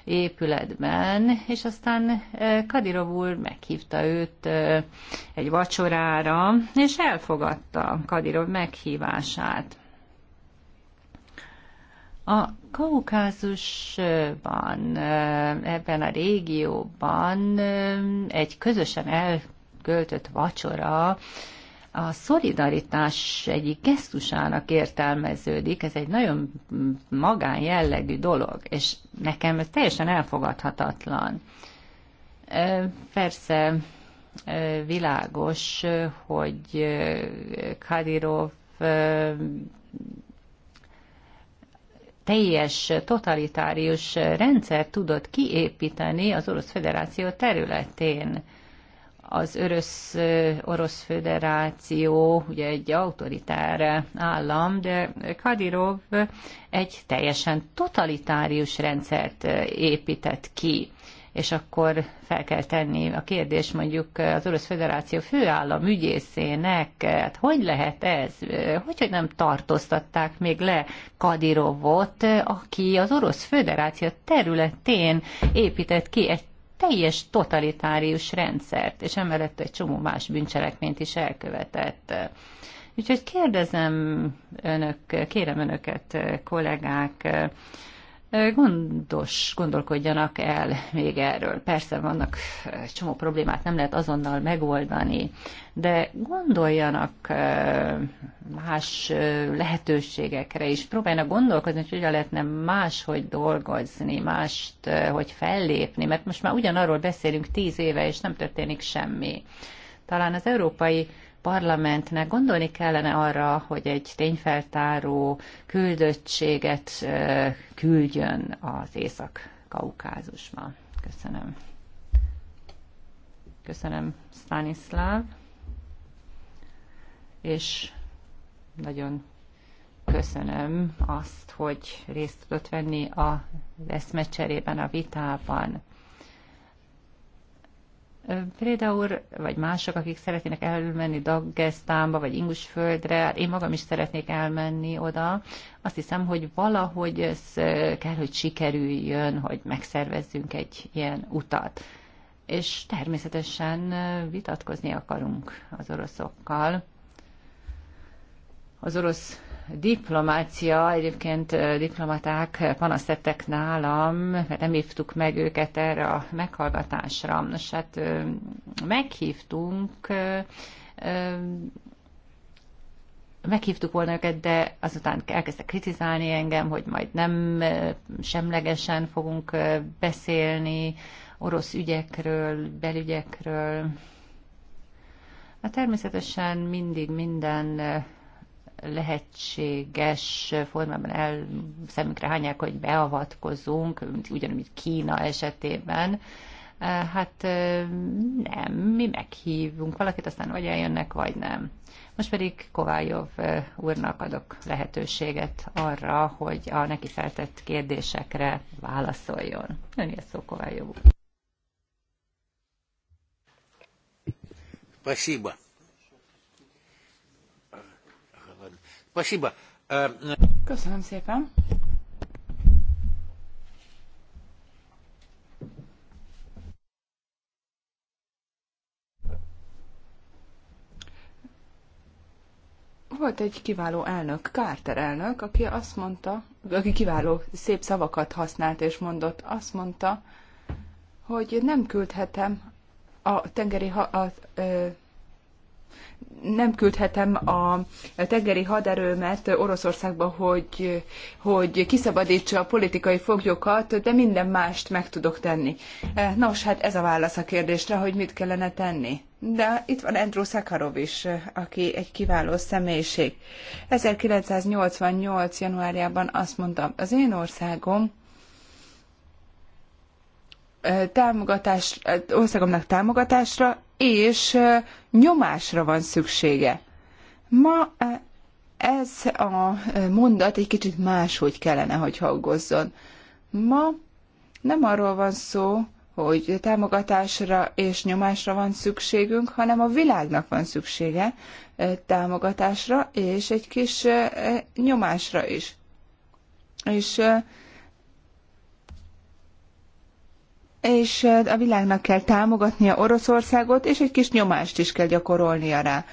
épületben, és aztán Kadirov úr meghívta őt egy vacsorára, és elfogadta Kadirov meghívását. A Kaukázusban, eh, ebben a régióban eh, egy közösen elköltött vacsora a szolidaritás egyik gesztusának értelmeződik, ez egy nagyon magán jellegű dolog, és nekem ez teljesen elfogadhatatlan. Eh, persze világos, hogy Kadirov teljes totalitárius rendszer tudott kiépíteni az Orosz Federáció területén. Az Orosz, Orosz Föderáció ugye egy autoritár állam, de Kadirov egy teljesen totalitárius rendszert épített ki és akkor fel kell tenni a kérdés mondjuk az Orosz Föderáció főállam ügyészének, hát hogy lehet ez? Hogy, hogy nem tartóztatták még le Kadirovot, aki az Orosz Föderáció területén épített ki egy teljes totalitárius rendszert, és emellett egy csomó más bűncselekményt is elkövetett. Úgyhogy kérdezem önök, kérem önöket, kollégák, gondos, gondolkodjanak el még erről. Persze vannak csomó problémát, nem lehet azonnal megoldani, de gondoljanak más lehetőségekre is, próbáljanak gondolkozni, hogy hogyan lehetne máshogy dolgozni, mást, hogy fellépni, mert most már ugyanarról beszélünk tíz éve, és nem történik semmi. Talán az európai parlamentnek gondolni kellene arra, hogy egy tényfeltáró küldöttséget küldjön az Észak-Kaukázusba. Köszönöm. Köszönöm, Stanislav. És nagyon köszönöm azt, hogy részt tudott venni a eszmecserében, a vitában. Préda úr, vagy mások, akik szeretnének elmenni Daggesztánba, vagy Ingusföldre, hát én magam is szeretnék elmenni oda, azt hiszem, hogy valahogy ez kell, hogy sikerüljön, hogy megszervezzünk egy ilyen utat. És természetesen vitatkozni akarunk az oroszokkal. Az orosz diplomácia, egyébként diplomaták panasztettek nálam, mert nem hívtuk meg őket erre a meghallgatásra. Nos, hát meghívtunk, meghívtuk volna őket, de azután elkezdtek kritizálni engem, hogy majd nem semlegesen fogunk beszélni orosz ügyekről, belügyekről. Hát természetesen mindig minden lehetséges formában el szemünkre hányák, hogy beavatkozunk, ugyanúgy mint Kína esetében. Hát nem, mi meghívunk valakit, aztán vagy eljönnek, vagy nem. Most pedig Kovályov úrnak adok lehetőséget arra, hogy a neki feltett kérdésekre válaszoljon. Ön ilyen szó, Kovályov úr. Köszönöm. Спасибо. Köszönöm szépen. Volt egy kiváló elnök, Carter elnök, aki azt mondta, aki kiváló szép szavakat használt és mondott, azt mondta, hogy nem küldhetem a tengeri ha- a, nem küldhetem a tengeri haderőmet Oroszországba, hogy, hogy kiszabadítsa a politikai foglyokat, de minden mást meg tudok tenni. Nos, hát ez a válasz a kérdésre, hogy mit kellene tenni. De itt van Andrew Szakarov is, aki egy kiváló személyiség. 1988. januárjában azt mondta, az én országom támogatás, országomnak támogatásra és nyomásra van szüksége. Ma ez a mondat egy kicsit máshogy kellene, hogy hangozzon. Ma nem arról van szó, hogy támogatásra és nyomásra van szükségünk, hanem a világnak van szüksége támogatásra és egy kis nyomásra is. És és a világnak kell támogatnia Oroszországot, és egy kis nyomást is kell gyakorolnia rá.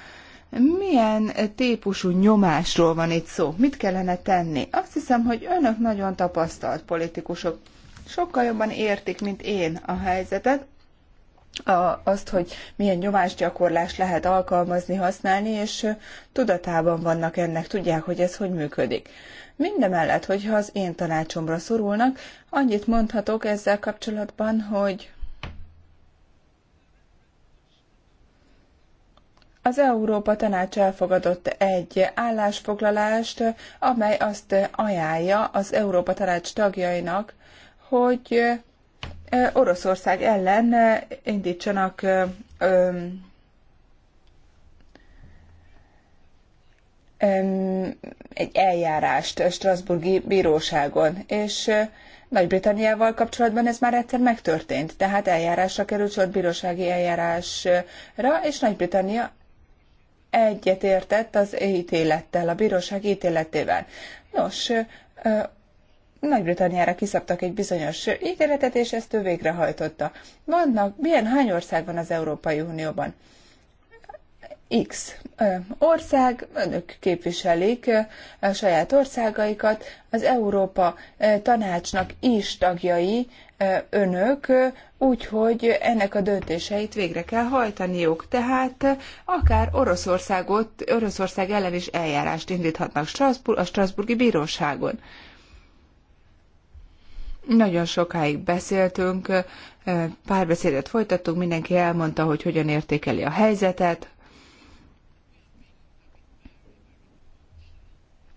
Milyen típusú nyomásról van itt szó? Mit kellene tenni? Azt hiszem, hogy önök nagyon tapasztalt politikusok. Sokkal jobban értik, mint én a helyzetet, a, azt, hogy milyen nyomásgyakorlás lehet alkalmazni, használni, és tudatában vannak ennek, tudják, hogy ez hogy működik. Mindemellett, hogyha az én tanácsomra szorulnak, annyit mondhatok ezzel kapcsolatban, hogy az Európa Tanács elfogadott egy állásfoglalást, amely azt ajánlja az Európa Tanács tagjainak, hogy Oroszország ellen indítsanak egy eljárást Strasburgi bíróságon, és Nagy-Britanniával kapcsolatban ez már egyszer megtörtént, tehát eljárásra került sor bírósági eljárásra, és Nagy-Britannia egyetértett az ítélettel, a bíróság ítéletével. Nos, nagy-Britanniára kiszabtak egy bizonyos ítéletet, és ezt ő végrehajtotta. Vannak, milyen hány ország van az Európai Unióban? X ország, önök képviselik a saját országaikat, az Európa tanácsnak is tagjai önök, úgyhogy ennek a döntéseit végre kell hajtaniuk. Tehát akár Oroszországot, Oroszország ellen is eljárást indíthatnak Strasbourg, a Strasburgi Bíróságon. Nagyon sokáig beszéltünk, párbeszédet folytattunk, mindenki elmondta, hogy hogyan értékeli a helyzetet,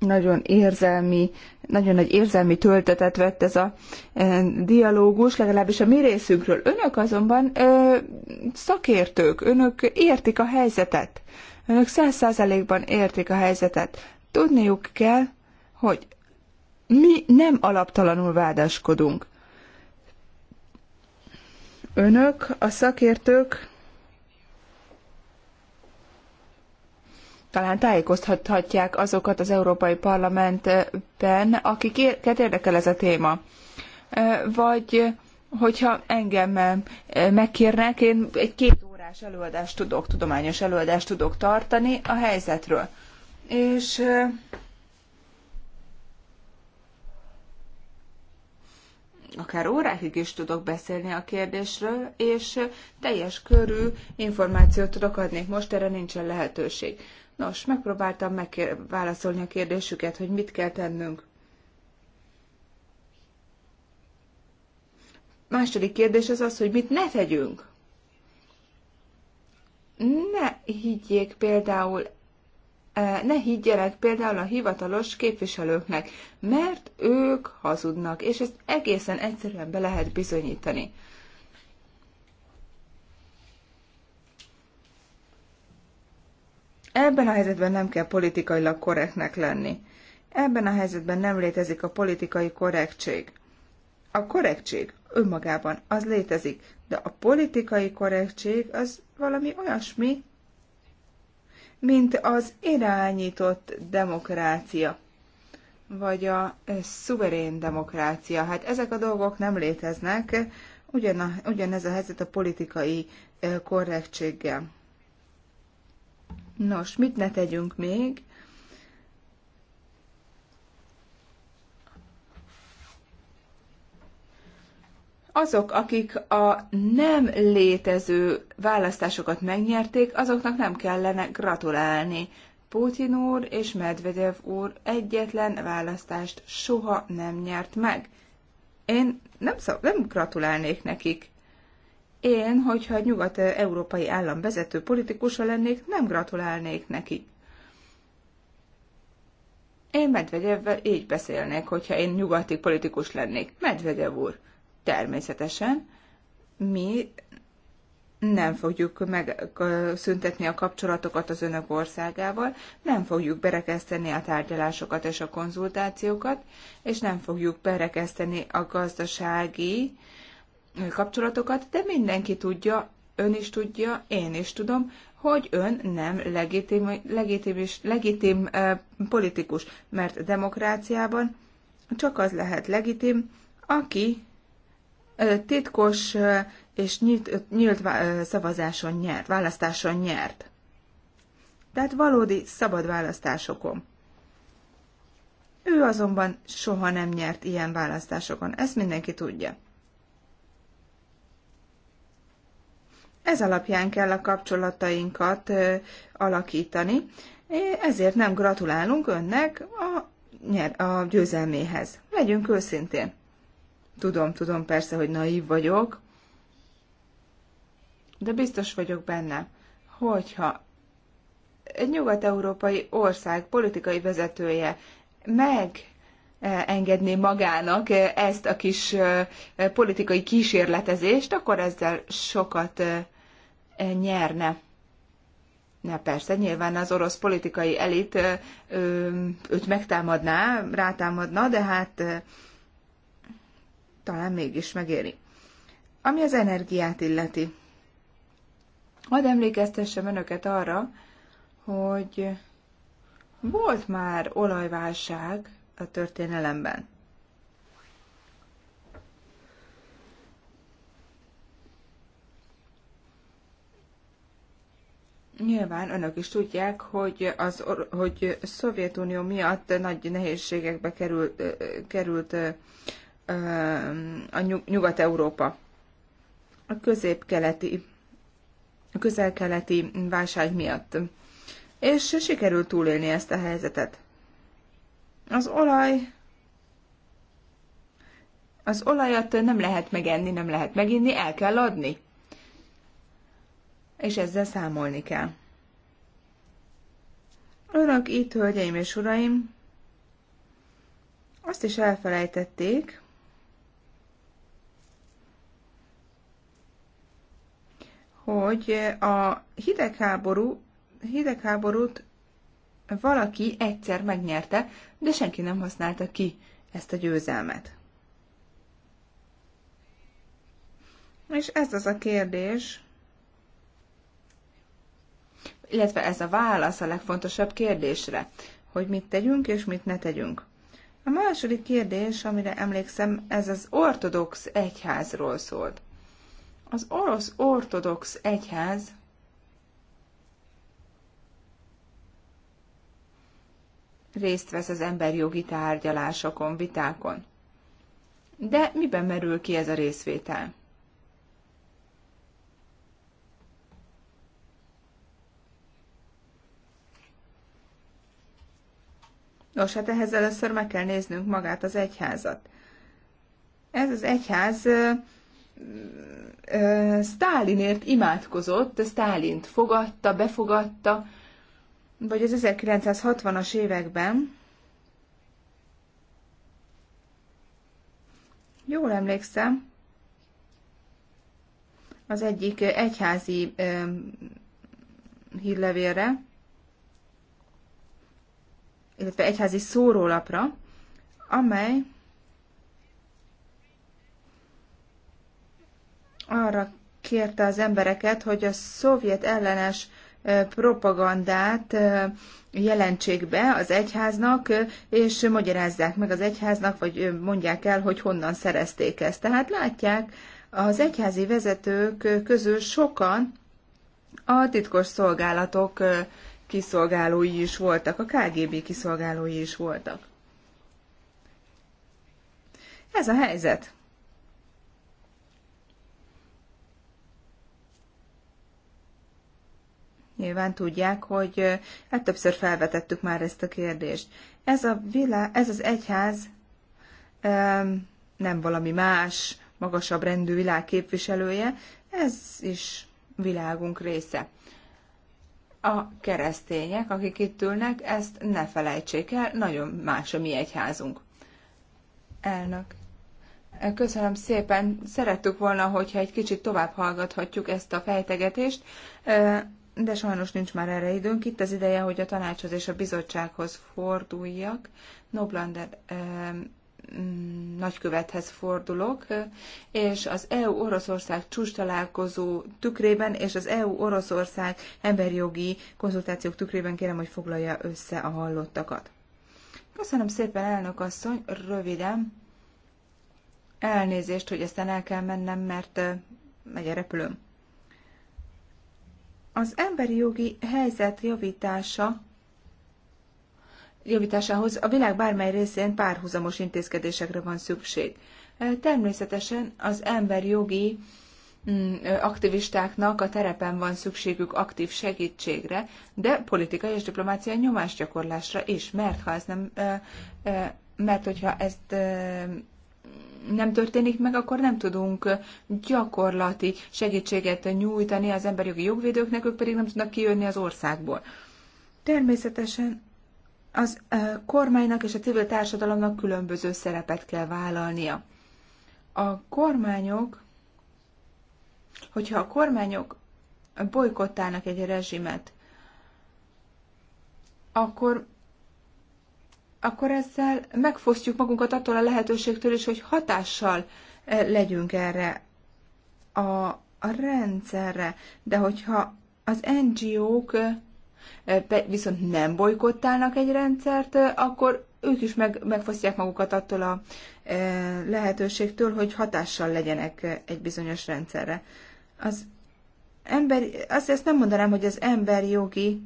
nagyon érzelmi, nagyon nagy érzelmi töltetet vett ez a e, dialógus, legalábbis a mi részünkről. Önök azonban e, szakértők, önök értik a helyzetet. Önök száz százalékban értik a helyzetet. Tudniuk kell, hogy mi nem alaptalanul vádáskodunk. Önök, a szakértők talán tájékoztathatják azokat az Európai Parlamentben, akiket érdekel ez a téma. Vagy hogyha engem megkérnek, én egy két órás előadást tudok, tudományos előadást tudok tartani a helyzetről. És akár órákig is tudok beszélni a kérdésről, és teljes körű információt tudok adni. Most erre nincsen lehetőség. Nos, megpróbáltam megválaszolni a kérdésüket, hogy mit kell tennünk. Második kérdés az az, hogy mit ne tegyünk. Ne higgyék például e, ne higgyenek például a hivatalos képviselőknek, mert ők hazudnak, és ezt egészen egyszerűen be lehet bizonyítani. Ebben a helyzetben nem kell politikailag korrektnek lenni. Ebben a helyzetben nem létezik a politikai korrektség. A korrektség önmagában az létezik, de a politikai korrektség az valami olyasmi, mint az irányított demokrácia, vagy a eh, szuverén demokrácia. Hát ezek a dolgok nem léteznek, ugyanez a helyzet a politikai eh, korrektséggel. Nos, mit ne tegyünk még? azok, akik a nem létező választásokat megnyerték, azoknak nem kellene gratulálni. Putin úr és Medvedev úr egyetlen választást soha nem nyert meg. Én nem, szab- nem gratulálnék nekik én, hogyha egy nyugat-európai állam vezető politikusa lennék, nem gratulálnék neki. Én Medvegyevvel így beszélnék, hogyha én nyugati politikus lennék. Medvegyev úr, természetesen mi nem fogjuk megszüntetni a kapcsolatokat az önök országával, nem fogjuk berekeszteni a tárgyalásokat és a konzultációkat, és nem fogjuk berekeszteni a gazdasági kapcsolatokat, de mindenki tudja, ön is tudja, én is tudom, hogy ön nem legitim, legitim, legitim eh, politikus, mert demokráciában csak az lehet legitim, aki eh, titkos eh, és nyílt, nyílt eh, szavazáson nyert, választáson nyert. Tehát valódi szabad választásokon. Ő azonban soha nem nyert ilyen választásokon, ezt mindenki tudja. Ez alapján kell a kapcsolatainkat alakítani, ezért nem gratulálunk önnek a, nyer, a győzelméhez. Legyünk őszintén. Tudom, tudom persze, hogy naív vagyok, de biztos vagyok benne, hogyha egy nyugat-európai ország politikai vezetője meg e, engedné magának e, ezt a kis e, politikai kísérletezést, akkor ezzel sokat nyerne. Na persze, nyilván az orosz politikai elit őt megtámadná, rátámadna, de hát talán mégis megéri. Ami az energiát illeti. Hadd emlékeztessem önöket arra, hogy volt már olajválság a történelemben. Nyilván önök is tudják, hogy, az, hogy Szovjetunió miatt nagy nehézségekbe került, került a Nyugat-Európa. A közép-keleti, a közel-keleti válság miatt. És sikerült túlélni ezt a helyzetet. Az olaj az olajat nem lehet megenni, nem lehet meginni, el kell adni és ezzel számolni kell. Önök itt, hölgyeim és uraim, azt is elfelejtették, hogy a hidegháború, hidegháborút valaki egyszer megnyerte, de senki nem használta ki ezt a győzelmet. És ez az a kérdés, illetve ez a válasz a legfontosabb kérdésre, hogy mit tegyünk és mit ne tegyünk. A második kérdés, amire emlékszem, ez az ortodox egyházról szólt. Az orosz ortodox egyház részt vesz az emberjogi tárgyalásokon, vitákon. De miben merül ki ez a részvétel? Nos, hát ehhez először meg kell néznünk magát az egyházat. Ez az egyház Stálinért imádkozott, Stálint fogadta, befogadta, vagy az 1960-as években, jól emlékszem, az egyik egyházi hírlevélre, illetve egyházi szórólapra, amely arra kérte az embereket, hogy a szovjet ellenes propagandát jelentsék be az egyháznak, és magyarázzák meg az egyháznak, vagy mondják el, hogy honnan szerezték ezt. Tehát látják, az egyházi vezetők közül sokan a titkos szolgálatok kiszolgálói is voltak, a KGB kiszolgálói is voltak. Ez a helyzet. Nyilván tudják, hogy hát többször felvetettük már ezt a kérdést. Ez, a vilá, ez az egyház nem valami más, magasabb rendű világ képviselője, ez is világunk része a keresztények, akik itt ülnek, ezt ne felejtsék el, nagyon más a mi egyházunk. Elnök. Köszönöm szépen. Szerettük volna, hogyha egy kicsit tovább hallgathatjuk ezt a fejtegetést, de sajnos nincs már erre időnk. Itt az ideje, hogy a tanácshoz és a bizottsághoz forduljak. Noblander nagykövethez fordulok, és az EU-Oroszország csúcs találkozó tükrében és az EU-Oroszország emberjogi konzultációk tükrében kérem, hogy foglalja össze a hallottakat. Köszönöm szépen, elnök asszony, röviden. Elnézést, hogy aztán el kell mennem, mert megy a repülőm. Az emberi jogi helyzet javítása javításához a világ bármely részén párhuzamos intézkedésekre van szükség. Természetesen az emberjogi mm, aktivistáknak a terepen van szükségük aktív segítségre, de politikai és diplomáciai nyomásgyakorlásra is, mert ha ez nem, mert hogyha ezt nem történik meg, akkor nem tudunk gyakorlati segítséget nyújtani az emberjogi jogvédőknek, ők pedig nem tudnak kijönni az országból. Természetesen az kormánynak és a civil társadalomnak különböző szerepet kell vállalnia. A kormányok, hogyha a kormányok bolykottálnak egy rezsimet, akkor, akkor ezzel megfosztjuk magunkat attól a lehetőségtől is, hogy hatással legyünk erre a, a rendszerre. De hogyha az NGO-k viszont nem bolykottálnak egy rendszert, akkor ők is meg, megfosztják magukat attól a lehetőségtől, hogy hatással legyenek egy bizonyos rendszerre. Az ember, azt ezt nem mondanám, hogy az emberi jogi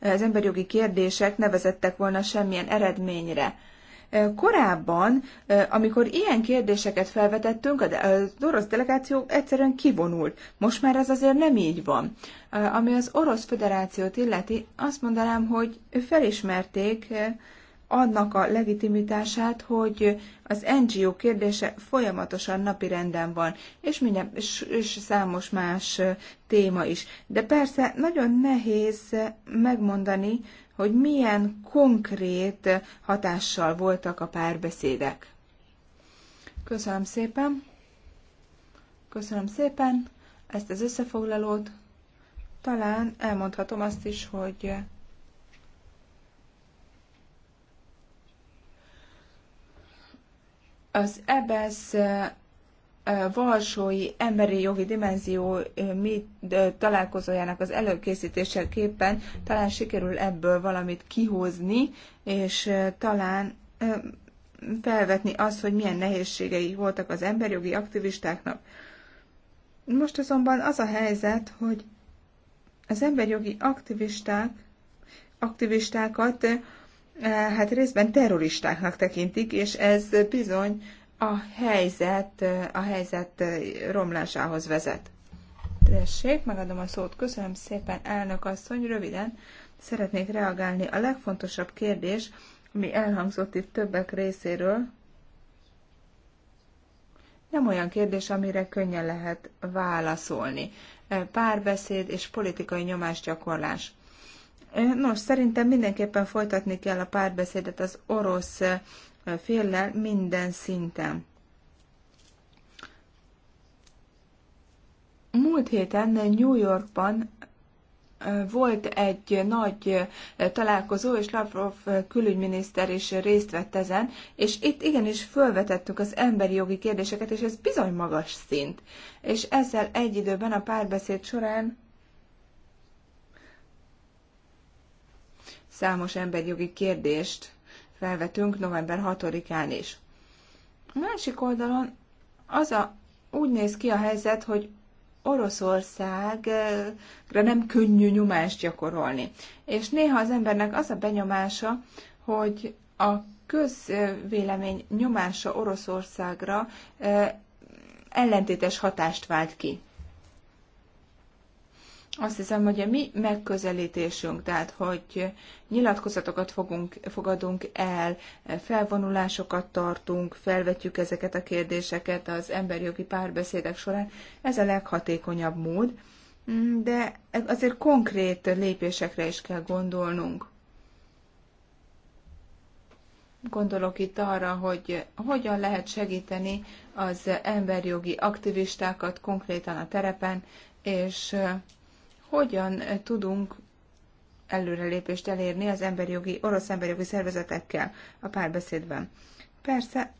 az emberi jogi kérdések ne vezettek volna semmilyen eredményre Korábban, amikor ilyen kérdéseket felvetettünk, az orosz delegáció egyszerűen kivonult. Most már ez azért nem így van. Ami az orosz federációt illeti, azt mondanám, hogy felismerték annak a legitimitását, hogy az NGO kérdése folyamatosan napirenden van, és, minden, és, és számos más téma is. De persze nagyon nehéz megmondani, hogy milyen konkrét hatással voltak a párbeszédek. Köszönöm szépen! Köszönöm szépen ezt az összefoglalót. Talán elmondhatom azt is, hogy az EBSZ e Varsói Emberi Jogi Dimenzió mi találkozójának az előkészítéseképpen talán sikerül ebből valamit kihozni, és talán felvetni azt, hogy milyen nehézségei voltak az emberjogi aktivistáknak. Most azonban az a helyzet, hogy az emberjogi aktivisták, aktivistákat hát részben terroristáknak tekintik, és ez bizony a helyzet, a helyzet romlásához vezet. Tessék, megadom a szót. Köszönöm szépen, elnök asszony, röviden szeretnék reagálni. A legfontosabb kérdés, ami elhangzott itt többek részéről, nem olyan kérdés, amire könnyen lehet válaszolni. Párbeszéd és politikai nyomásgyakorlás. Nos, szerintem mindenképpen folytatni kell a párbeszédet az orosz féllel minden szinten. Múlt héten New Yorkban volt egy nagy találkozó, és Lavrov külügyminiszter is részt vett ezen, és itt igenis felvetettük az emberi jogi kérdéseket, és ez bizony magas szint. És ezzel egy időben a párbeszéd során számos emberi jogi kérdést felvetünk november 6-án is. A másik oldalon az a, úgy néz ki a helyzet, hogy Oroszországra nem könnyű nyomást gyakorolni. És néha az embernek az a benyomása, hogy a közvélemény nyomása Oroszországra eh, ellentétes hatást vált ki azt hiszem, hogy a mi megközelítésünk, tehát hogy nyilatkozatokat fogunk, fogadunk el, felvonulásokat tartunk, felvetjük ezeket a kérdéseket az emberjogi párbeszédek során, ez a leghatékonyabb mód, mm, de azért konkrét lépésekre is kell gondolnunk. Gondolok itt arra, hogy hogyan lehet segíteni az emberjogi aktivistákat konkrétan a terepen, és hogyan tudunk előrelépést elérni az emberi jogi, orosz emberi jogi szervezetekkel a párbeszédben. Persze,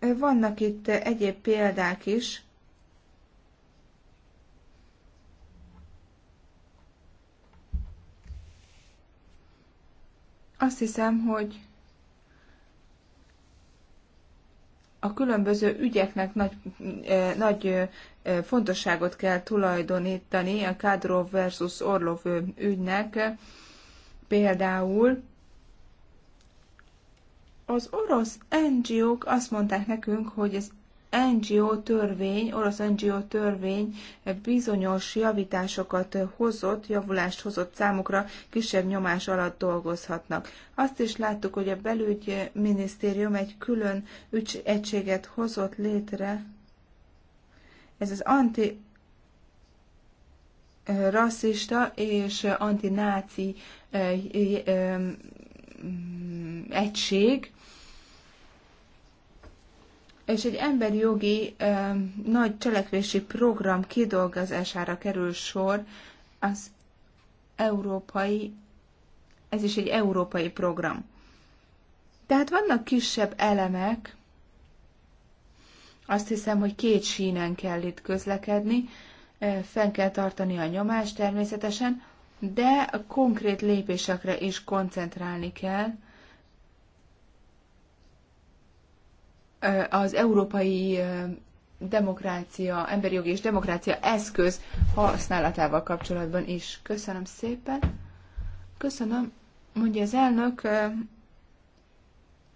vannak itt egyéb példák is, Azt hiszem, hogy a különböző ügyeknek nagy, eh, nagy fontosságot kell tulajdonítani a Kadrov versus Orlov ügynek. Például az orosz NGO-k azt mondták nekünk, hogy az NGO törvény, orosz NGO törvény bizonyos javításokat hozott, javulást hozott számukra, kisebb nyomás alatt dolgozhatnak. Azt is láttuk, hogy a belügyminisztérium egy külön ügy egységet hozott létre, ez az anti rasszista és antináci mm, egység, és egy emberi jogi nagy cselekvési program kidolgozására kerül sor az európai, ez is egy európai program. Tehát vannak kisebb elemek, azt hiszem, hogy két sínen kell itt közlekedni, e, fenn kell tartani a nyomást természetesen, de a konkrét lépésekre is koncentrálni kell. E, az európai e, demokrácia, emberi jogi és demokrácia eszköz használatával kapcsolatban is. Köszönöm szépen. Köszönöm, mondja az elnök.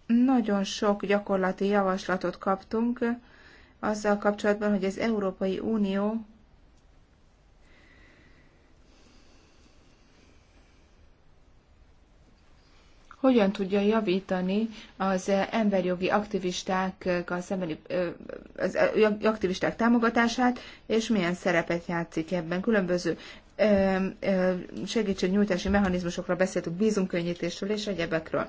Nagyon sok gyakorlati javaslatot kaptunk azzal kapcsolatban, hogy az Európai Unió hogyan tudja javítani az emberjogi aktivistákkal szembeni az aktivisták támogatását, és milyen szerepet játszik ebben. Különböző segítségnyújtási mechanizmusokra beszéltünk, bízumkönnyítésről és egyebekről.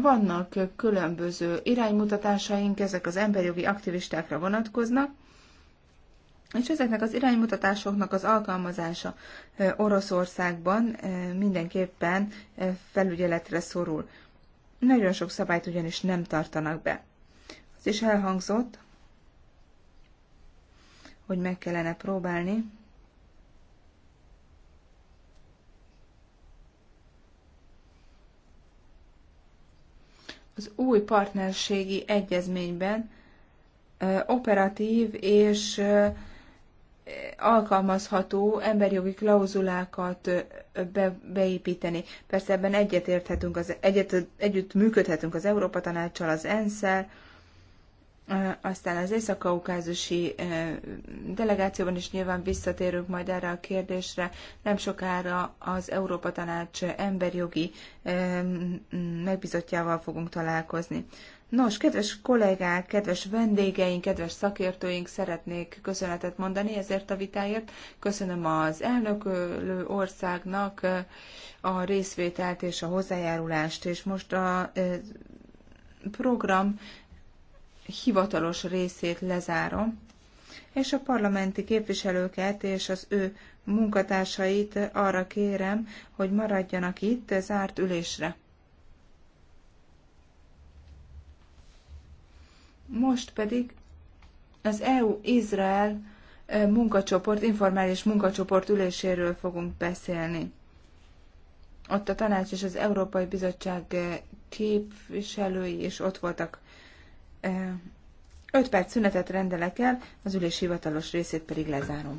Vannak különböző iránymutatásaink, ezek az emberjogi aktivistákra vonatkoznak, és ezeknek az iránymutatásoknak az alkalmazása Oroszországban mindenképpen felügyeletre szorul. Nagyon sok szabályt ugyanis nem tartanak be. Az is elhangzott, hogy meg kellene próbálni az új partnerségi egyezményben operatív és alkalmazható emberjogi klauzulákat be, beépíteni. Persze ebben egyetérthetünk, az, egyet, együtt működhetünk az Európa Tanácssal, az ENSZ-el, aztán az észak-kaukázusi delegációban is nyilván visszatérünk majd erre a kérdésre. Nem sokára az Európa Tanács emberjogi megbizotjával fogunk találkozni. Nos, kedves kollégák, kedves vendégeink, kedves szakértőink, szeretnék köszönetet mondani ezért a vitáért. Köszönöm az elnökölő országnak a részvételt és a hozzájárulást, és most a program hivatalos részét lezárom, és a parlamenti képviselőket és az ő munkatársait arra kérem, hogy maradjanak itt zárt ülésre. Most pedig az EU-Izrael munkacsoport, informális munkacsoport üléséről fogunk beszélni. Ott a tanács és az Európai Bizottság képviselői is ott voltak. 5 perc szünetet rendelek el, az ülés hivatalos részét pedig lezárom.